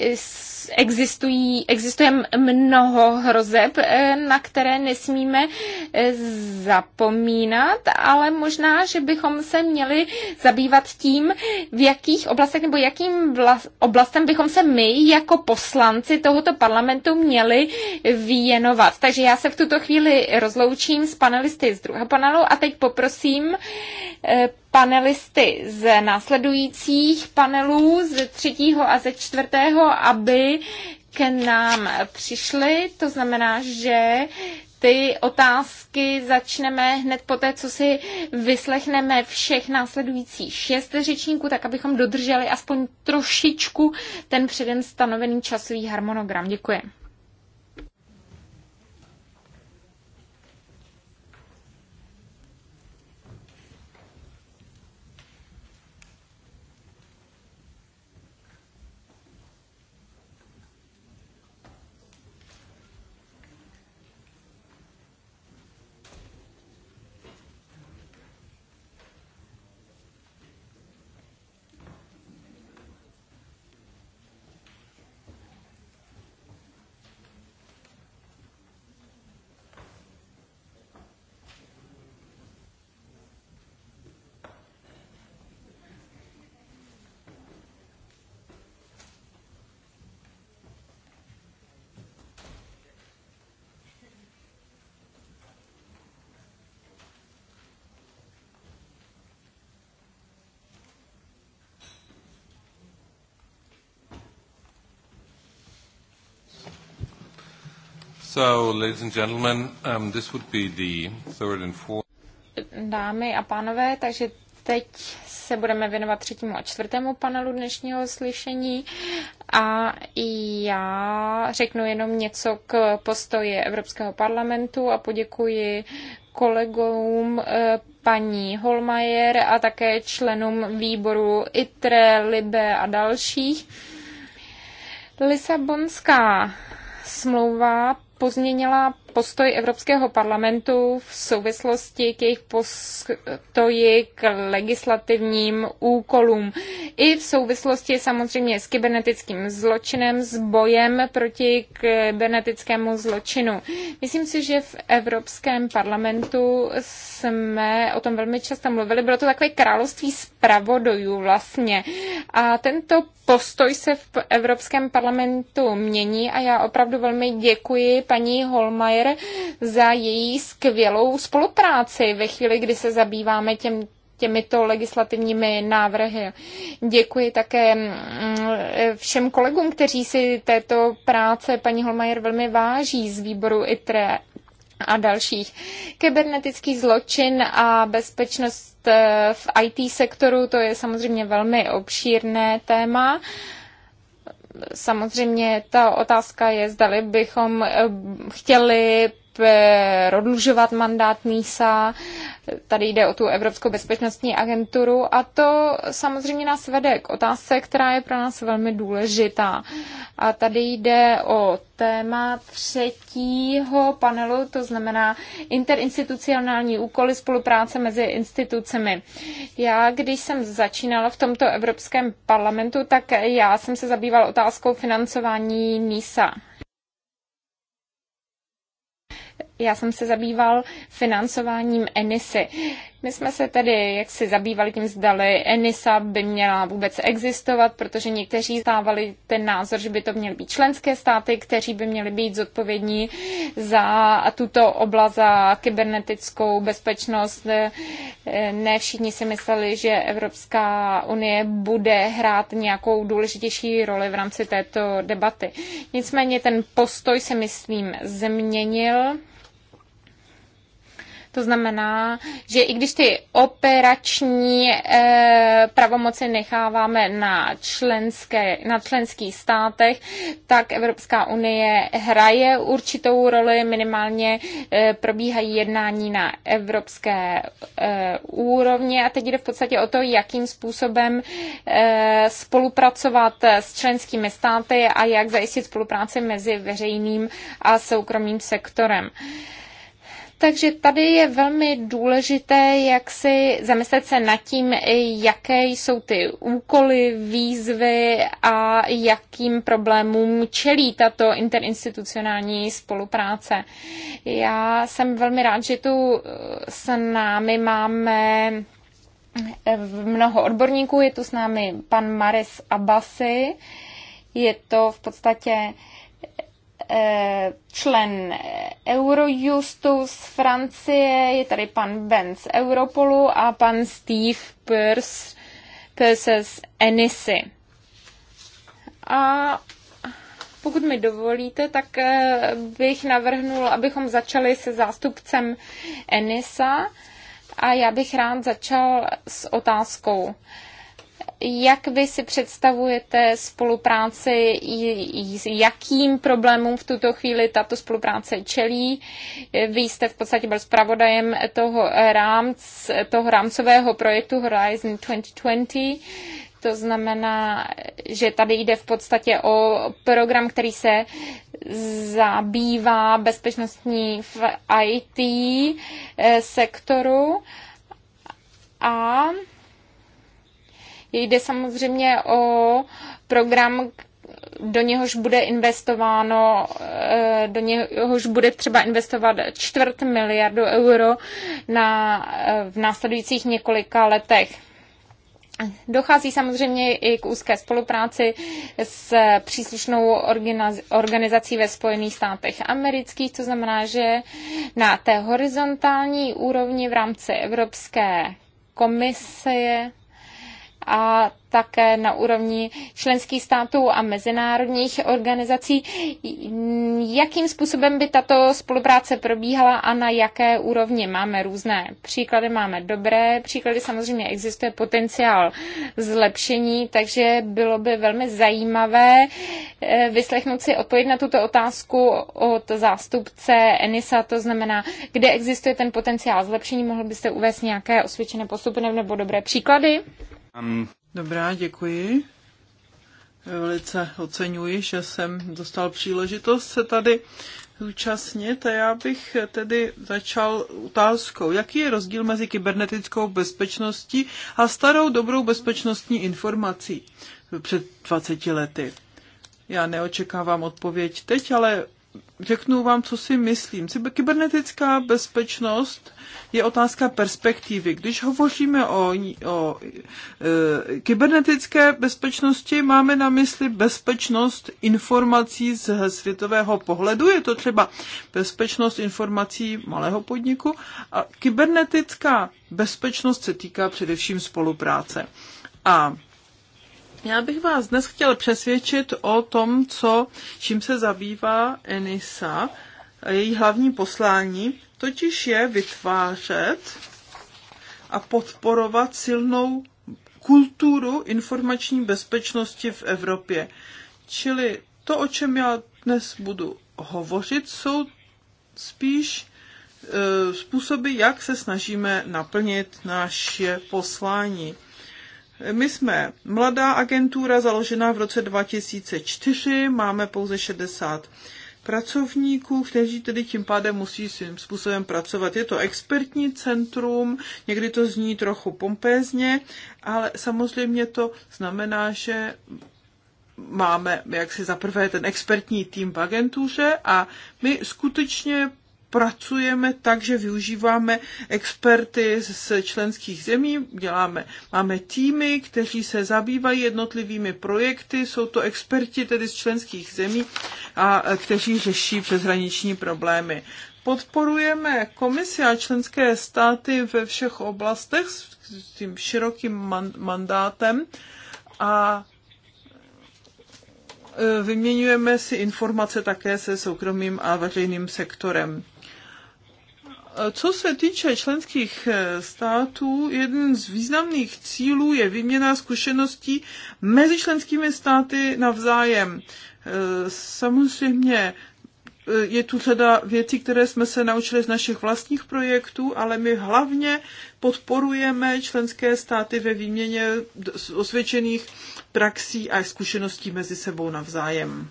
existují, existuje mnoho hrozeb, eh, na které nesmíme eh, zapomínat, ale možná, že bychom se měli zabývat tím, v jakých oblastech nebo jakým oblastem bychom se my jako poslanci tohoto parlamentu měli věnovat. Takže já se v tuto chvíli rozloučím s panelisty z druhého panelu a teď poprosím eh, panelisty z následujících panelů, z třetího a ze čtvrtého, aby k nám přišli. To znamená, že ty otázky začneme hned po té, co si vyslechneme všech následujících šest řečníků, tak abychom dodrželi aspoň trošičku ten předem stanovený časový harmonogram. Děkuji. So, ladies and gentlemen, um, this would be the third and fourth. Dámy a pánové, takže teď se budeme věnovat třetímu a čtvrtému panelu dnešního slyšení a já řeknu jenom něco k postoji Evropského parlamentu a poděkuji kolegům eh, paní Holmajer a také členům výboru ITRE, LIBE a dalších. Lisabonská smlouva pozměnila postoj Evropského parlamentu v souvislosti k jejich postoji k legislativním úkolům. I v souvislosti samozřejmě s kybernetickým zločinem, s bojem proti kybernetickému zločinu. Myslím si, že v Evropském parlamentu jsme o tom velmi často mluvili. Bylo to takové království zpravodojů vlastně. A tento postoj se v Evropském parlamentu mění a já opravdu velmi děkuji paní Holmajer Šájer za její skvělou spolupráci ve chvíli, kdy se zabýváme těm, těmito legislativními návrhy. Děkuji také mm, všem kolegům, kteří si této práce paní Holmajer velmi váží z výboru ITRE a dalších. Kybernetický zločin a bezpečnost eh, v IT sektoru, to je samozřejmě velmi obšírné téma samozřejmě ta otázka je, zdali bychom eh, chtěli Eh, prodlužovat mandát NISA, tady jde o tu Evropskou bezpečnostní agenturu a to samozřejmě nás vede k otázce, která je pro nás velmi důležitá. A tady jde o téma třetího panelu, to znamená interinstitucionální úkoly spolupráce mezi institucemi. Já, když jsem začínala v tomto Evropském parlamentu, tak já jsem se zabývala otázkou financování NISA. Já jsem se zabýval financováním Enisy. My jsme se tedy jak si zabývali tím, zdali Enisa by měla vůbec existovat, protože někteří stávali ten názor, že by to měly být členské státy, kteří by měli být zodpovědní za tuto oblast, za kybernetickou bezpečnost. Ne všichni si mysleli, že Evropská unie bude hrát nějakou důležitější roli v rámci této debaty. Nicméně ten postoj se, myslím, změnil to znamená, že i když ty operační eh, pravomoci necháváme na, členské, na členských státech, tak Evropská unie hraje určitou roli, minimálně eh, probíhají jednání na evropské eh, úrovni a teď jde v podstatě o to, jakým způsobem spolupracovat s členskými státy a jak zajistit spolupráci mezi veřejným a soukromým sektorem. Takže tady je velmi důležité, jak si zamyslet se nad tím, jaké jsou ty úkoly, výzvy a jakým problémům čelí tato interinstitucionální spolupráce. Já jsem velmi rád, že tu eh, s námi máme eh, mnoho odborníků. Je tu s námi pan Maris Abasi. Je to v podstatě Eh, člen Eurojustu z Francie, je tady pan Ben z Europolu a pan Steve Peirce, Peirce z Enisy. A pokud mi dovolíte, tak eh, bych navrhnul, abychom začali se zástupcem Enisa. A já bych rád začal s otázkou jak vy si představujete spolupráci, jakým problémům v tuto chvíli tato spolupráce čelí. Vy jste v podstatě byl zpravodajem toho, rámc, toho rámcového projektu Horizon 2020. To znamená, že tady jde v podstatě o program, který se zabývá bezpečnostní v IT eh, sektoru. A Jde samozřejmě o program, do něhož bude investováno, eh, do něhož bude třeba investovat čtvrt miliardu euro na, eh, v následujících několika letech. Dochází samozřejmě i k úzké spolupráci s příslušnou organizací ve Spojených státech amerických, co znamená, že na té horizontální úrovni v rámci Evropské komise a také na úrovni členských států a mezinárodních organizací. Jakým způsobem by tato spolupráce probíhala a na jaké úrovni? Máme různé příklady, máme dobré příklady, samozřejmě existuje potenciál zlepšení, takže bylo by velmi zajímavé eh, vyslechnout si odpověď na tuto otázku od zástupce ENISA, to znamená, kde existuje ten potenciál zlepšení, mohl byste uvést nějaké osvědčené postupy nebo dobré příklady? Um, Dobrá, děkuji. Velice oceňuji, že jsem dostal příležitost se tady zúčastnit a já bych tedy začal otázkou, jaký je rozdíl mezi kybernetickou bezpečností a starou dobrou bezpečnostní informací před 20 lety. Já neočekávám odpověď teď, ale řeknu vám, co si myslím. Kybernetická bezpečnost je otázka perspektivy. Když hovoříme o, o e, kybernetické bezpečnosti, máme na mysli bezpečnost informací z světového pohledu. Je to třeba bezpečnost informací malého podniku. A kybernetická bezpečnost se týká především spolupráce. A já bych vás dnes chtěl přesvědčit o tom, co, čím se zabývá Enisa, její hlavní poslání, totiž je vytvářet a podporovat silnou kulturu informační bezpečnosti v Evropě. Čili to, o čem já dnes budu hovořit, jsou spíš e, způsoby, jak se snažíme naplnit naše poslání. My jsme mladá agentura založená v roce 2004, máme pouze 60 pracovníků, kteří tedy tím pádem musí svým způsobem pracovat. Je to expertní centrum, někdy to zní trochu pompézně, ale samozřejmě to znamená, že máme jaksi za prvé ten expertní tým v agentuře a my skutečně pracujeme tak, že využíváme experty z členských zemí, děláme, máme týmy, kteří se zabývají jednotlivými projekty, jsou to experti tedy z členských zemí, a, e, kteří řeší přeshraniční problémy. Podporujeme komisi a členské státy ve všech oblastech s tím širokým mandátem a e, vyměňujeme si informace také se soukromým a veřejným sektorem. Co se týče členských eh, států, jeden z významných cílů je výměna zkušeností mezi členskými státy navzájem. Eh, samozřejmě eh, je tu teda věci, které jsme se naučili z našich vlastních projektů, ale my hlavně podporujeme členské státy ve výměně osvědčených praxí a zkušeností mezi sebou navzájem.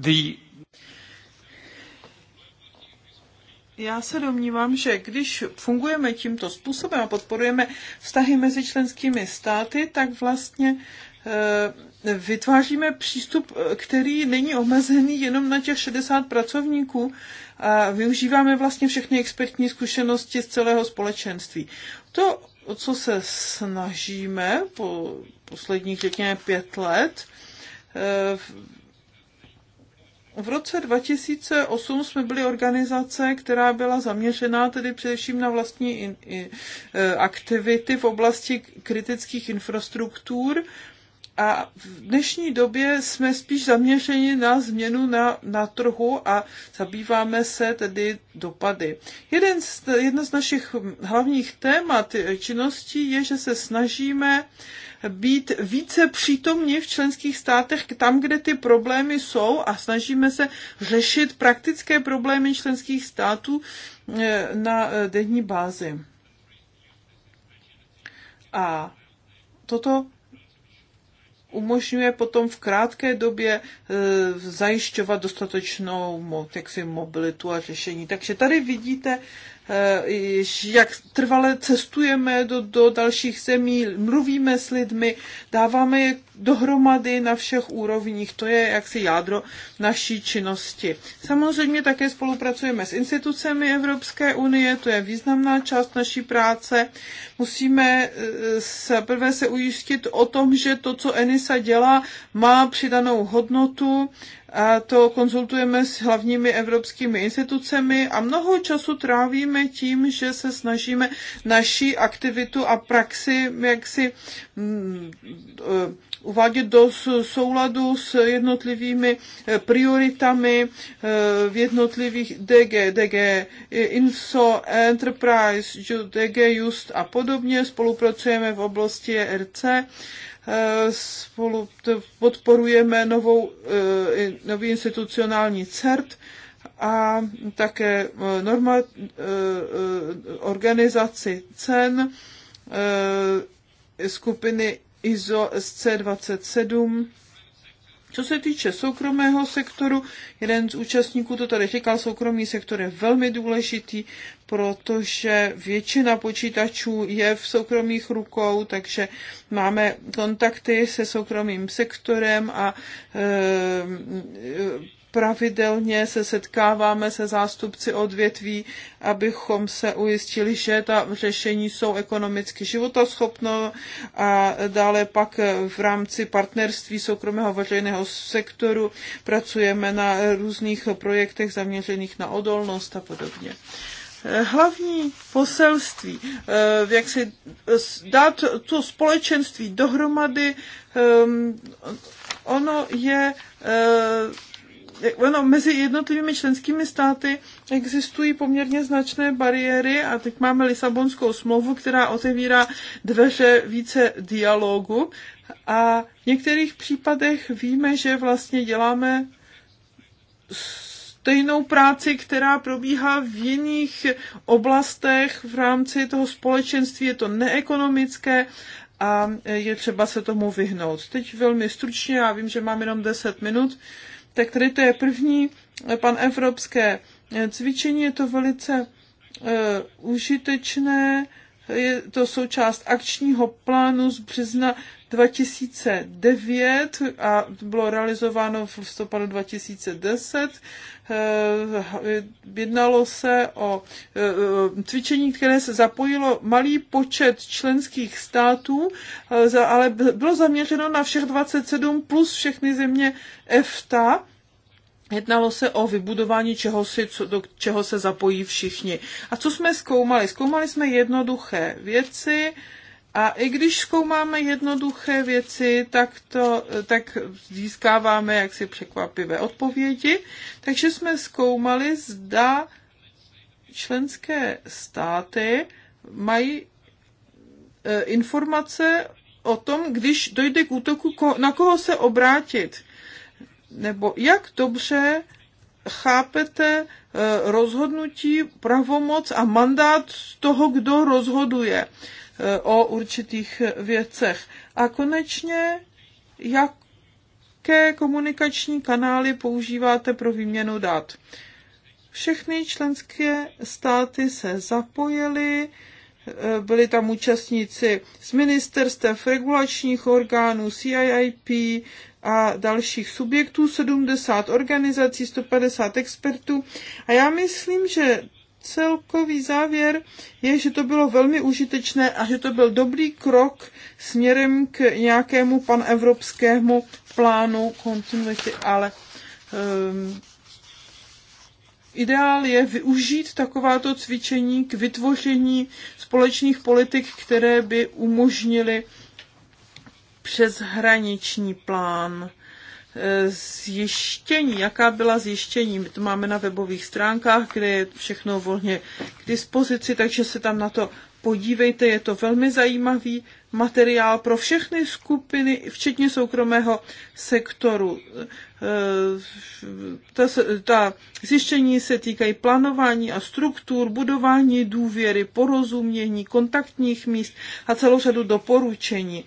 The... Já se domnívám, že když fungujeme tímto způsobem a podporujeme vztahy mezi členskými státy, tak vlastně eh, vytváříme přístup, eh, který není omezený jenom na těch 60 pracovníků a využíváme vlastně všechny expertní zkušenosti z celého společenství. To, o co se snažíme po posledních, řekněme, pět let, eh, v roce 2008 jsme byli organizace, která byla zaměřená tedy především na vlastní in, i, e, aktivity v oblasti kritických infrastruktur. A v dnešní době jsme spíš zaměřeni na změnu na, na trhu a zabýváme se tedy dopady. Jeden z, jedna z našich hlavních témat e, činností je, že se snažíme být více přítomní v členských státech tam, kde ty problémy jsou a snažíme se řešit praktické problémy členských států eh, na eh, denní bázi. A toto umožňuje potom v krátké době eh, zajišťovat dostatečnou jaksi, mobilitu a řešení. Takže tady vidíte Eh, jak trvale cestujeme do, do dalších zemí, mluvíme s lidmi, dáváme je dohromady na všech úrovních. To je jaksi jádro naší činnosti. Samozřejmě také spolupracujeme s institucemi Evropské unie, to je významná část naší práce. Musíme eh, se prvé se ujistit o tom, že to, co Enisa dělá, má přidanou hodnotu a to konzultujeme s hlavními evropskými institucemi a mnoho času trávíme tím, že se snažíme naší aktivitu a praxi jaksi mm, eh, uvádět do souladu s jednotlivými eh, prioritami eh, v jednotlivých DG, DG INSO, Enterprise, DG Just a podobně. Spolupracujeme v oblasti e RC Eh, spolu podporujeme novou, eh, nový institucionální CERT a také eh, norma, organizaci cen skupiny ISO SC27 co se týče soukromého sektoru, jeden z účastníků to tady říkal, soukromý sektor je velmi důležitý, protože většina počítačů je v soukromých rukou, takže máme kontakty se soukromým sektorem a e, pravidelně se setkáváme se zástupci odvětví, abychom se ujistili, že ta řešení jsou ekonomicky životoschopná a dále pak v rámci partnerství soukromého veřejného sektoru pracujeme na různých projektech zaměřených na odolnost a podobně hlavní poselství, eh, jak si eh, dát to společenství dohromady, eh, ono je ano, mezi jednotlivými členskými státy existují poměrně značné bariéry a teď máme Lisabonskou smlouvu, která otevírá dveře více dialogu a v některých případech víme, že vlastně děláme stejnou práci, která probíhá v jiných oblastech v rámci toho společenství. Je to neekonomické a je třeba se tomu vyhnout. Teď velmi stručně, já vím, že mám jenom 10 minut, tak tady to je první eh, panevropské eh, cvičení, je to velice uh, užitečné, je to součást akčního plánu z března 2009 a bylo realizováno v listopadu 2010. Eh, jednalo se o eh, cvičení, které se zapojilo malý počet členských států, eh, ale bylo zaměřeno na všech 27 plus všechny země EFTA. Jednalo se o vybudování čeho si, co, do čeho se zapojí všichni. A co jsme zkoumali? Zkoumali jsme jednoduché věci, a i když zkoumáme jednoduché věci, tak, to, tak získáváme jaksi překvapivé odpovědi. Takže jsme zkoumali, zda členské státy mají e, informace o tom, když dojde k útoku, na koho se obrátit. Nebo jak dobře chápete e, rozhodnutí, pravomoc a mandát toho, kdo rozhoduje o určitých věcech. A konečně, jaké komunikační kanály používáte pro výměnu dat? Všechny členské státy se zapojily, byli tam účastníci z ministerstev, regulačních orgánů, CIIP a dalších subjektů, 70 organizací, 150 expertů. A já myslím, že celkový závěr je, že to bylo velmi užitečné a že to byl dobrý krok směrem k nějakému panevropskému plánu kontinuity, ale um, ideál je využít takováto cvičení k vytvoření společných politik, které by umožnily přeshraniční plán zjištění, jaká byla zjištění. My to máme na webových stránkách, kde je všechno volně k dispozici, takže se tam na to podívejte, je to velmi zajímavý materiál pro všechny skupiny, včetně soukromého sektoru. Eh, ta, ta zjištění se týkají plánování a struktur, budování důvěry, porozumění, kontaktních míst a celou řadu doporučení.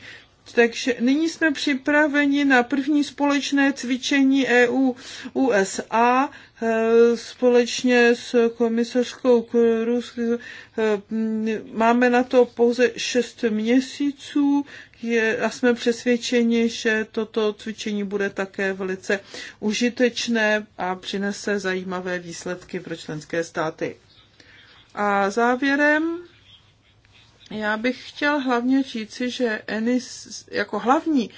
Takže nyní jsme připraveni na první společné cvičení EU-USA eh, společně s komisařkou Krus. Eh, máme na to pouze 6 měsíců je, a jsme přesvědčeni, že toto cvičení bude také velice užitečné a přinese zajímavé výsledky pro členské státy. A závěrem já bych chtěl hlavně říci, že ENIS jako hlavní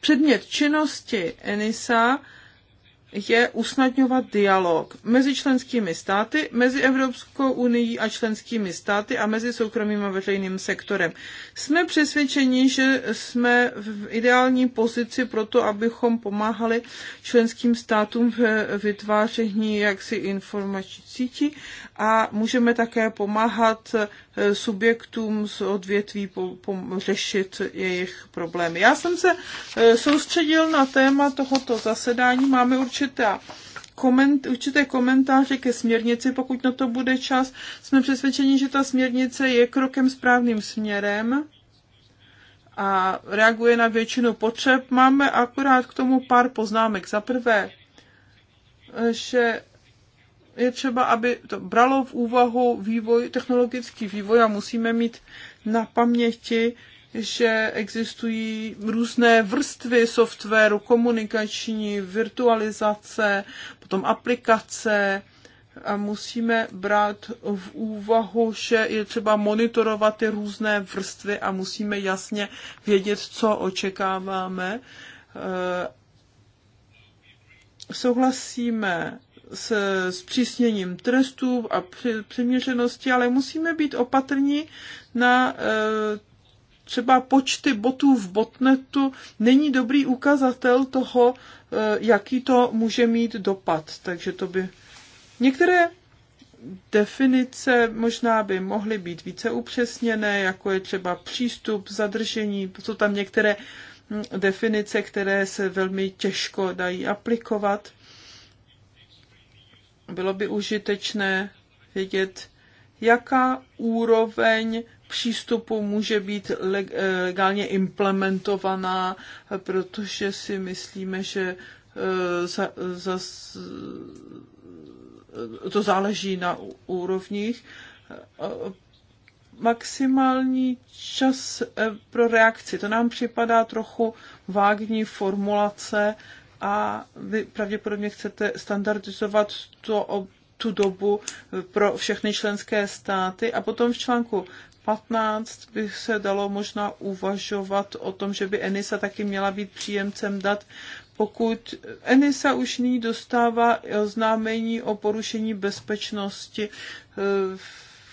předmět činnosti ENISA je usnadňovat dialog mezi členskými státy, mezi Evropskou unii a členskými státy a mezi soukromým a veřejným sektorem. Jsme přesvědčeni, že jsme v ideální pozici pro to, abychom pomáhali členským státům v vytváření jaksi informační sítí a můžeme také pomáhat subjektům z odvětví po, po, řešit jejich problémy. Já jsem se eh, soustředil na téma tohoto zasedání. Máme určitá koment, určité komentáře ke směrnici, pokud na to bude čas. Jsme přesvědčeni, že ta směrnice je krokem správným směrem a reaguje na většinu potřeb. Máme akorát k tomu pár poznámek. Za prvé, eh, že je třeba, aby to bralo v úvahu vývoj, technologický vývoj a musíme mít na paměti, že existují různé vrstvy softwaru, komunikační, virtualizace, potom aplikace a musíme brát v úvahu, že je třeba monitorovat ty různé vrstvy a musíme jasně vědět, co očekáváme. Eh, souhlasíme se zpřísněním trestů a přeměřenosti, ale musíme být opatrní na e, třeba počty botů v botnetu. Není dobrý ukazatel toho, e, jaký to může mít dopad. Takže to by... Některé definice možná by mohly být více upřesněné, jako je třeba přístup, zadržení, jsou tam některé mm, definice, které se velmi těžko dají aplikovat bylo by užitečné vědět, jaká úroveň přístupu může být eh, legálně implementovaná, protože si myslíme, že eh, za, za, eh, to záleží na úrovních. Maximální čas pro reakci, to nám připadá trochu vágní formulace a vy pravděpodobně chcete standardizovat to, tu dobu eh, pro všechny členské státy a potom v článku 15 by se dalo možná uvažovat o tom, že by Enisa taky měla být příjemcem dat, pokud Enisa už nyní dostává oznámení o porušení bezpečnosti, eh,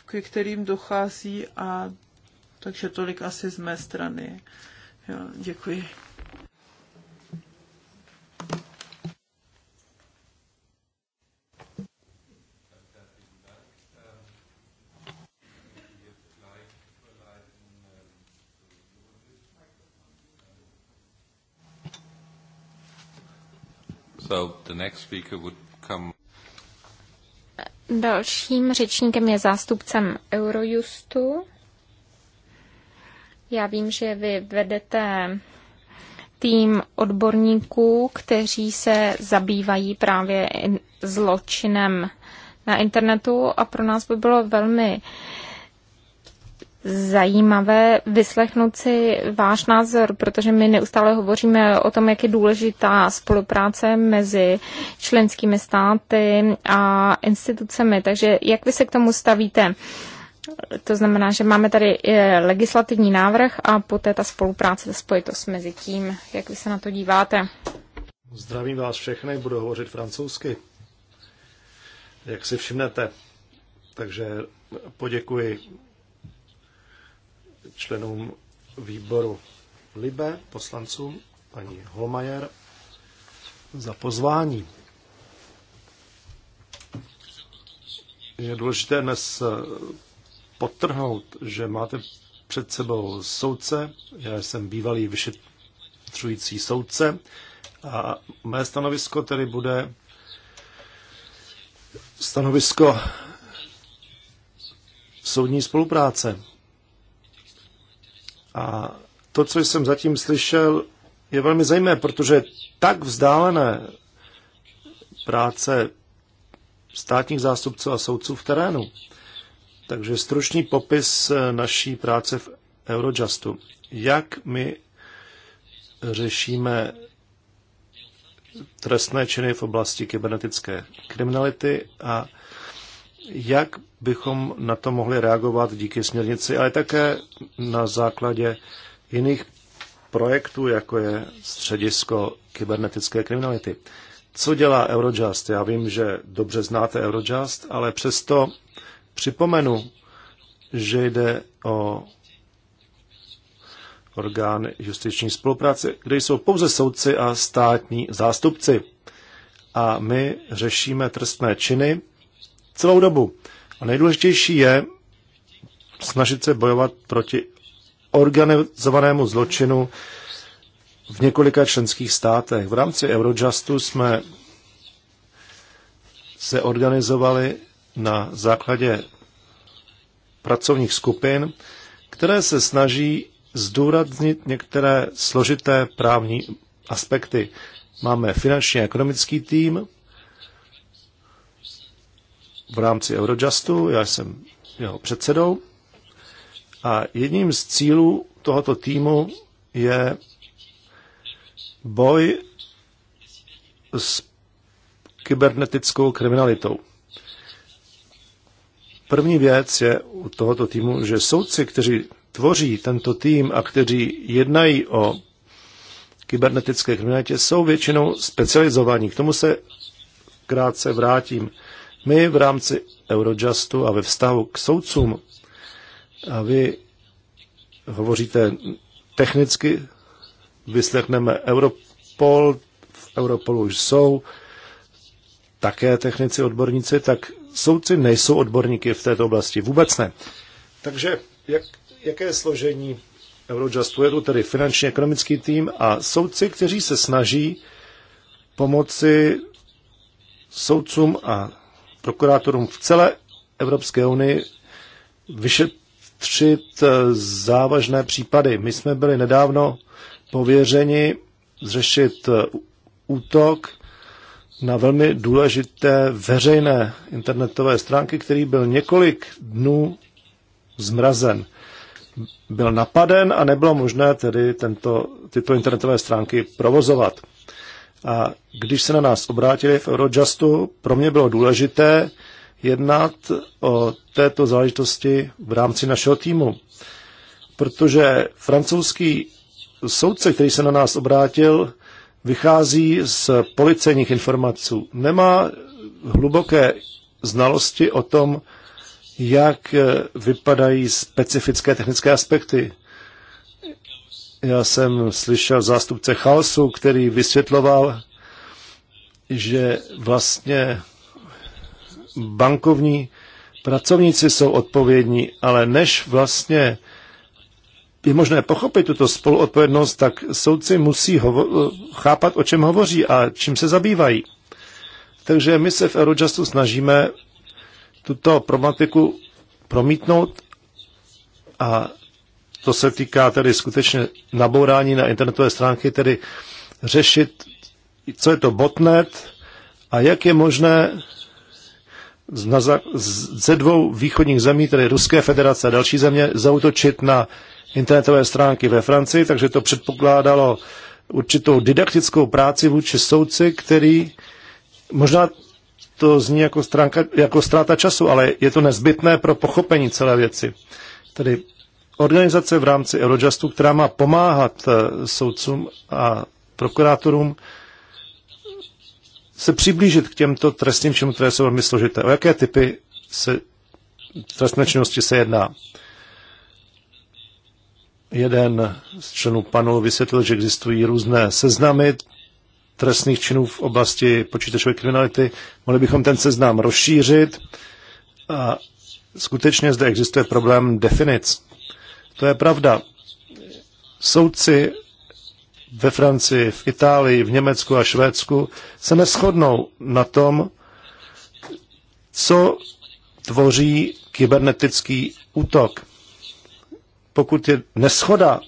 ke kterým dochází a takže tolik asi z mé strany. Jo, děkuji. So the next speaker would come... Dalším řečníkem je zástupcem Eurojustu. Já vím, že vy vedete tým odborníků, kteří se zabývají právě zločinem na internetu a pro nás by bylo velmi uh, zajímavé vyslechnout si váš názor, protože my neustále hovoříme o tom, jak je důležitá spolupráce mezi členskými státy a institucemi. Takže jak vy se k tomu stavíte? To znamená, že máme tady e, legislativní návrh a poté ta spolupráce, ta spojitost mezi tím, jak vy se na to díváte. Zdravím vás všechny, budu hovořit francouzsky. Jak si všimnete, takže poděkuji členům výboru Libe, poslancům, paní Holmajer, za pozvání. Je důležité dnes eh, podtrhnout, že máte před sebou soudce. Já jsem bývalý vyšetřující soudce a mé stanovisko tedy bude stanovisko soudní spolupráce. A to, co jsem zatím slyšel, je velmi zajímavé, protože tak vzdálené práce státních zástupců a soudců v terénu. Takže stručný popis naší práce v Eurojustu. Jak my řešíme trestné činy v oblasti kybernetické kriminality a jak bychom na to mohli reagovat díky směrnici, ale také na základě jiných projektů, jako je středisko kybernetické kriminality. Co dělá Eurojust? Já vím, že dobře znáte Eurojust, ale přesto připomenu, že jde o orgán justiční spolupráce, kde jsou pouze soudci a státní zástupci. A my řešíme trestné činy, celou dobu. A nejdůležitější je snažit se bojovat proti organizovanému zločinu v několika členských státech. V rámci Eurojustu jsme se organizovali na základě pracovních skupin, které se snaží zdůraznit některé složité právní aspekty. Máme finančně ekonomický tým, v rámci Eurojustu, já jsem jeho předsedou. A jedním z cílů tohoto týmu je boj s kybernetickou kriminalitou. První věc je u tohoto týmu, že soudci, kteří tvoří tento tým a kteří jednají o kybernetické kriminalitě, jsou většinou specializovaní. K tomu se krátce vrátím. My v rámci Eurojustu a ve vztahu k soudcům, a vy hovoříte technicky, vyslechneme Europol, v Europolu už jsou také technici, odborníci, tak soudci nejsou odborníky v této oblasti, vůbec ne. Takže jak, jaké je složení Eurojustu? Je tu tedy finančně ekonomický tým a soudci, kteří se snaží pomoci soudcům a prokurátorům v celé Evropské unii vyšetřit eh, závažné případy. My jsme byli nedávno pověřeni zřešit eh, útok na velmi důležité veřejné internetové stránky, který byl několik dnů zmrazen. Byl napaden a nebylo možné tedy tento, tyto internetové stránky provozovat. A když se na nás obrátili v Eurojustu, pro mě bylo důležité jednat o této záležitosti v rámci našeho týmu. Protože francouzský soudce, který se na nás obrátil, vychází z policejních informací. Nemá hluboké znalosti o tom, jak vypadají specifické technické aspekty. Já jsem slyšel zástupce Chalsu, který vysvětloval, že vlastně bankovní pracovníci jsou odpovědní, ale než vlastně je možné pochopit tuto spoluodpovědnost, tak soudci musí chápat, o čem hovoří a čím se zabývají. Takže my se v Eurojustu snažíme tuto problematiku promítnout a to se týká tedy skutečně nabourání na internetové stránky, tedy řešit, co je to botnet a jak je možné ze dvou východních zemí, tedy Ruské federace a další země, zautočit na internetové stránky ve Francii, takže to předpokládalo určitou didaktickou práci vůči soudci, který možná to zní jako, stránka, jako ztráta času, ale je to nezbytné pro pochopení celé věci. Tedy organizace v rámci Eurojustu, která má pomáhat eh, soudcům a prokurátorům se přiblížit k těmto trestním činům, které jsou velmi složité. O jaké typy se trestné činnosti se jedná? Jeden z členů panu vysvětlil, že existují různé seznamy trestných činů v oblasti počítačové kriminality. Mohli bychom ten seznam rozšířit a skutečně zde existuje problém definic. To je pravda. Soudci ve Francii, v Itálii, v Německu a Švédsku se neschodnou na tom, co tvoří kybernetický útok. Pokud je neschoda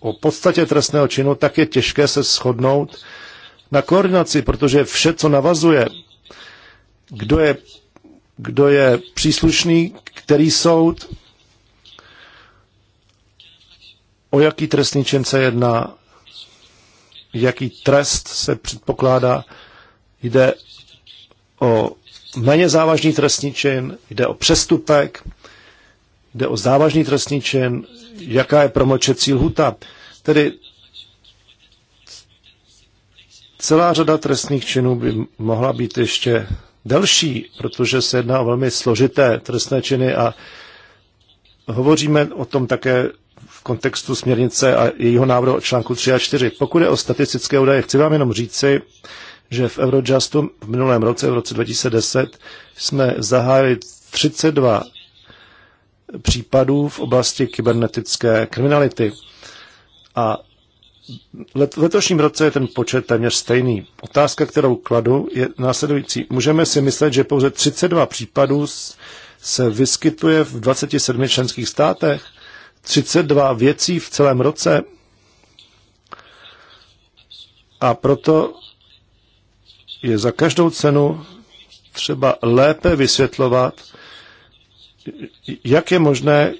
o podstatě trestného činu, tak je těžké se shodnout na koordinaci, protože vše, co navazuje, kdo je, kdo je příslušný, který soud, o jaký trestný čin se jedná, jaký trest se předpokládá. Jde o méně závažný trestný čin, jde o přestupek, jde o závažný trestný čin, jaká je promlčecí lhuta. Tedy celá řada trestných činů by mohla být ještě delší, protože se jedná o velmi složité trestné činy a hovoříme o tom také v kontextu směrnice a jejího návrhu článku 3 a 4. Pokud je o statistické údaje, chci vám jenom říci, že v Eurojustu v minulém roce, v roce 2010, jsme zahájili 32 případů v oblasti kybernetické kriminality. A v letošním roce je ten počet téměř stejný. Otázka, kterou kladu, je následující. Můžeme si myslet, že pouze 32 případů se vyskytuje v 27 členských státech? 32 věcí v celém roce a proto je za každou cenu třeba lépe vysvětlovat, jak je možné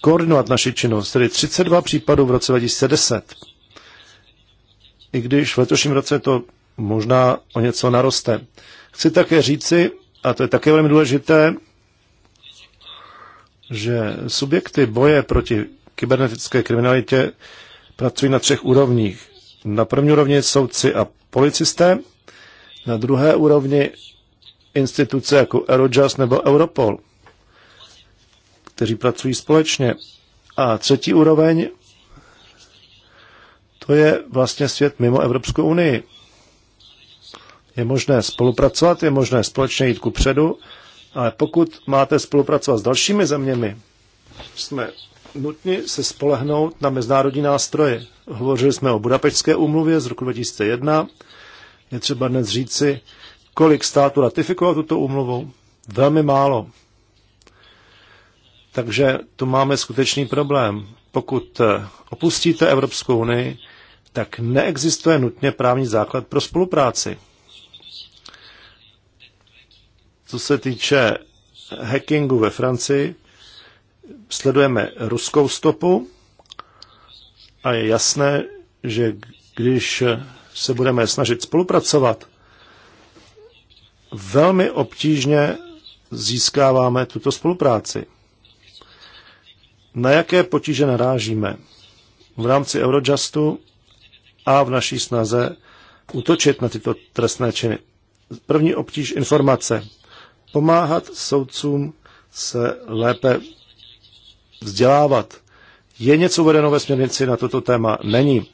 koordinovat naši činnost, tedy 32 případů v roce 2010. I když v letošním roce to možná o něco naroste. Chci také říci, a to je také velmi důležité, že subjekty boje proti kybernetické kriminalitě pracují na třech úrovních. Na první úrovni soudci a policisté, na druhé úrovni instituce jako Eurojust nebo Europol, kteří pracují společně. A třetí úroveň, to je vlastně svět mimo Evropskou unii. Je možné spolupracovat, je možné společně jít ku předu ale pokud máte spolupracovat s dalšími zeměmi, jsme nutni se spolehnout na mezinárodní nástroje. Hovořili jsme o Budapečské úmluvě z roku 2001. Je třeba dnes říci, kolik států ratifikovalo tuto úmluvu. Velmi málo. Takže tu máme skutečný problém. Pokud eh, opustíte Evropskou unii, tak neexistuje nutně právní základ pro spolupráci. Co se týče hackingu ve Francii, sledujeme ruskou stopu a je jasné, že když se budeme snažit spolupracovat, velmi obtížně získáváme tuto spolupráci. Na jaké potíže narážíme? V rámci Eurojustu a v naší snaze útočit na tyto trestné činy. První obtíž informace pomáhat soudcům se lépe vzdělávat. Je něco uvedeno ve směrnici na toto téma? Není.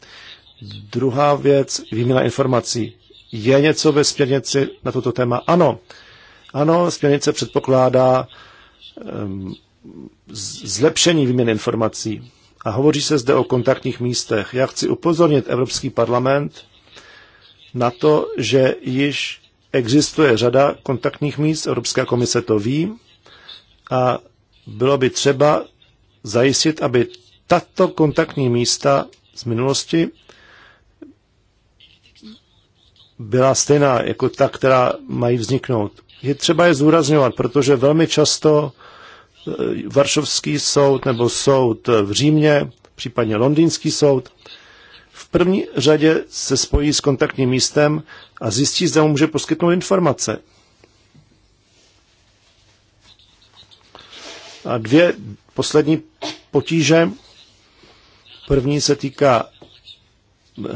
Druhá věc, výměna informací. Je něco ve směrnici na toto téma? Ano. Ano, směrnice předpokládá um, zlepšení výměny informací. A hovoří se zde o kontaktních místech. Já chci upozornit Evropský parlament na to, že již Existuje řada kontaktních míst, Evropská komise to ví a bylo by třeba zajistit, aby tato kontaktní místa z minulosti byla stejná jako ta, která mají vzniknout. Je třeba je zúrazňovat, protože velmi často e, Varšovský soud nebo soud v Římě, případně Londýnský soud, v první řadě se spojí s kontaktním místem a zjistí, zda mu může poskytnout informace. A dvě poslední potíže. První se týká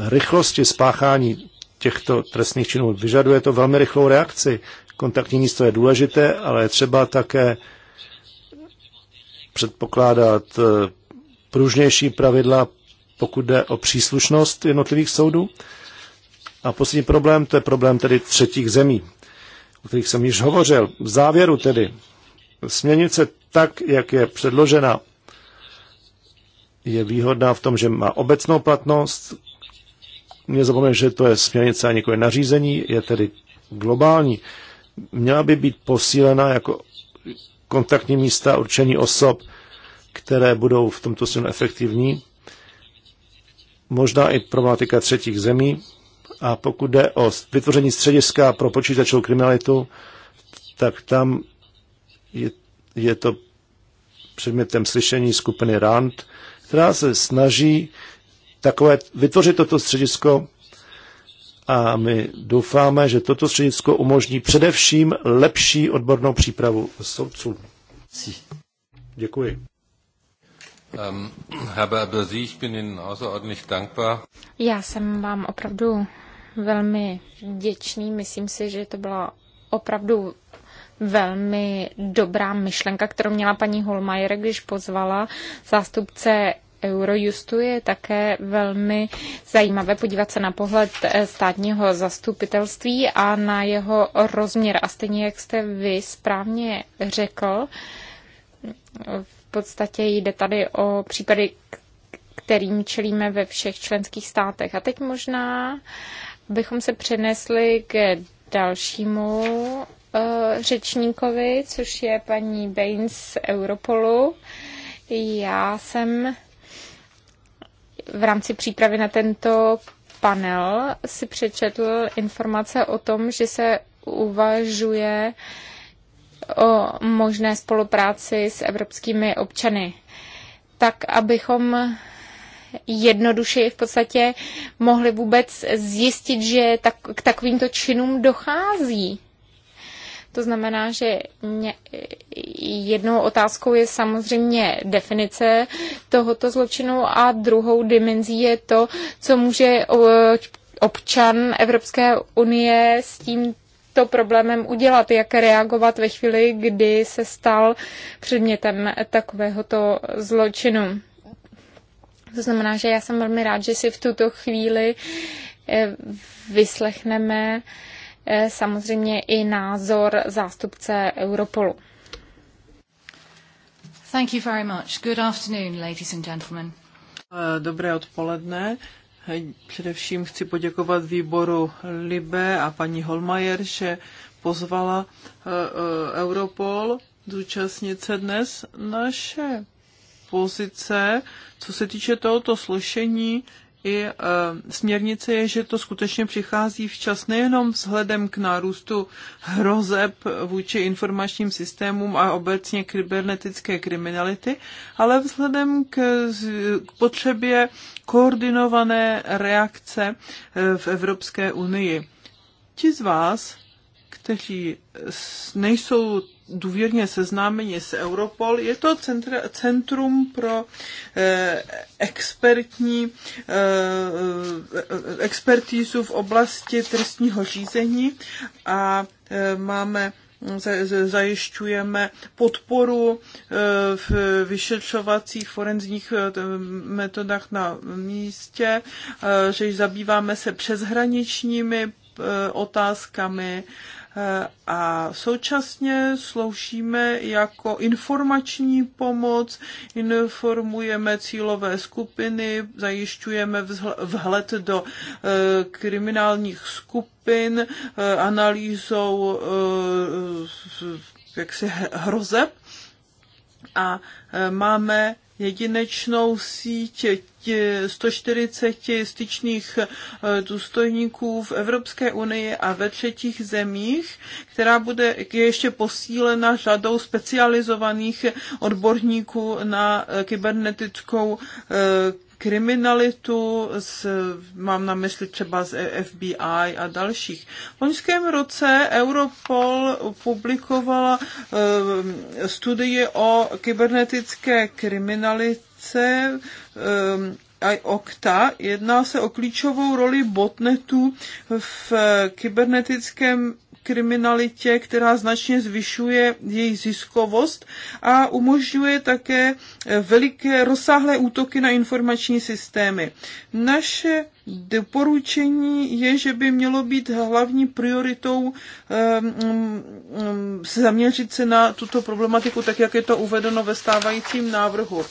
rychlosti spáchání těchto trestných činů. Vyžaduje to velmi rychlou reakci. Kontaktní místo je důležité, ale je třeba také předpokládat eh, pružnější pravidla pokud jde o příslušnost jednotlivých soudů. A poslední problém, to je problém tedy třetích zemí, o kterých jsem již hovořil. V závěru tedy směnice tak, jak je předložena, je výhodná v tom, že má obecnou platnost. Mě zapomněl, že to je směnice a nikoli nařízení, je tedy globální. Měla by být posílena jako kontaktní místa určení osob, které budou v tomto směru efektivní možná i problematika třetích zemí. A pokud jde o vytvoření střediska pro počítačovou kriminalitu, tak tam je, je to předmětem slyšení skupiny RAND, která se snaží takové, vytvořit toto středisko a my doufáme, že toto středisko umožní především lepší odbornou přípravu soudců. Děkuji. Um, Já jsem vám opravdu velmi vděčný. Myslím si, že to byla opravdu velmi dobrá myšlenka, kterou měla paní Holmajer, když pozvala zástupce Eurojustu je také velmi zajímavé podívat se na pohled eh, státního zastupitelství a na jeho rozměr. A stejně jak jste vy správně řekl, v podstatě jde tady o případy, kterým čelíme ve všech členských státech. A teď možná bychom se přenesli k dalšímu eh, řečníkovi, což je paní Baines z Europolu. Já jsem v rámci přípravy na tento panel si přečetl informace o tom, že se uvažuje uh, o možné spolupráci s evropskými občany, tak abychom jednodušeji v podstatě mohli vůbec zjistit, že tak, k takovýmto činům dochází. To znamená, že jednou otázkou je samozřejmě definice tohoto zločinu a druhou dimenzí je to, co může občan Evropské unie s tím to problémem udělat, jak reagovat ve chvíli, kdy se stal předmětem takovéhoto zločinu. To znamená, že já jsem velmi rád, že si v tuto chvíli eh, vyslechneme eh, samozřejmě i názor zástupce Europolu. Thank you very much. Good afternoon, ladies and gentlemen. Eh, dobré odpoledne. Především chci poděkovat výboru Libe a paní Holmajer, že pozvala eh, eh, Europol zúčastnit se dnes naše pozice, co se týče tohoto slošení, i e, směrnice je, že to skutečně přichází včas nejenom vzhledem k nárůstu hrozeb vůči informačním systémům a obecně kybernetické kriminality, ale vzhledem k, potřebě koordinované reakce e, v Evropské unii. Ti z vás, kteří nejsou důvěrně seznámeni s Europol. Je to centra, centrum pro eh, expertní eh, eh expertízu v oblasti trestního řízení a eh, máme zajišťujeme podporu eh, v vyšetřovacích forenzních eh, metodách na místě, že zabýváme se přeshraničními otázkami a současně sloužíme jako informační pomoc, informujeme cílové skupiny, zajišťujeme vhled do eh, kriminálních skupin, eh, analýzou eh, jaksi hrozeb a máme jedinečnou síť 140 styčných eh, důstojníků v Evropské unii a ve třetích zemích, která bude ještě posílena řadou specializovaných odborníků na eh, kybernetickou eh, kriminalitu, s, mám na mysli třeba z FBI a dalších. V loňském roce Europol publikovala e, studie o kybernetické kriminalice e, OKTA. Jedná se o klíčovou roli botnetů v kybernetickém kriminalitě, která značně zvyšuje její ziskovost a umožňuje také eh, veliké rozsáhlé útoky na informační systémy. Naše doporučení je, že by mělo být hlavní prioritou um, um, zaměřit se na tuto problematiku, tak jak je to uvedeno ve stávajícím návrhu.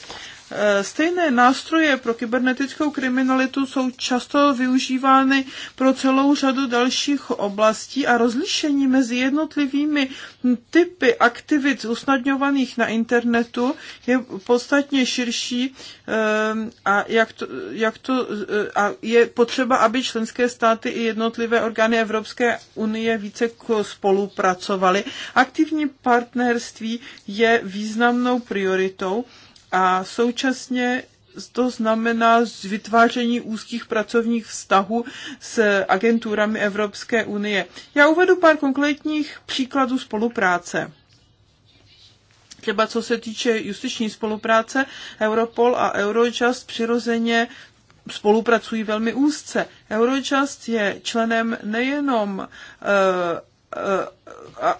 Eh, stejné nástroje pro kybernetickou kriminalitu jsou často využívány pro celou řadu dalších oblastí a rozlišení mezi jednotlivými typy aktivit usnadňovaných na internetu je podstatně širší eh, a, jak to, jak to, eh, a je potřeba, aby členské státy i jednotlivé orgány Evropské unie více spolupracovaly. Aktivní partnerství je významnou prioritou a současně to znamená vytváření úzkých pracovních vztahů s agenturami Evropské unie. Já uvedu pár konkrétních příkladů spolupráce. Třeba co se týče justiční spolupráce, Europol a Eurojust přirozeně spolupracují velmi úzce. Eurojust je členem nejenom eh,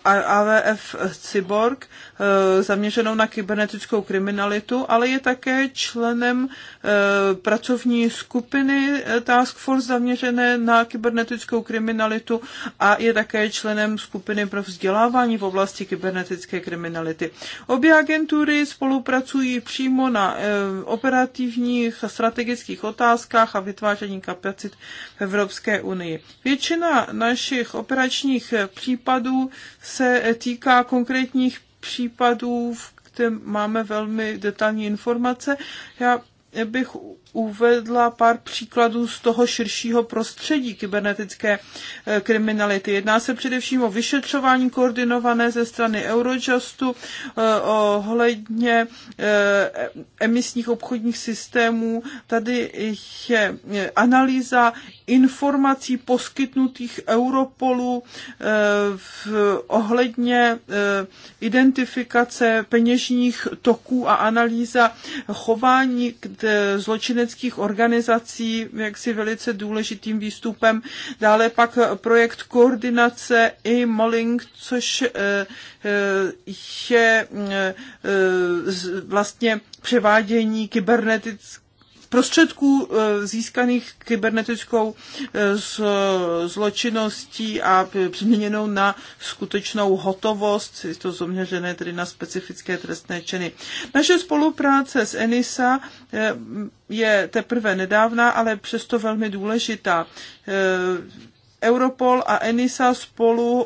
AVF Cyborg eh, zaměřenou na kybernetickou kriminalitu, ale je také členem eh, pracovní skupiny eh, Task Force zaměřené na kybernetickou kriminalitu a je také členem skupiny pro vzdělávání v oblasti kybernetické kriminality. Obě agentury spolupracují přímo na operativních a strategických otázkách a vytváření kapacit v Evropské unii. Většina našich operačních případů se týká konkrétních případů, v kterém máme velmi detailní informace. Já bych uvedla pár příkladů z toho širšího prostředí kybernetické eh, kriminality. Jedná se především o vyšetřování koordinované ze strany Eurojustu eh, ohledně eh, emisních obchodních systémů. Tady je analýza informací poskytnutých Europolu v, ohledně identifikace peněžních toků a analýza chování zločinné vědeckých organizací jaksi velice důležitým výstupem. Dále pak projekt koordinace i malling což eh, eh, je eh, vlastně převádění kybernetických prostředků eh, získaných kybernetickou eh, zločinností a změněnou eh, na skutečnou hotovost, je to zaměřené tedy na specifické trestné činy. Naše spolupráce s ENISA je teprve nedávná, ale přesto velmi důležitá Europol a ENISA spolu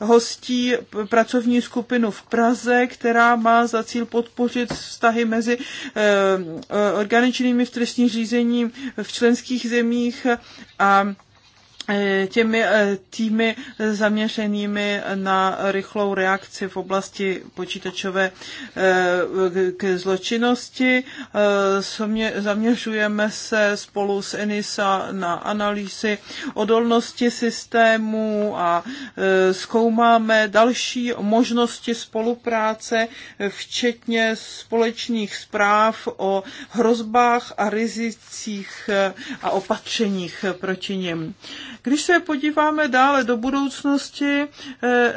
eh, hostí pracovní skupinu v Praze, která má za cíl podpořit vztahy mezi eh, eh, organičnými v trestním řízení v členských zemích a Eh, těmi eh, týmy zaměřenými na rychlou reakci v oblasti počítačové eh, k zločinnosti. Zaměřujeme se spolu s ENISA na analýzy odolnosti systému a zkoumáme další možnosti spolupráce, včetně společných zpráv o hrozbách a rizicích a opatřeních proti nim. Když se podíváme dále do budoucnosti, eh,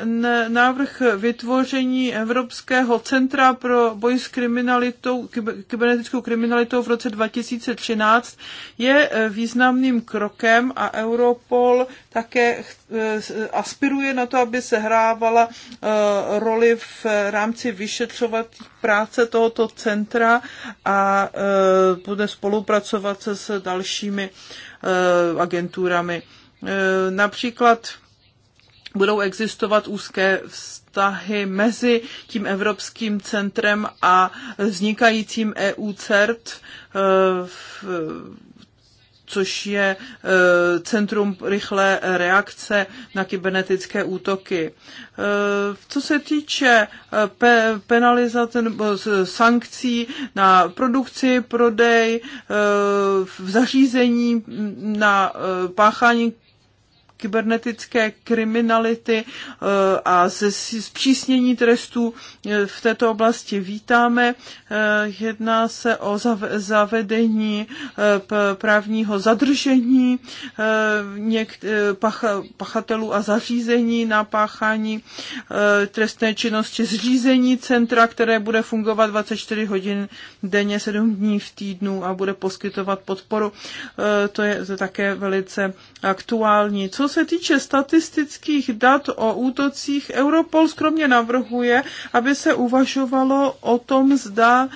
návrh vytvoření Evropského centra pro boj s kriminalitou, kybernetickou kriminalitou v roce 2013 je eh, významným krokem a Europol také eh, aspiruje na to, aby se hrávala roli v rámci vyšetřovací práce tohoto centra a bude spolupracovat se s dalšími agenturami Eh, například budou existovat úzké vztahy mezi tím Evropským centrem a vznikajícím EU CERT, eh, což je eh, Centrum rychlé reakce na kybernetické útoky. Co se týče penalizace nebo sankcí na produkci, prodej, v zařízení mm, na páchání kybernetické kriminality eh, a ze zpřísnění trestů eh, v této oblasti vítáme. Eh, jedná se o zavedení právního zadržení pachatelů a zařízení na páchání trestné činnosti, zřízení centra, které bude fungovat 24 hodin denně, 7 dní v týdnu a bude poskytovat podporu. To je také velice aktuální. Co se týče statistických dat o útocích, Europol skromně navrhuje, aby se uvažovalo o tom, zda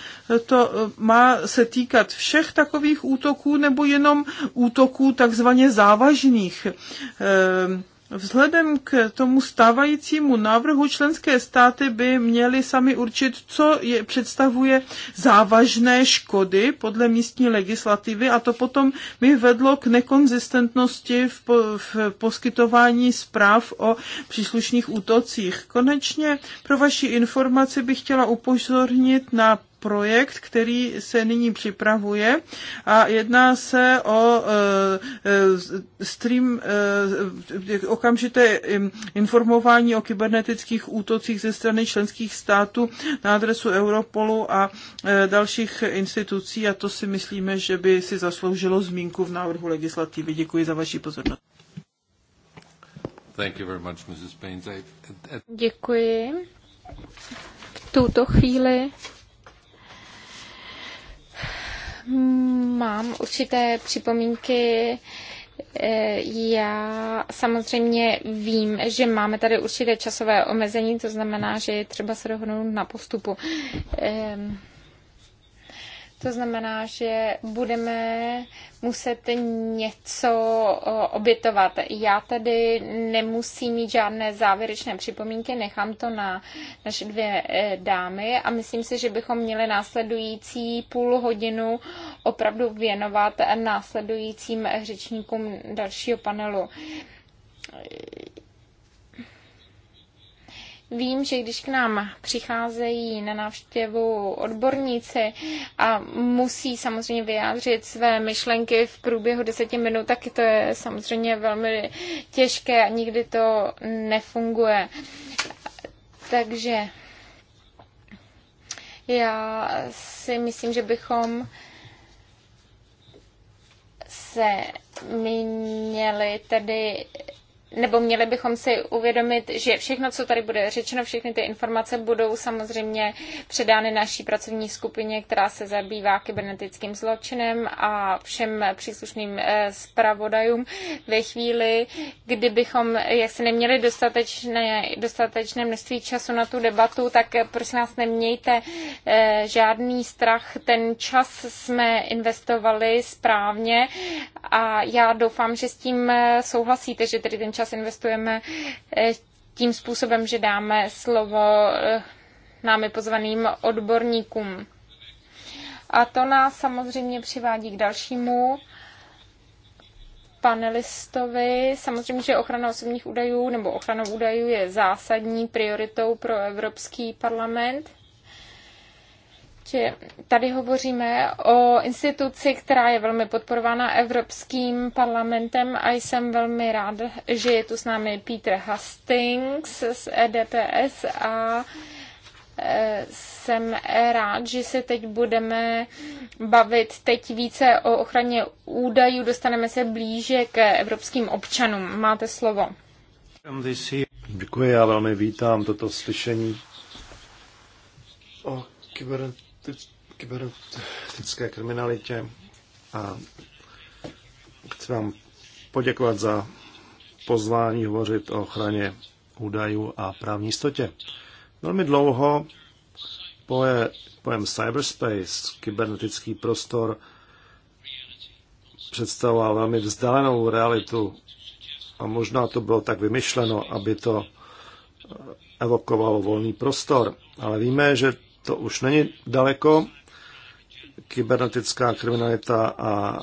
to eh, má se týkat všech takových útoků nebo jenom útoků takzvaně závažných. Ehm, Vzhledem k tomu stávajícímu návrhu členské státy by měly sami určit, co je, představuje závažné škody podle místní legislativy a to potom by vedlo k nekonzistentnosti v, po, v poskytování zpráv o příslušných útocích. Konečně pro vaši informaci bych chtěla upozornit na projekt, který se nyní připravuje a jedná se o eh, eh, stream, eh, okamžité informování o kybernetických útocích ze strany členských států na adresu Europolu a dalších institucí a to si myslíme, že by si zasloužilo zmínku v návrhu legislativy. Děkuji za vaši pozornost. Much, Děkuji. V tuto chvíli mám určité připomínky. E, já samozřejmě vím, že máme tady určité časové omezení, to znamená, že je třeba se dohodnout na postupu. To znamená, že budeme muset něco obětovat. Já tady nemusím mít žádné závěrečné připomínky, nechám to na naše dvě e, dámy a myslím si, že bychom měli následující půl hodinu opravdu věnovat následujícím řečníkům dalšího panelu Vím, že když k nám přicházejí na návštěvu odborníci a musí samozřejmě vyjádřit své myšlenky v průběhu deseti minut, tak to je samozřejmě velmi těžké a nikdy to nefunguje. Takže já si myslím, že bychom se měli tedy nebo měli bychom si uvědomit, že všechno, co tady bude řečeno, všechny ty informace budou samozřejmě předány naší pracovní skupině, která se zabývá kybernetickým zločinem a všem příslušným eh, zpravodajům ve chvíli, kdybychom jaksi neměli dostatečné, dostatečné množství času na tu debatu, tak eh, prosím nás nemějte eh, žádný strach. Ten čas jsme investovali správně a já doufám, že s tím souhlasíte, že tedy ten čas investujeme eh, tím způsobem, že dáme slovo eh, námi pozvaným odborníkům. A to nás samozřejmě přivádí k dalšímu panelistovi. Samozřejmě, že ochrana osobních údajů nebo ochrana údajů je zásadní prioritou pro Evropský parlament že tady hovoříme o instituci, která je velmi podporována Evropským parlamentem a jsem velmi rád, že je tu s námi Peter Hastings z EDPS a e, jsem rád, že se teď budeme bavit teď více o ochraně údajů, dostaneme se blíže k evropským občanům. Máte slovo. Děkuji, já velmi vítám toto slyšení o kyber kybernetické kriminalitě a chci vám poděkovat za pozvání hovořit o ochraně údajů a právní jistotě. Velmi dlouho poje, pojem cyberspace, kybernetický prostor, představoval velmi vzdálenou realitu a možná to bylo tak vymyšleno, aby to evokovalo volný prostor. Ale víme, že to už není daleko. Kybernetická kriminalita a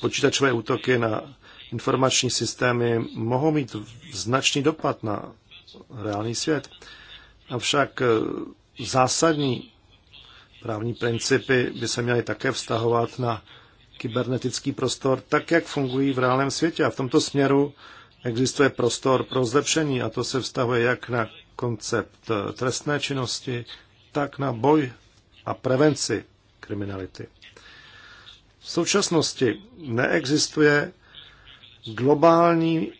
počítačové útoky na informační systémy mohou mít značný dopad na reálný svět. Avšak eh, zásadní právní principy by se měly také vztahovat na kybernetický prostor, tak jak fungují v reálném světě. A v tomto směru existuje prostor pro zlepšení a to se vztahuje jak na koncept eh, trestné činnosti, tak na boj a prevenci kriminality. V současnosti neexistuje globální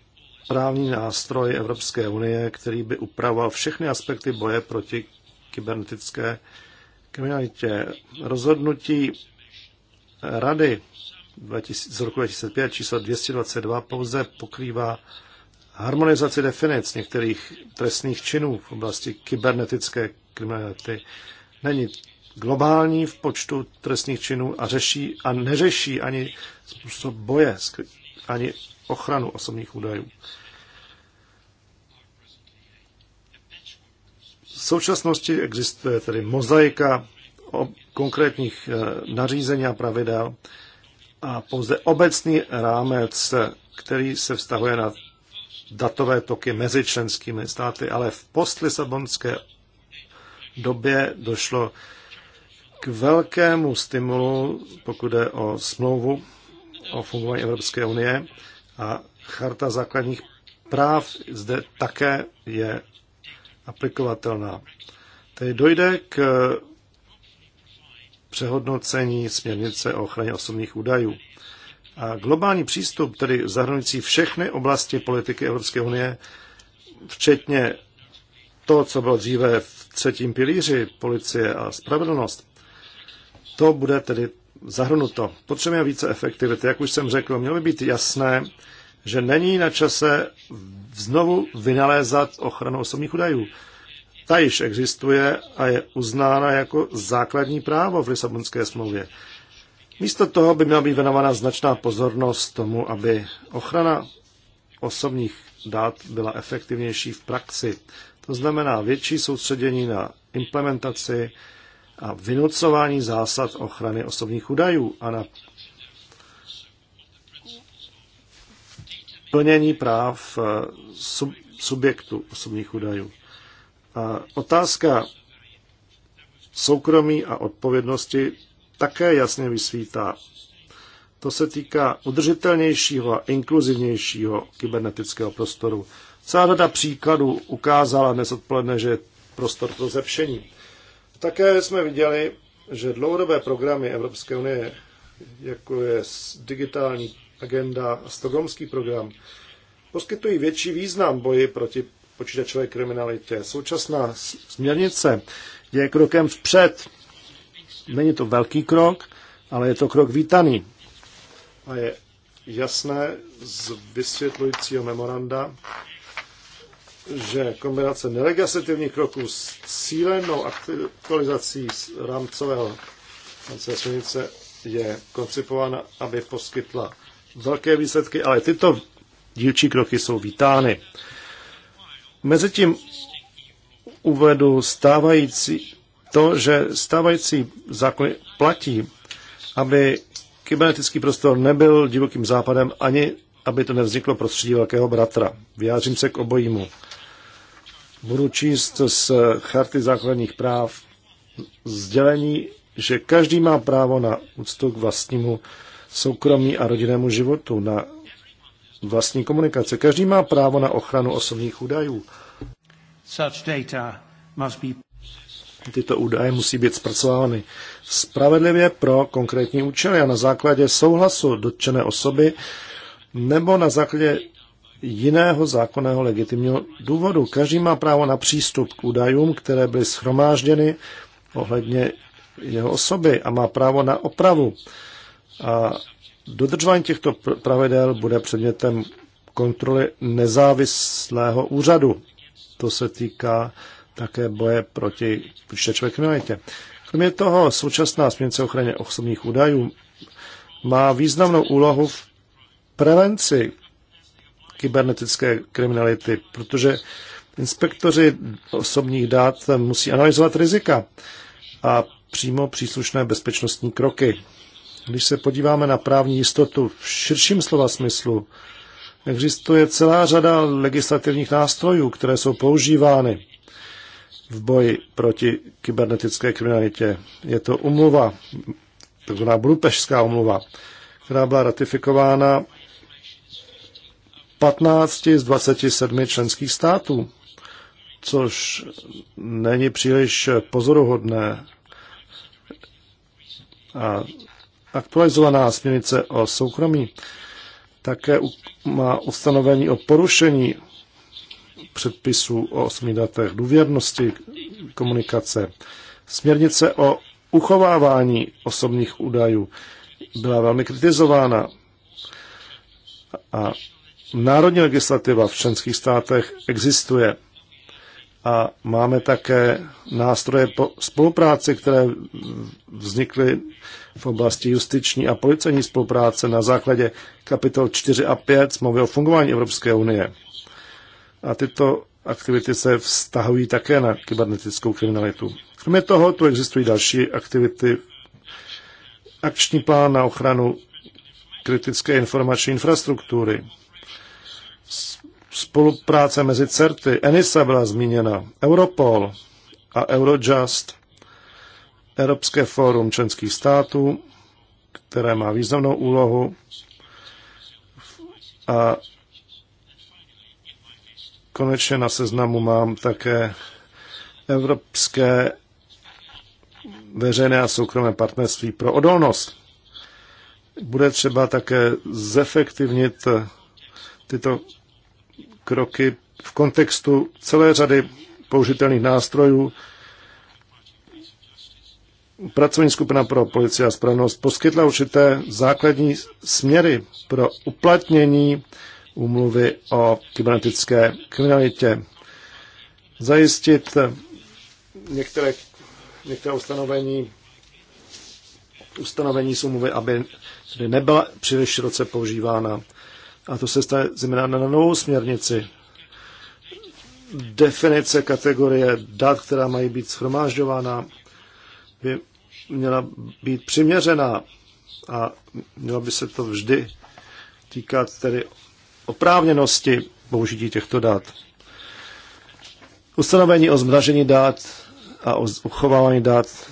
právní nástroj Evropské unie, který by upravoval všechny aspekty boje proti kybernetické kriminalitě. Rozhodnutí Rady z roku 2005 číslo 222 pouze pokrývá harmonizaci definic některých trestných činů v oblasti kybernetické kriminality. Není globální v počtu trestných činů a řeší a neřeší ani způsob boje, ani ochranu osobních údajů. V současnosti existuje tedy mozaika o konkrétních eh, nařízení a pravidel a pouze obecný rámec, který se vztahuje na datové toky mezi členskými státy, ale v postlisabonské době došlo k velkému stimulu, pokud jde o smlouvu o fungování Evropské unie a charta základních práv zde také je aplikovatelná. Tedy dojde k přehodnocení směrnice o ochraně osobních údajů. A globální přístup, tedy zahrnující všechny oblasti politiky Evropské unie, včetně to, co bylo dříve třetím pilíři policie a spravedlnost, to bude tedy zahrnuto. Potřebujeme více efektivity. Jak už jsem řekl, mělo by být jasné, že není na čase znovu vynalézat ochranu osobních údajů. Ta již existuje a je uznána jako základní právo v Lisabonské smlouvě. Místo toho by měla být věnována značná pozornost tomu, aby ochrana osobních dát byla efektivnější v praxi. To znamená větší soustředění na implementaci a vynucování zásad ochrany osobních údajů a na plnění práv eh, sub, subjektu osobních údajů. A otázka soukromí a odpovědnosti také jasně vysvítá. To se týká udržitelnějšího a inkluzivnějšího kybernetického prostoru. Celá řada příkladů ukázala dnes odpoledne, že je prostor pro zepšení. Také jsme viděli, že dlouhodobé programy Evropské unie, jako je digitální agenda a stogomský program, poskytují větší význam boji proti počítačové kriminalitě. Současná směrnice je krokem vpřed. Není to velký krok, ale je to krok vítaný. A je jasné z vysvětlujícího memoranda, že kombinace nelegislativních kroků s cílenou aktualizací rámcového rámcové směrnice je koncipována, aby poskytla velké výsledky, ale tyto dílčí kroky jsou vítány. Mezitím uvedu stávající, to, že stávající zákony platí, aby kybernetický prostor nebyl divokým západem, ani aby to nevzniklo prostředí velkého bratra. Vyjádřím se k obojímu budu číst z Charty základních práv sdělení, že každý má právo na úctu k vlastnímu soukromí a rodinnému životu, na vlastní komunikace. Každý má právo na ochranu osobních údajů. Tyto údaje musí být zpracovány spravedlivě pro konkrétní účely a na základě souhlasu dotčené osoby nebo na základě jiného zákonného legitimního důvodu. Každý má právo na přístup k údajům, které byly schromážděny ohledně jeho osoby a má právo na opravu. A dodržování těchto pravidel bude předmětem kontroly nezávislého úřadu. To se týká také boje proti počítačové kriminalitě. Kromě toho současná směnce ochraně osobních údajů má významnou úlohu v prevenci kybernetické kriminality, protože inspektoři osobních dat musí analyzovat rizika a přímo příslušné bezpečnostní kroky. Když se podíváme na právní jistotu v širším slova smyslu, existuje celá řada legislativních nástrojů, které jsou používány v boji proti kybernetické kriminalitě. Je to umluva, takzvaná Budupešská umluva, která byla ratifikována 15 z 27 členských států, což není příliš pozoruhodné. A aktualizovaná směrnice o soukromí také má ustanovení o porušení předpisů o osobních datech, důvěrnosti komunikace. Směrnice o uchovávání osobních údajů byla velmi kritizována a národní legislativa v členských státech existuje a máme také nástroje po spolupráci, které vznikly v oblasti justiční a policejní spolupráce na základě kapitol 4 a 5 smlouvy o fungování Evropské unie. A tyto aktivity se vztahují také na kybernetickou kriminalitu. Kromě toho tu existují další aktivity. Akční plán na ochranu kritické informační infrastruktury, Spolupráce mezi CERTy, ENISA byla zmíněna, Europol a Eurojust, Evropské fórum členských států, které má významnou úlohu a konečně na seznamu mám také Evropské veřejné a soukromé partnerství pro odolnost. Bude třeba také zefektivnit tyto kroky v kontextu celé řady použitelných nástrojů. Pracovní skupina pro policii a spravnost poskytla určité základní směry pro uplatnění úmluvy o kybernetické kriminalitě. Zajistit některé, některé ustanovení ustanovení smlouvy, aby tedy nebyla příliš široce používána a to se stane zejména na novou směrnici. Definice kategorie dat, která mají být shromážďována, by měla být přiměřená a mělo by se to vždy týkat tedy oprávněnosti použití těchto dat. Ustanovení o zmražení dat a o uchovávání dat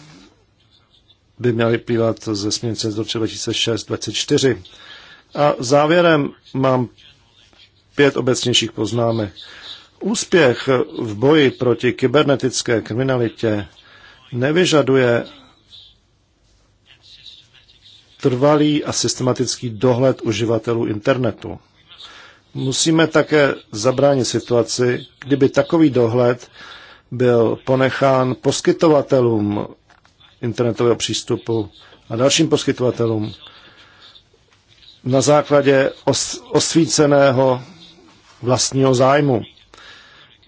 by měly plývat ze směrnice z roku 2006-24. A závěrem mám pět obecnějších poznámek. Úspěch v boji proti kybernetické kriminalitě nevyžaduje trvalý a systematický dohled uživatelů internetu. Musíme také zabránit situaci, kdyby takový dohled byl ponechán poskytovatelům internetového přístupu a dalším poskytovatelům na základě os, osvíceného vlastního zájmu,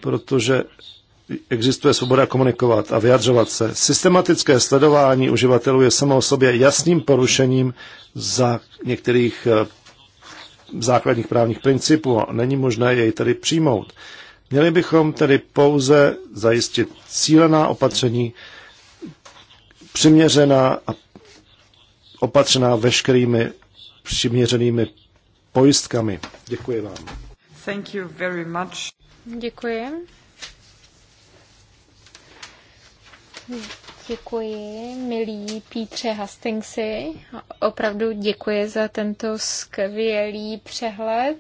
protože existuje svoboda komunikovat a vyjadřovat se. Systematické sledování uživatelů je samo o sobě jasným porušením za některých eh, základních právních principů a není možné jej tedy přijmout. Měli bychom tedy pouze zajistit cílená opatření, přiměřená a opatřená veškerými přiměřenými pojistkami. Děkuji vám. Thank you very much. Děkuji. Děkuji, milý Pítře Hastingsi. Opravdu děkuji za tento skvělý přehled.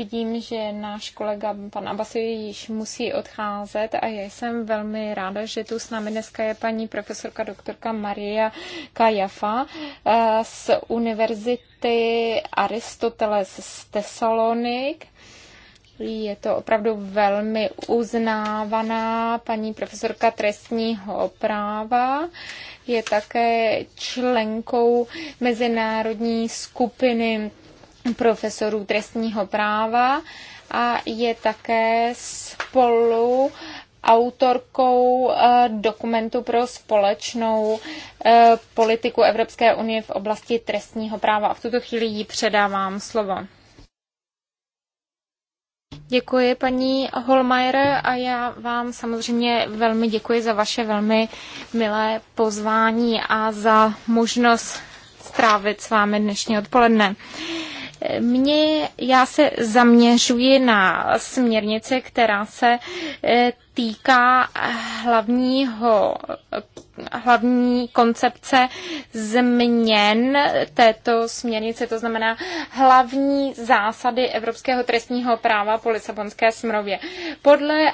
Vidím, že náš kolega pan Abasi již musí odcházet a já jsem velmi ráda, že tu s námi dneska je paní profesorka doktorka Maria Kajafa eh, z Univerzity Aristoteles z Tesalonik. Je to opravdu velmi uznávaná paní profesorka trestního práva. Je také členkou mezinárodní skupiny profesorů trestního práva a je také spolu autorkou eh, dokumentu pro společnou eh, politiku Evropské unie v oblasti trestního práva. A v tuto chvíli jí předávám slovo. Děkuji, paní Holmajer, a já vám samozřejmě velmi děkuji za vaše velmi milé pozvání a za možnost strávit s vámi dnešní odpoledne. Uh, mě, já se zaměřuji na směrnici, která se e, týká hlavního, hlavní koncepce změn této směrnice, to znamená hlavní zásady Evropského trestního práva po Lisabonské smlouvě. Podle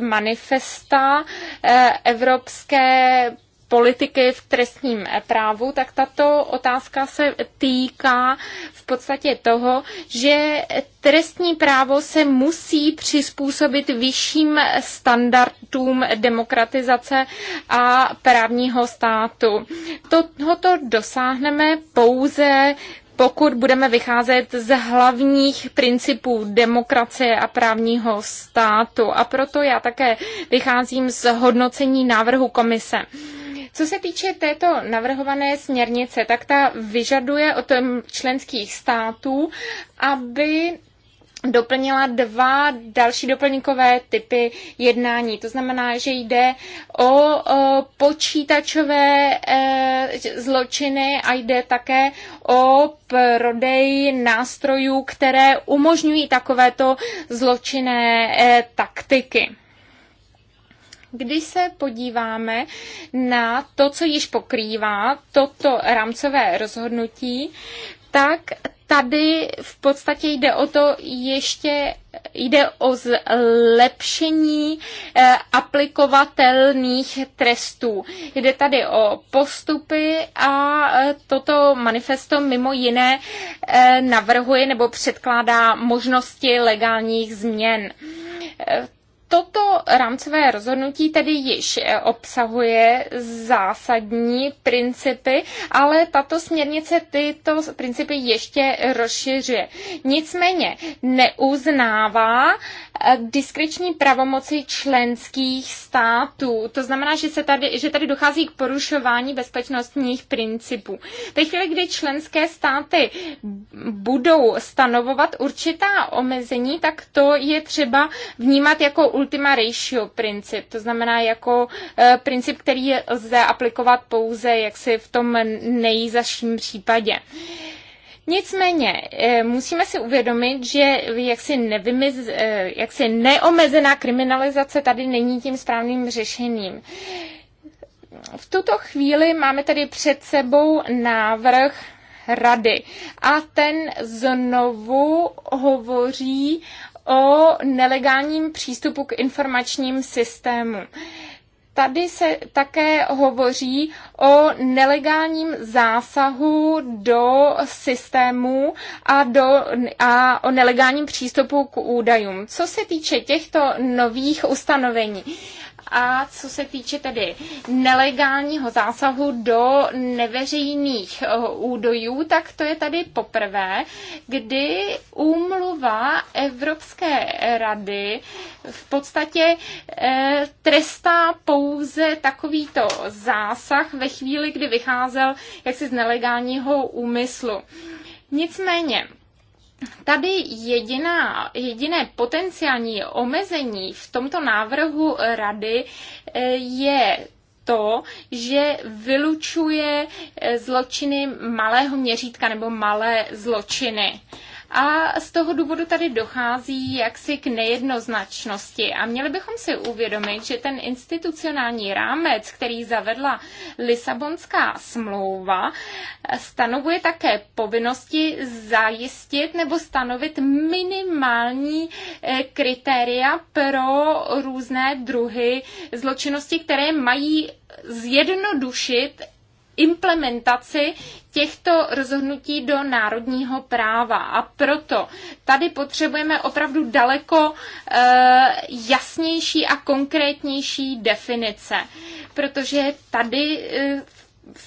manifesta e, Evropské politiky v trestním právu, tak tato otázka se týká v podstatě toho, že trestní právo se musí přizpůsobit vyšším standardům demokratizace a právního státu. Tohoto dosáhneme pouze pokud budeme vycházet z hlavních principů demokracie a právního státu. A proto já také vycházím z hodnocení návrhu komise. Co se týče této navrhované směrnice, tak ta vyžaduje od členských států, aby doplnila dva další doplňkové typy jednání. To znamená, že jde o, počítačové e, zločiny a jde také o prodej nástrojů, které umožňují takovéto zločinné e, taktiky. Když se podíváme na to, co již pokrývá toto rámcové rozhodnutí, tak tady v podstatě jde o to ještě jde o zlepšení eh, aplikovatelných trestů. Jde tady o postupy a eh, toto manifesto mimo jiné eh, navrhuje nebo předkládá možnosti legálních změn Toto rámcové rozhodnutí tedy již eh, obsahuje zásadní principy, ale tato směrnice tyto principy ještě rozšiřuje. Nicméně neuznává Eh, diskreční pravomoci členských států. To znamená, že, se tady, že tady dochází k porušování bezpečnostních principů. Ve chvíli, kdy členské státy budou stanovovat určitá omezení, tak to je třeba vnímat jako ultima ratio princip. To znamená jako eh, princip, který lze aplikovat pouze jaksi v tom nejzaším případě. Uh, Nicméně eh, musíme si uvědomit, že jaksi, nevymiz, eh, jaksi neomezená kriminalizace tady není tím správným řešením. V tuto chvíli máme tady před sebou návrh rady a ten znovu hovoří o nelegálním přístupu k informačním systémům tady se také hovoří o nelegálním zásahu do systému a, do, a o nelegálním přístupu k údajům. Co se týče těchto nových ustanovení, a co se týče tedy nelegálního zásahu do neveřejných eh, údojů, tak to je tady poprvé, kdy úmluva Evropské rady v podstatě eh, trestá pouze takovýto zásah ve chvíli, kdy vycházel jaksi z nelegálního úmyslu. Nicméně, Tady jediná, jediné potenciální omezení v tomto návrhu rady eh, je to, že vylučuje eh, zločiny malého měřítka nebo malé zločiny. A z toho důvodu tady dochází jaksi k nejednoznačnosti. A měli bychom si uvědomit, že ten institucionální rámec, který zavedla Lisabonská smlouva, stanovuje také povinnosti zajistit nebo stanovit minimální eh, kritéria pro různé druhy zločinnosti, které mají zjednodušit implementaci těchto rozhodnutí do národního práva. A proto tady potřebujeme opravdu daleko eh, jasnější a konkrétnější definice, protože tady eh,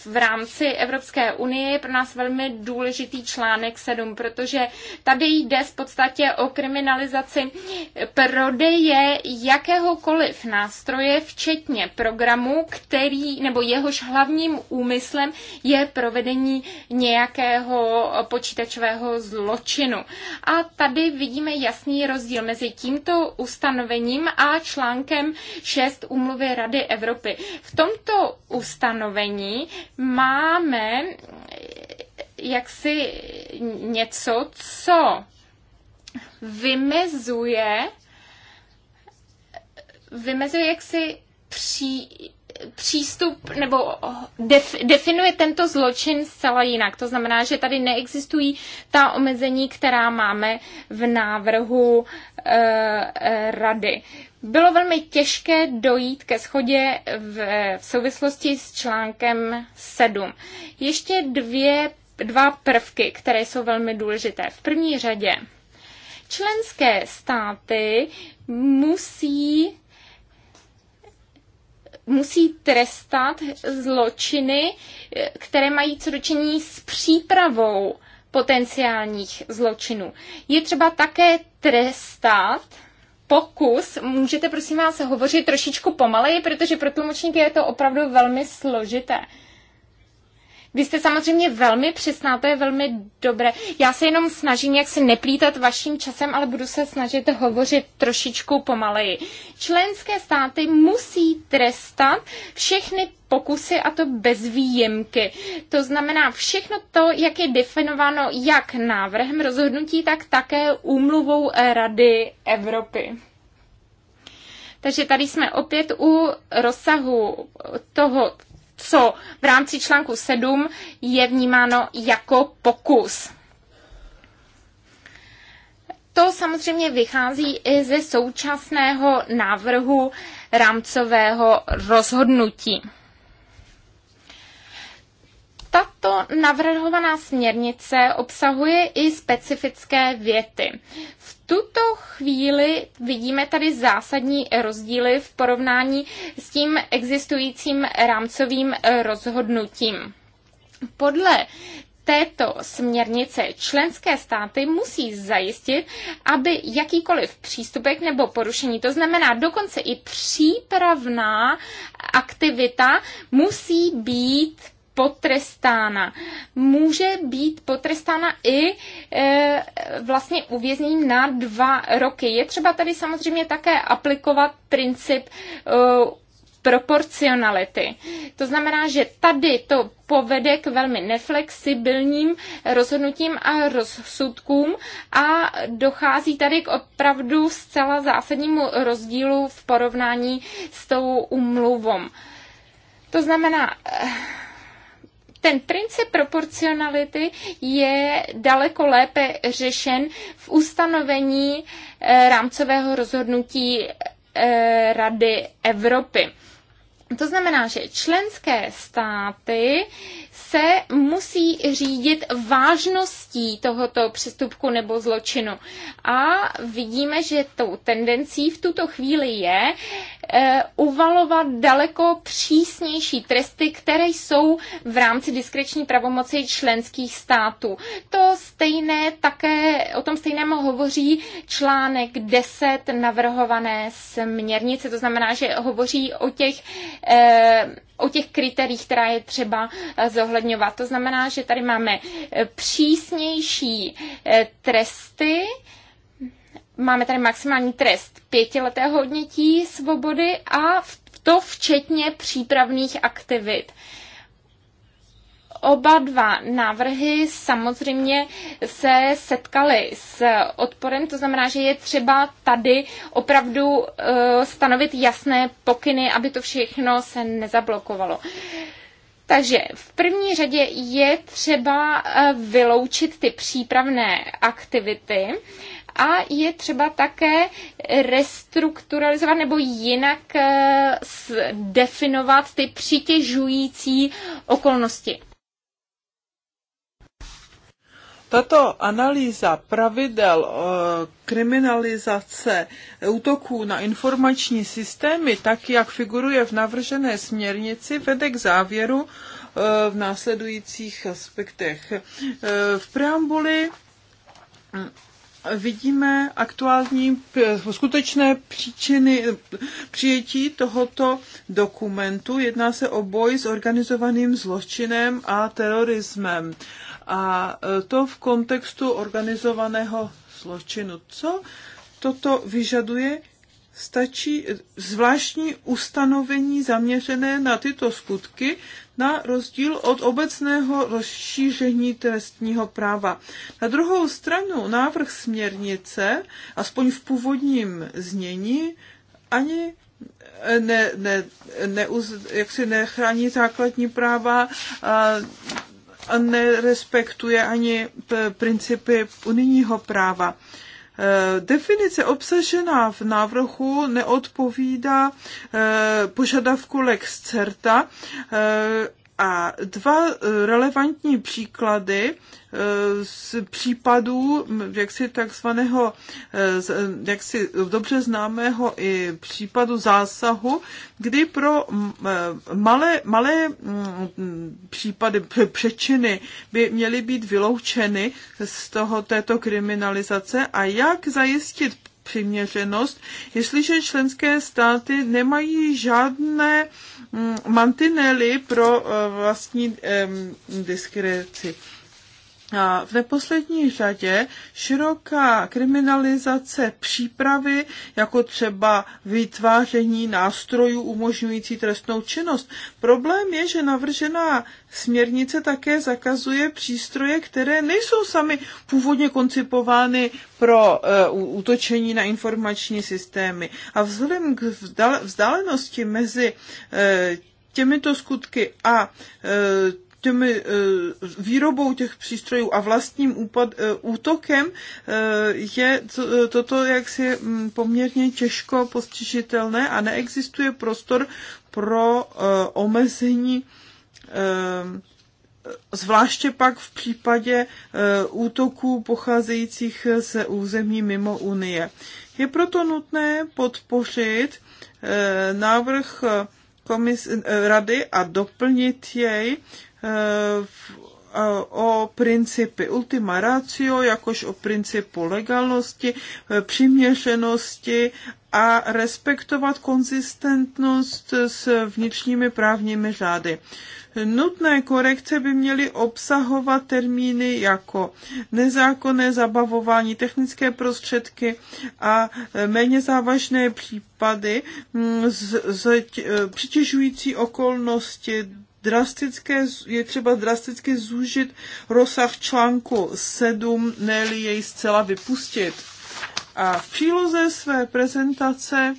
v rámci Evropské unie je pro nás velmi důležitý článek 7, protože tady jde v podstatě o kriminalizaci prodeje jakéhokoliv nástroje, včetně programu, který nebo jehož hlavním úmyslem je provedení nějakého počítačového zločinu. A tady vidíme jasný rozdíl mezi tímto ustanovením a článkem 6 úmluvy Rady Evropy. V tomto ustanovení máme jaksi něco, co vymezuje, vymezuje jaksi pří, přístup nebo def, definuje tento zločin zcela jinak. To znamená, že tady neexistují ta omezení, která máme v návrhu e, rady. Bylo velmi těžké dojít ke schodě v, v souvislosti s článkem 7. Ještě dvě, dva prvky, které jsou velmi důležité. V první řadě členské státy musí musí trestat zločiny, které mají co dočení s přípravou potenciálních zločinů. Je třeba také trestat pokus, můžete prosím vás hovořit trošičku pomaleji, protože pro tlumočníky je to opravdu velmi složité. Vy jste samozřejmě velmi přesná, to je velmi dobré. Já se jenom snažím jak si neplítat vaším časem, ale budu se snažit hovořit trošičku pomaleji. Členské státy musí trestat všechny pokusy a to bez výjimky. To znamená všechno to, jak je definováno jak návrhem rozhodnutí, tak také úmluvou Rady Evropy. Takže tady jsme opět u rozsahu toho co v rámci článku 7 je vnímáno jako pokus. To samozřejmě vychází i ze současného návrhu rámcového rozhodnutí. Tato navrhovaná směrnice obsahuje i specifické věty. V tuto chvíli vidíme tady zásadní rozdíly v porovnání s tím existujícím rámcovým rozhodnutím. Podle této směrnice členské státy musí zajistit, aby jakýkoliv přístupek nebo porušení, to znamená dokonce i přípravná aktivita, musí být potrestána. Může být potrestána i e, vlastně uvězněním na dva roky. Je třeba tady samozřejmě také aplikovat princip e, proporcionality. To znamená, že tady to povede k velmi neflexibilním rozhodnutím a rozsudkům a dochází tady k opravdu zcela zásadnímu rozdílu v porovnání s tou umluvou. To znamená, eh, ten princip proporcionality je daleko lépe řešen v ustanovení eh, rámcového rozhodnutí eh, Rady Evropy. To znamená, že členské státy se musí řídit vážností tohoto přestupku nebo zločinu. A vidíme, že tou tendencí v tuto chvíli je e, uvalovat daleko přísnější tresty, které jsou v rámci diskreční pravomoci členských států. To stejné také, o tom stejnému hovoří článek 10 navrhované směrnice, to znamená, že hovoří o těch, e, o těch kritériích, která je třeba zohlednit zohledňovat. To znamená, že tady máme eh, přísnější eh, tresty, máme tady maximální trest pětiletého odnětí svobody a to včetně přípravných aktivit oba dva návrhy samozřejmě se setkaly s odporem, to znamená, že je třeba tady opravdu eh, stanovit jasné pokyny, aby to všechno se nezablokovalo. Takže v první řadě je třeba eh, vyloučit ty přípravné aktivity, a je třeba také restrukturalizovat nebo jinak eh, definovat ty přitěžující okolnosti. Tato analýza pravidel eh, kriminalizace útoků na informační systémy, tak jak figuruje v navržené směrnici, vede k závěru eh, v následujících aspektech. Eh, v preambuli hm, vidíme aktuální skutečné příčiny přijetí tohoto dokumentu. Jedná se o boj s organizovaným zločinem a terorismem a e, to v kontextu organizovaného zločinu. Co toto vyžaduje? Stačí e, zvláštní ustanovení zaměřené na tyto skutky, na rozdíl od obecného rozšíření trestního práva. Na druhou stranu návrh směrnice, aspoň v původním znění, ani ne, ne, ne, jak si nechrání základní práva a nerespektuje ani principy unijního práva. E, definice obsažená v návrhu neodpovídá e, požadavku lex certa e, a dva eh, relevantní příklady eh, z případů jaksi takzvaného, eh, jaksi dobře známého i případu zásahu, kdy pro malé, malé mm, případy přečiny by měly být vyloučeny z toho této kriminalizace a jak zajistit přiměřenost, jestliže členské státy nemají žádné Mm, mantinely pro eh, vlastní diskreci. A v neposlední řadě široká kriminalizace přípravy, jako třeba vytváření nástrojů umožňující trestnou činnost. Problém je, že navržená směrnice také zakazuje přístroje, které nejsou sami původně koncipovány pro uh, útočení na informační systémy. A vzhledem k vzdálenosti mezi uh, těmito skutky a uh, těmi eh, výrobou těch přístrojů a vlastním úpad, eh, útokem eh, je toto jaksi mm, poměrně těžko postižitelné a neexistuje prostor pro omezení zvláště pak v případě útoků pocházejících ze území mimo Unie. Je proto nutné podpořit návrh komis, rady a doplnit jej Eh, o principy ultima ratio, jakož o principu legalnosti, eh, přiměřenosti a respektovat konzistentnost s vnitřními právními řády. Nutné korekce by měly obsahovat termíny jako nezákonné zabavování, technické prostředky a eh, méně závažné případy mm, z, z, přitěžující okolnosti drastické, je třeba drasticky zúžit rozsah článku 7, ne jej zcela vypustit. A v příloze své prezentace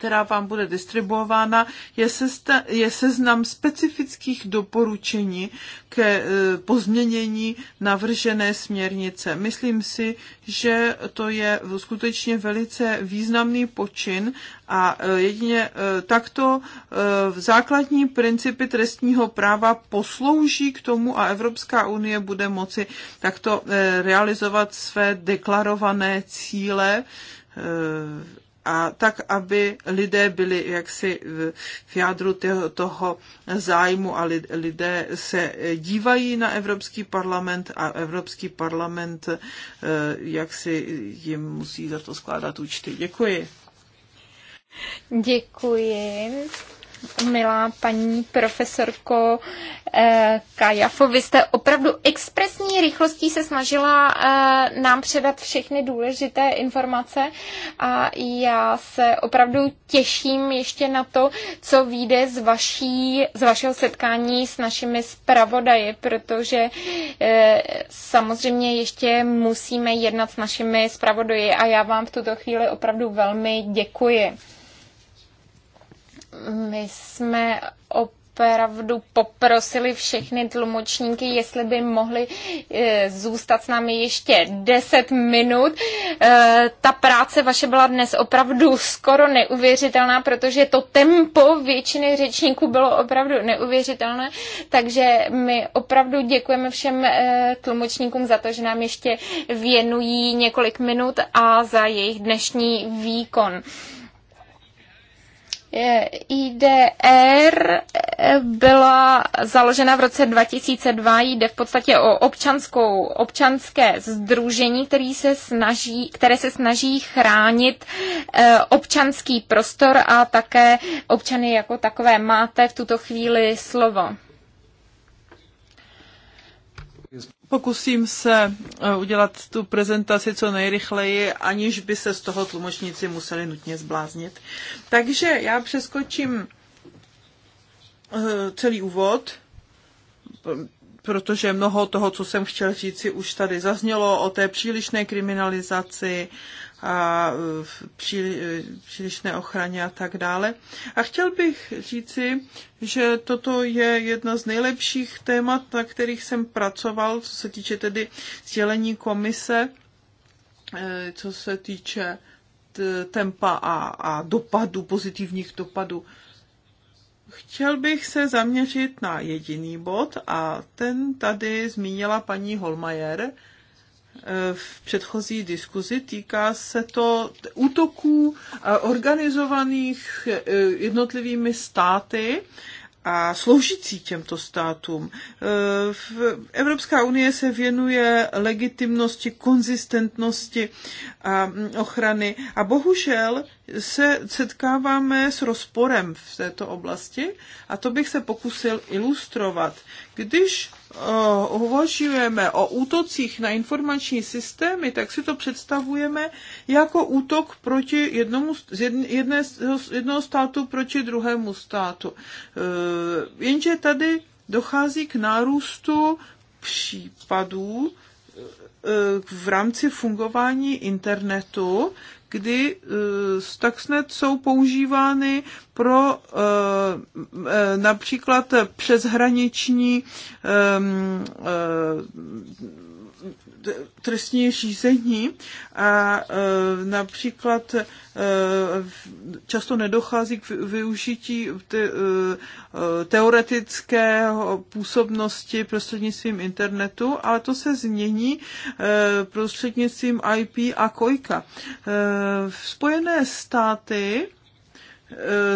která vám bude distribuována, je, sesta, je seznam specifických doporučení ke e, pozměnění navržené směrnice. Myslím si, že to je skutečně velice významný počin a e, jedině e, takto základní principy trestního práva poslouží k tomu a Evropská unie bude moci takto realizovat své deklarované cíle a tak, aby lidé byli jaksi v jádru toho zájmu a lidé se dívají na Evropský parlament a Evropský parlament eh, jaksi jim musí za to skládat účty. Děkuji. Děkuji milá paní profesorko eh, Kajafo. Vy jste opravdu expresní rychlostí se snažila eh, nám předat všechny důležité informace a já se opravdu těším ještě na to, co vyjde z, vaší, z vašeho setkání s našimi zpravodaji, protože eh, samozřejmě ještě musíme jednat s našimi zpravodaji a já vám v tuto chvíli opravdu velmi děkuji. My jsme opravdu poprosili všechny tlumočníky, jestli by mohli eh, zůstat s námi ještě 10 minut. Eh, ta práce vaše byla dnes opravdu skoro neuvěřitelná, protože to tempo většiny řečníků bylo opravdu neuvěřitelné, takže my opravdu děkujeme všem eh, tlumočníkům za to, že nám ještě věnují několik minut a za jejich dnešní výkon. IDR byla založena v roce 2002, jde v podstatě o občanskou, občanské združení, které se snaží, které se snaží chránit eh, občanský prostor a také občany jako takové. Máte v tuto chvíli slovo. Pokusím se eh, udělat tu prezentaci co nejrychleji, aniž by se z toho tlumočníci museli nutně zbláznit. Takže já přeskočím eh, celý úvod, protože mnoho toho, co jsem chtěl říct, si už tady zaznělo o té přílišné kriminalizaci a při, přílišné ochraně a tak dále. A chtěl bych říci, že toto je jedna z nejlepších témat, na kterých jsem pracoval, co se týče tedy sdělení komise, e, co se týče tempa a, a dopadu, pozitivních dopadů. Chtěl bych se zaměřit na jediný bod a ten tady zmínila paní Holmajer, Eh, v předchozí diskuzi. Týká se to útoků eh, organizovaných eh, jednotlivými státy a sloužící těmto státům. Evropská unie se věnuje legitimnosti, konzistentnosti a mm, ochrany a bohužel se setkáváme s rozporem v této oblasti a to bych se pokusil ilustrovat. Když uh, eh, hovoříme o útocích na informační systémy, tak si to představujeme jako útok proti jednomu, z jedné, jednoho státu proti druhému státu. Uh, jenže tady dochází k nárůstu případů eh, v rámci fungování internetu, kdy eh, Stuxnet jsou používány pro eh, eh, například přeshraniční ehm, trestní řízení a e, například e, často nedochází k využití e, teoretické působnosti prostřednictvím internetu, ale to se změní prostřednictvím IP a kojka. V Spojené státy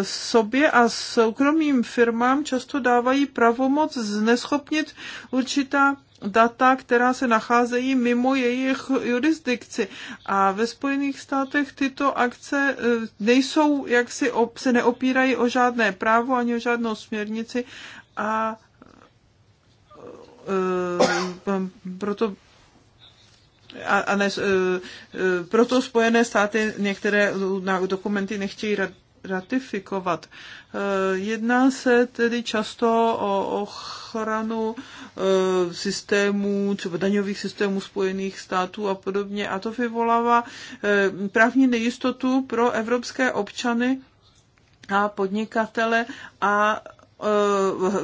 sobě a soukromým firmám často dávají pravomoc zneschopnit určitá data, která se nacházejí mimo jejich jurisdikci. A ve Spojených státech tyto akce eh, nejsou, jak si op, se neopírají o žádné právo ani o žádnou směrnici a e, proto a, a ne, e, proto Spojené státy některé dokumenty nechtějí ratifikovat. E, jedná se tedy často o ochranu e, systémů, třeba daňových systémů Spojených států a podobně a to vyvolává e, právní nejistotu pro evropské občany a podnikatele a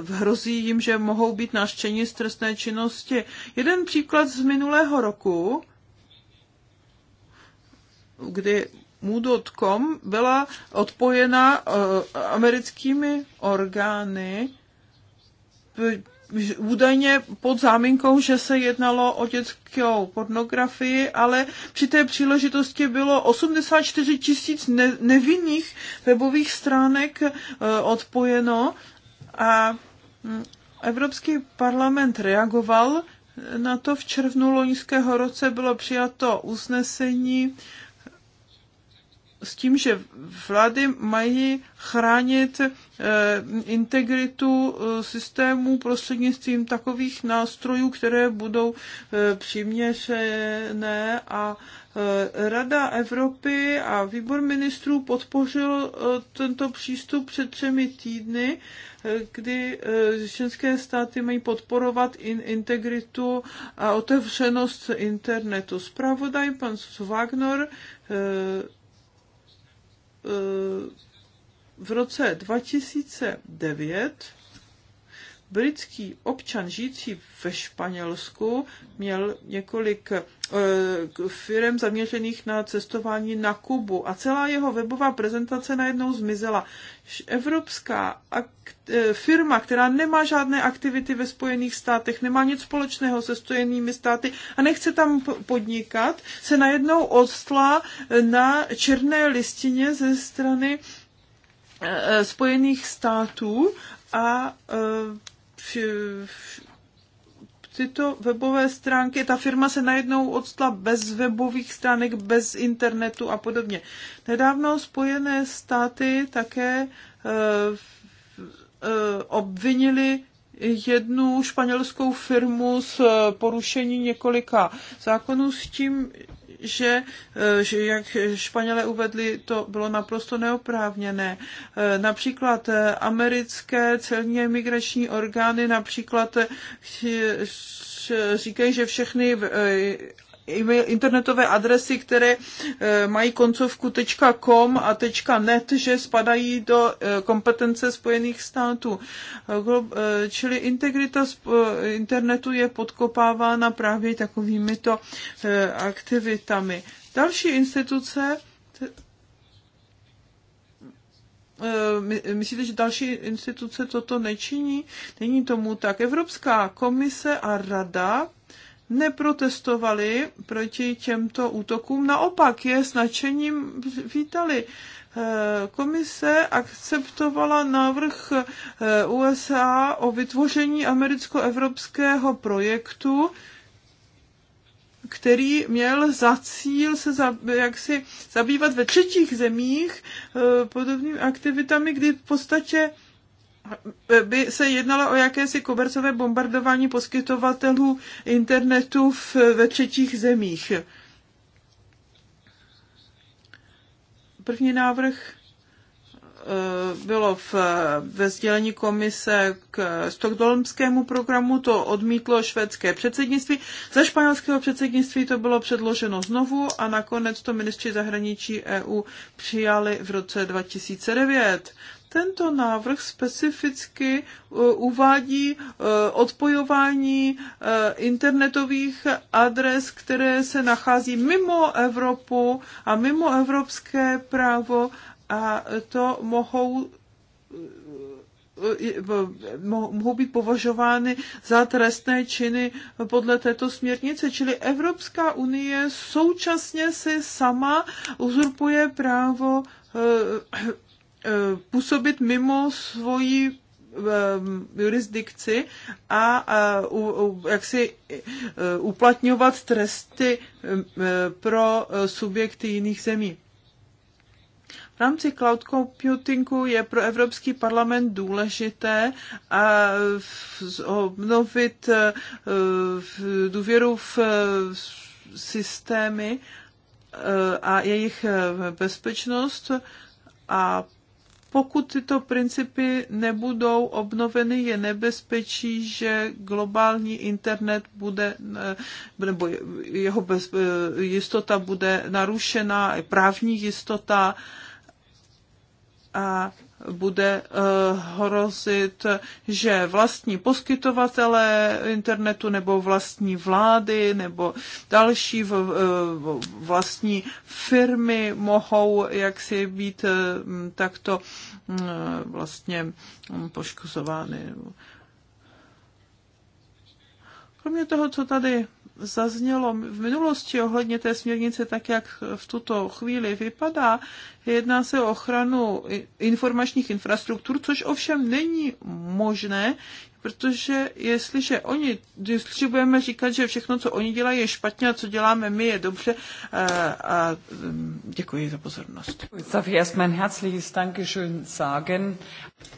hrozí jim, že mohou být naštěni z trestné činnosti. Jeden příklad z minulého roku, kdy Mood.com byla odpojena eh, americkými orgány eh, údajně pod záminkou, že se jednalo o dětskou pornografii, ale při té příležitosti bylo 84 tisíc ne- nevinných webových stránek uh, odpojeno a hm, Evropský parlament reagoval na to. V červnu loňského roce bylo přijato usnesení s tím, že vlády mají chránit eh, integritu eh, systému prostřednictvím takových nástrojů, které budou eh, přiměřené a Rada Evropy a výbor ministrů podpořil tento přístup před třemi týdny, kdy ženské státy mají podporovat in integritu a otevřenost internetu. Spravodaj pan Wagner Eh, v roce 2009 britský občan žijící ve Španělsku měl několik uh, eh, firm zaměřených na cestování na Kubu a celá jeho webová prezentace najednou zmizela. Evropská eh, firma, která nemá žádné aktivity ve Spojených státech, nemá nic společného se Spojenými státy a nechce tam podnikat, se najednou odstla eh, na černé listině ze strany Spojených států a tyto webové stránky, ta firma se najednou odstla bez webových stránek, bez internetu a podobně. Nedávno Spojené státy také eh, eh, obvinili jednu španělskou firmu z eh, porušení několika zákonů s tím, že, eh, že jak Španělé uvedli, to bylo naprosto neoprávněné. Eh, například eh, americké celní migrační orgány například říkají, že všechny internetové adresy, které e, mají koncovku .com a .net, že spadají do e, kompetence Spojených států. E, čili integrita internetu je podkopávána právě takovými to aktivitami. Další instituce myslíte, že další instituce toto nečiní? Není tomu tak. Evropská komise a rada neprotestovali proti těmto útokům, naopak je s nadšením vítali. Eh, komise akceptovala návrh eh, USA o vytvoření americko-evropského projektu, který měl za cíl se za, jaksi zabývat ve třetích zemích eh, podobnými aktivitami, kdy v podstatě by se jednalo o jakési kobercové bombardování poskytovatelů internetu v, ve třetích zemích. První návrh eh, bylo v, ve sdělení komise k stokdolmskému programu, to odmítlo švédské předsednictví. Za španělského předsednictví to bylo předloženo znovu a nakonec to ministři zahraničí EU přijali v roce 2009. Tento návrh specificky e, uvádí e, odpojování e, internetových adres, které se nachází mimo Evropu a mimo evropské právo a to mohou mohou být považovány za trestné činy podle této směrnice. Čili Evropská unie současně si sama uzurpuje právo Eh, působit mimo svoji eh, jurisdikci a, jak si eh, uplatňovat tresty pro subjekty jiných zemí. V rámci cloud computingu je pro Evropský parlament důležité a obnovit důvěru v systémy a jejich bezpečnost a pokud tyto principy nebudou obnoveny, je nebezpečí, že globální internet bude, nebo jeho bez, jistota bude narušena, právní jistota a bude eh, hrozit, že vlastní poskytovatelé internetu nebo vlastní vlády nebo další v eh, vlastní firmy mohou jaksi být eh, takto mm, vlastně mm, poškozovány. Kromě toho, co tady zaznělo v minulosti ohledně té směrnice, tak jak v tuto chvíli vypadá, jedná se o ochranu informačních infrastruktur, což ovšem není možné, protože jestliže oni, jestliže budeme říkat, že všechno, co oni dělají, je špatně a co děláme my, je dobře eh, a, a mm, děkuji za pozornost.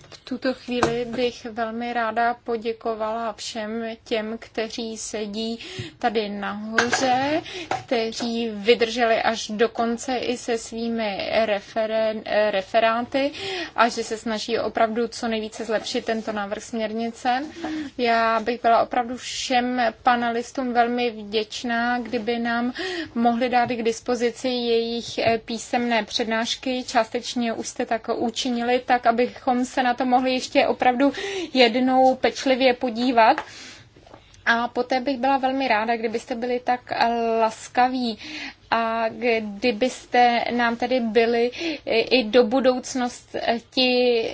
V tuto chvíli bych velmi ráda poděkovala všem těm, kteří sedí tady nahoře, kteří vydrželi až do konce i se svými referen, referáty a že se snaží opravdu co nejvíce zlepšit tento návrh směrnice ten. Já bych byla opravdu všem panelistům velmi vděčná, kdyby nám mohli dát k dispozici jejich eh, písemné přednášky. Částečně už jste tak učinili, tak abychom se na to mohli ještě opravdu jednou pečlivě podívat. A poté bych byla velmi ráda, kdybyste byli tak laskaví a kdybyste nám tady byli e, i do budoucnosti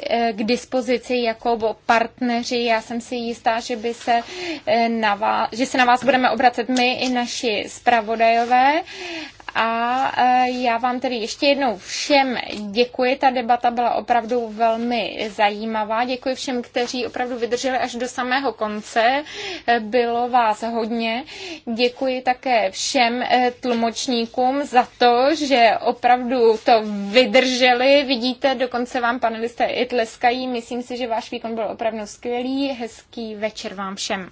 e, k dispozici jako partneři, já jsem si jistá, že, by se e, na vás, že se na vás budeme obracet my i naši zpravodajové a e, já vám tedy ještě jednou všem děkuji. Ta debata byla opravdu velmi zajímavá. Děkuji všem, kteří opravdu vydrželi až do samého konce. E, bylo vás hodně. Děkuji také všem e, tlumočníkům za to, že opravdu to vydrželi. Vidíte, dokonce vám panelisté i tleskají. Myslím si, že váš výkon byl opravdu skvělý. Hezký večer vám všem.